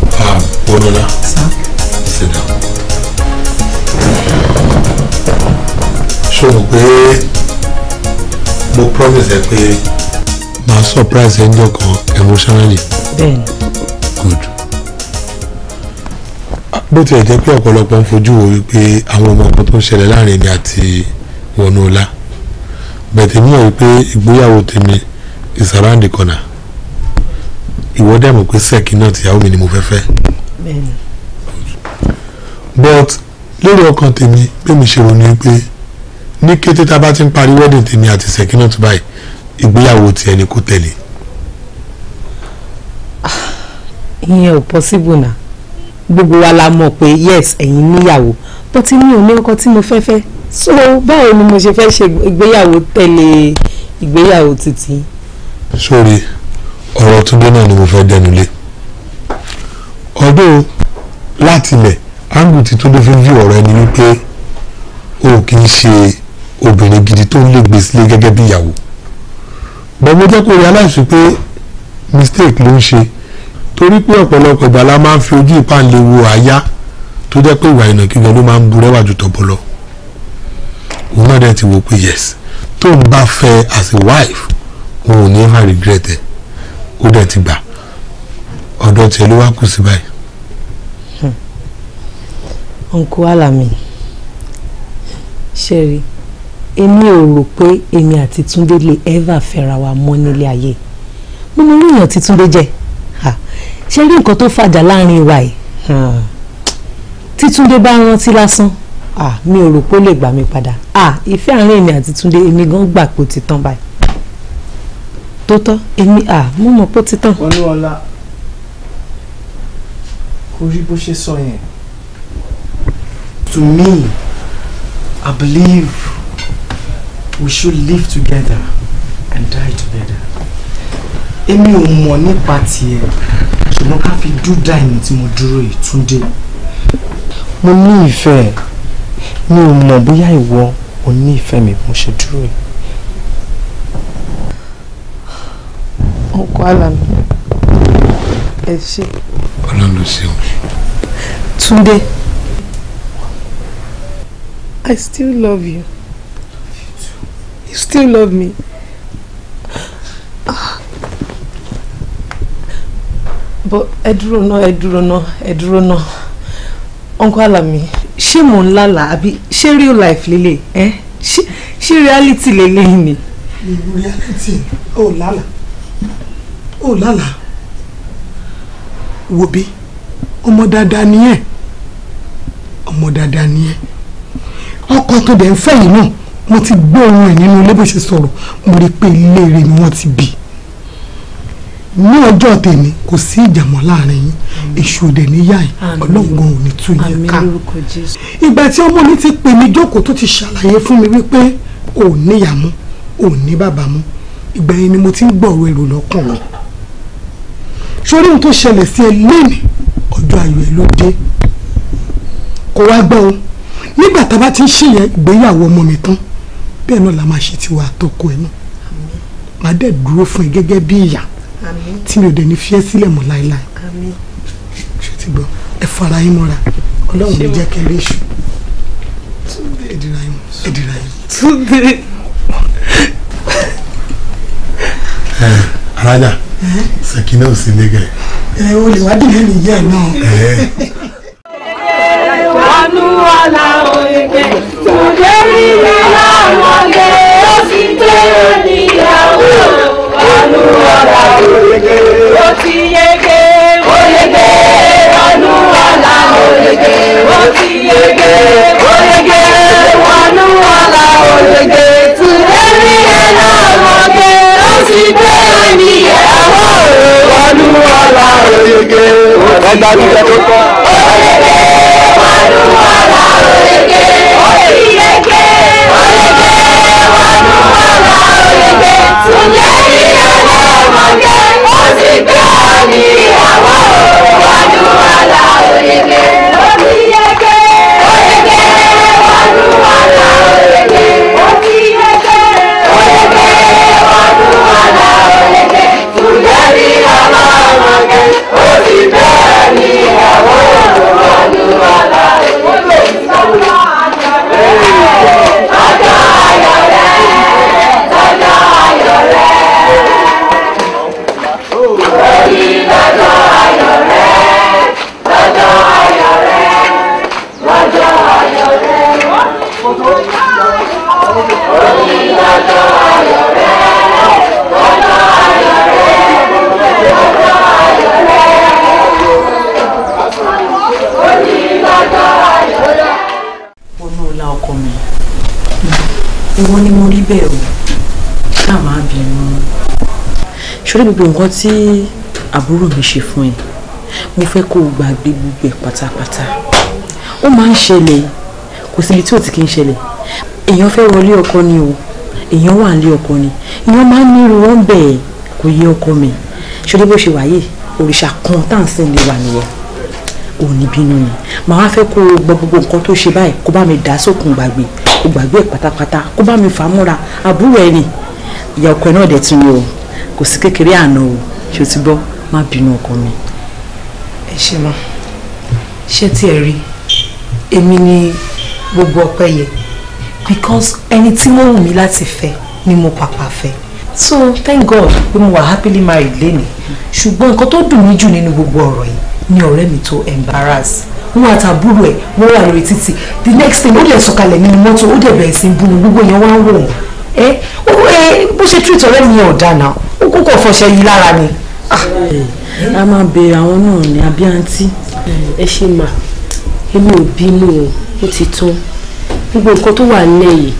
Um, ah, Bonola. Sit down. Ṣé we? mọ̀ promise ẹ pé máa surprise ẹ̀ ń jọ kan emotionally. bẹ́ẹ̀ni. good. bó tiẹ̀ jẹ́ pé ọ̀pọ̀lọpọ̀ ń fojú wo wípé àwọn ọmọ kan tó ń ṣẹlẹ̀ láàrin mi àti Wọnúọlá bẹ̀tẹ̀ mi ò rí pé ìgbéyàwó tèmi is around the corner ìwọ dẹ̀ mọ̀ pé sẹ́ẹ̀kì náà tìyàwó mi ni mo fẹ́ fẹ́. but lórí ọkàn tèmi pé mi ṣe rò ní pé ní kété tá a bá ti ń parí wedding tèmi àti sẹ́ẹ̀kì náà tó báyìí ìgbéyàwó tiẹ̀ ni kò tẹ̀lé. Ah, ìyẹn ò possible náà gbogbo wa la mọ̀ pé yes ẹ̀yin níyàwó bó ti ní òní ọkọ tí mo fẹ́ fẹ́ so báwo ni mo ṣe fẹ́ ṣe ìgbéyàwó tẹ̀lé ìgbéyàwó títí. sórí ọ̀rọ̀ túndé náà ni mo fẹ́ dẹnulé ọdún láti ilẹ̀ angu ti túndé fi view ọ̀rọ̀ ẹni wípé o kì í ṣe obìnrin gidi tó ń lè gbé sílé gẹ́gẹ́ bí ìyàwó bọ́mọ jẹ́ kó realize pé mistake ló ń ṣe torí pé ọ̀pọ̀lọpọ̀ ìgbà la máa ń fi ojú ìpàǹlẹ̀ wo àyà tó jẹ́ pé ìwà ìnà kíkan ló máa ń burẹ́wà ju tọ̀bọ̀ lọ òun náà dẹ̀ ti wò pé yes tó ń bá fẹ́ as a wife òun ò ní ever regret ẹ̀ ó dẹ̀ ti gbà ọ̀dọ̀ tiẹ̀ ló wá kù sí báyìí. Hmm. uncle alami ṣe èmi ò rò pé èmi àti Túndé lè ever fẹ́ra wa mọ́ nílé ayé mo mọ orí èèyàn tí Túndé ṣe rí nǹkan tó fàjà láàrin wa yìí tí bá rántí lásán mi ò rò pé ó lè gbà mí padà ìfẹ́ àárín èmi àti Túndé èmi gan gbà pé ó ti tán báyìí tó èmi mo mọ̀ pé ó ti tán. Olúọlá kò rí bó ṣe sọ yẹn to me I believe we should live together and die together. èmi ò mọ̀ nípa tiẹ̀ ṣùgbọ́n ká fi dúdà ẹni tí mo dúró yìí Túndé. mo ní ìfẹ́ mi ò mọ̀ bóyá ìwọ ò ní ìfẹ́ mi mo ṣe dúró yìí. ọkọ alam ẹ ṣe. ọlọ́run ló ṣeun. Túndé I still love you. You still love me. But ẹ dúró ná ẹ dúró ná ẹ dúró ná uncle Alami ṣé mò ń lálà She real life Eh? She she reality lélẹ̀ ni. reality Oh lala. Oh lala. Wobi. Omo ọmọ dáadáa Omo ẹ ọmọ dáadáa ni ẹ ọkọ tó dẹ̀ ń mo ti gbọ́ ohun ẹ̀ nínú ilé bó ṣe sọ̀rọ̀ mo rí i pé ilé rẹ̀ ni wọ́n ti bí ní ọjọ́ tèmi kò sí ìjàmọ̀ láàrin yín èṣù òde níyà ẹ̀ ọlọ́gbọ̀n ò ní tú yín ká ìgbà tí ọmọ mi ti pè mí jókòó tó ti ṣàlàyé fún mi wípé ò níyà mú ò ní bàbá mú ìgbà yẹn ni mo ti ń gbọ̀rọ̀ èrò lọ́kàn mi sórí ohun tó ṣẹlẹ̀ sí ẹ lẹ́nìí ọjọ́ ayọ̀ ẹ ló dé kó wá gbọ́ nígbà tá a bá ti ń ṣèyẹn ìgbéyàwó ọmọ mi tán bẹ́ẹ̀ náà la máa ṣe tiwa àtọkọ ẹ̀ náà màá dẹ̀ dúró fún ẹ gẹ́gẹ́ bí ìyá tí mi ò dẹ̀ ní fi ẹ́ sílẹ̀ mọ́ láéláé ṣe ti gbọ́ ẹ fara yín mọ́ra ọlọ́run ló jẹ́ kẹlẹ́ èṣù ẹ̀dìrà yín ẹ̀dìrà yín. túnde. ẹ ò sí nígẹ. ẹ o lè wá dìbò mi yẹ náà. wọnú ọ̀la òye kẹ́ tòde rí rẹ̀. ọ̀la ló yege. Ó ti yege. Ó yege. Wọnú ọ̀la ló yege. Ó ti yege. Ó yege. Wọnú ọ̀la ló yege. Tùrẹ́rì ẹ̀ náà wọ́gé. Ó ti gbé ẹni ẹ̀ àwọ̀ òru. Wọnú ọ̀la ló yege. Ó ti yege. Ó yege. Wọnú ọ̀la ló yege. Ó ti yege. Ó yege. Wọnú ọ̀la ló yege. Tùrẹ́rì. Olùdarí alámọ̀kẹ́, ó ti bẹ́ẹ̀ ni àwọn olùwàlúwàlá. bẹ́ẹ̀ o ṣáà máa bínú ṣorí gbogbo nǹkan tí àbúrò mi ṣe fún ẹ mo fẹ́ kó o gbàgbé gbogbo ẹ̀ pátápátá ó máa ń ṣẹlẹ̀ kò síbi tí ò ti kí ń ṣẹlẹ̀ èèyàn fẹ́ wọlé ọkọ ni o èèyàn wà nílé ọkọ ni èèyàn máa ń nírú wọn bẹ́ẹ̀ kò yé ọkọ mi ṣorí bó ṣe wáyé òrìṣà kan tá à ń sìn lè wà nìyẹn òní bínú ni màá fẹ́ kó o gbọ́ gbogbo nǹkan tó ṣe báyìí kó bá mi dá sókun gbàgbé kó gbàgbé ẹ̀ pátápátá kó bá mi fà á múra àbúrò ẹ̀ ni ìyá ọkọ ẹ̀ náà dẹ̀ tún ni o kò sí kékeré àná o ṣé o ti gbọ́ má bínú ọkọ mi. ẹ ṣe mọ ṣé tí ẹ rí èmi ni gbogbo ọpẹ́ yẹ because ẹni tí mo wù mí láti fẹ́ ni mo pàpà fẹ́ so thank god pé mo wà happily married lénìí ṣùgbọ́n nǹkan tó dùn mí jù nínú gbogbo ọ̀rọ̀ yìí ni ọ̀rẹ́ mi tó embarrass wọn àtàbúrò ẹ̀ wọ́n wà lórí títì the next thing ó dẹ̀ sọ̀kalẹ̀ nínú mọ́tò ó dẹ̀ bẹ̀rẹ̀ sí bú mi gbogbo yẹn wá ń wò wọ́n ẹ bó ṣe treat ọ̀rẹ́ mi yẹn náà ó kókò fọṣẹ yìí lára ni. Ah. a máa bẹ àwọn náà ní àbí àǹtí ẹ ṣe mà èmi ò bínú ó ti tán gbogbo nǹkan tó wà nílẹ̀ yìí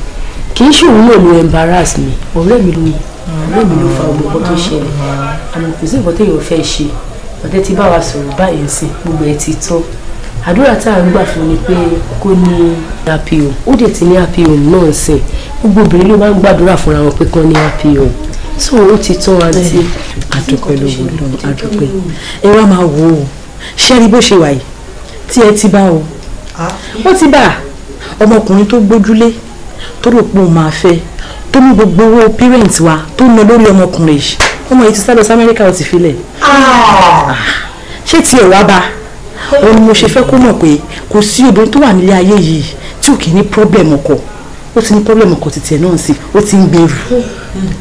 kì í ṣòun náà ló embarrass mi ọ̀rẹ́ mi ló ọ̀rẹ́ mi ló fa gbogbo nǹkan tó ṣẹlẹ̀ àmọ́ kò sí nǹkan téèyàn fẹ́ ṣe ọ̀dẹ́ ti bá wa sọ̀rọ̀ báyìí sí gbogbo ẹ̀ ti tán àdúrà tá à ń gbà fún ni pé kó ní happy home ó dẹ̀ ti ní happy home náà sìn gbogbo obìnrin ló máa ń gbàdúrà fúnra wọn pé kán ní happy home so ó ti tán àǹtí àdúpẹ́ lọ́wọ́ lọ́wọ́ àdúpẹ́ ẹ wá máa wò ó ṣé rí bó ṣe wà yìí tí ẹ ti bá o ó ti bá ọmọkùnrin tó gbójúlé tó rò pé òun máa fẹ́ tó ní gbogbo owó parent wa tó ná lórí ọmọkùnrin yìí ọmọ yìí ti sá lọ sí amẹ́ríkà ó ti filẹ̀ ah! ṣé tiẹ̀ wá bá a òun ni mo ṣe fẹ́ kó mọ̀ pé kò sí obìnrin tó wà nílé ayé yìí tí ò kì í ní problem ọkọ ó ti ní problem ọkọ títí ẹ náà sí ó ti ń gbèrú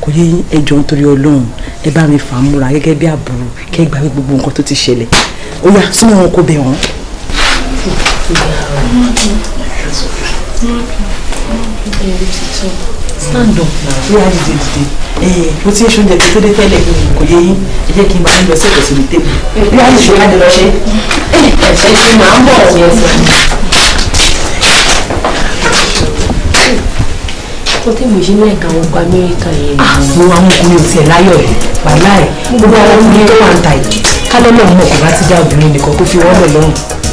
kò yé ẹjọ́ nítorí Ọlọ́run ẹ bá mi fà á múra gẹ́gẹ́ bí àbúrò kẹ́ gbàgbé gbogbo nǹkan tó ti ṣẹlẹ̀ ó yá súnmọ́ wọn kó bẹ̀ wọ́n. Thank you stand up na ó yà dìde dìde ẹ̀ẹ́n mo ti ń ṣe oúnjẹ tó dé tẹ́lẹ̀ kò yẹ yín ẹ jẹ́ kí n máa ń lọ sẹ́kọ̀ọ́ sórí tèbù. bí a ṣe máa dọ̀rọ̀ ṣe ẹ̀ṣẹ̀ ṣe máa ń bọ̀ ọ̀yẹ́ sí i. kó tèmi ṣe ní ẹ̀ka àwọn ọkọ̀ amẹ́ríkà yẹn. Ah, mo àwọn ọkùnrin ò tiẹ̀ láyọ̀ ẹ̀ pàlá ẹ̀ gbogbo àwọn ọkùnrin tó wà ń ta ẹ̀ kálọ́ náà mọ̀ kó bá ti dá obìnrin nìkan kó fi wọ́n lọ lọ́rùn.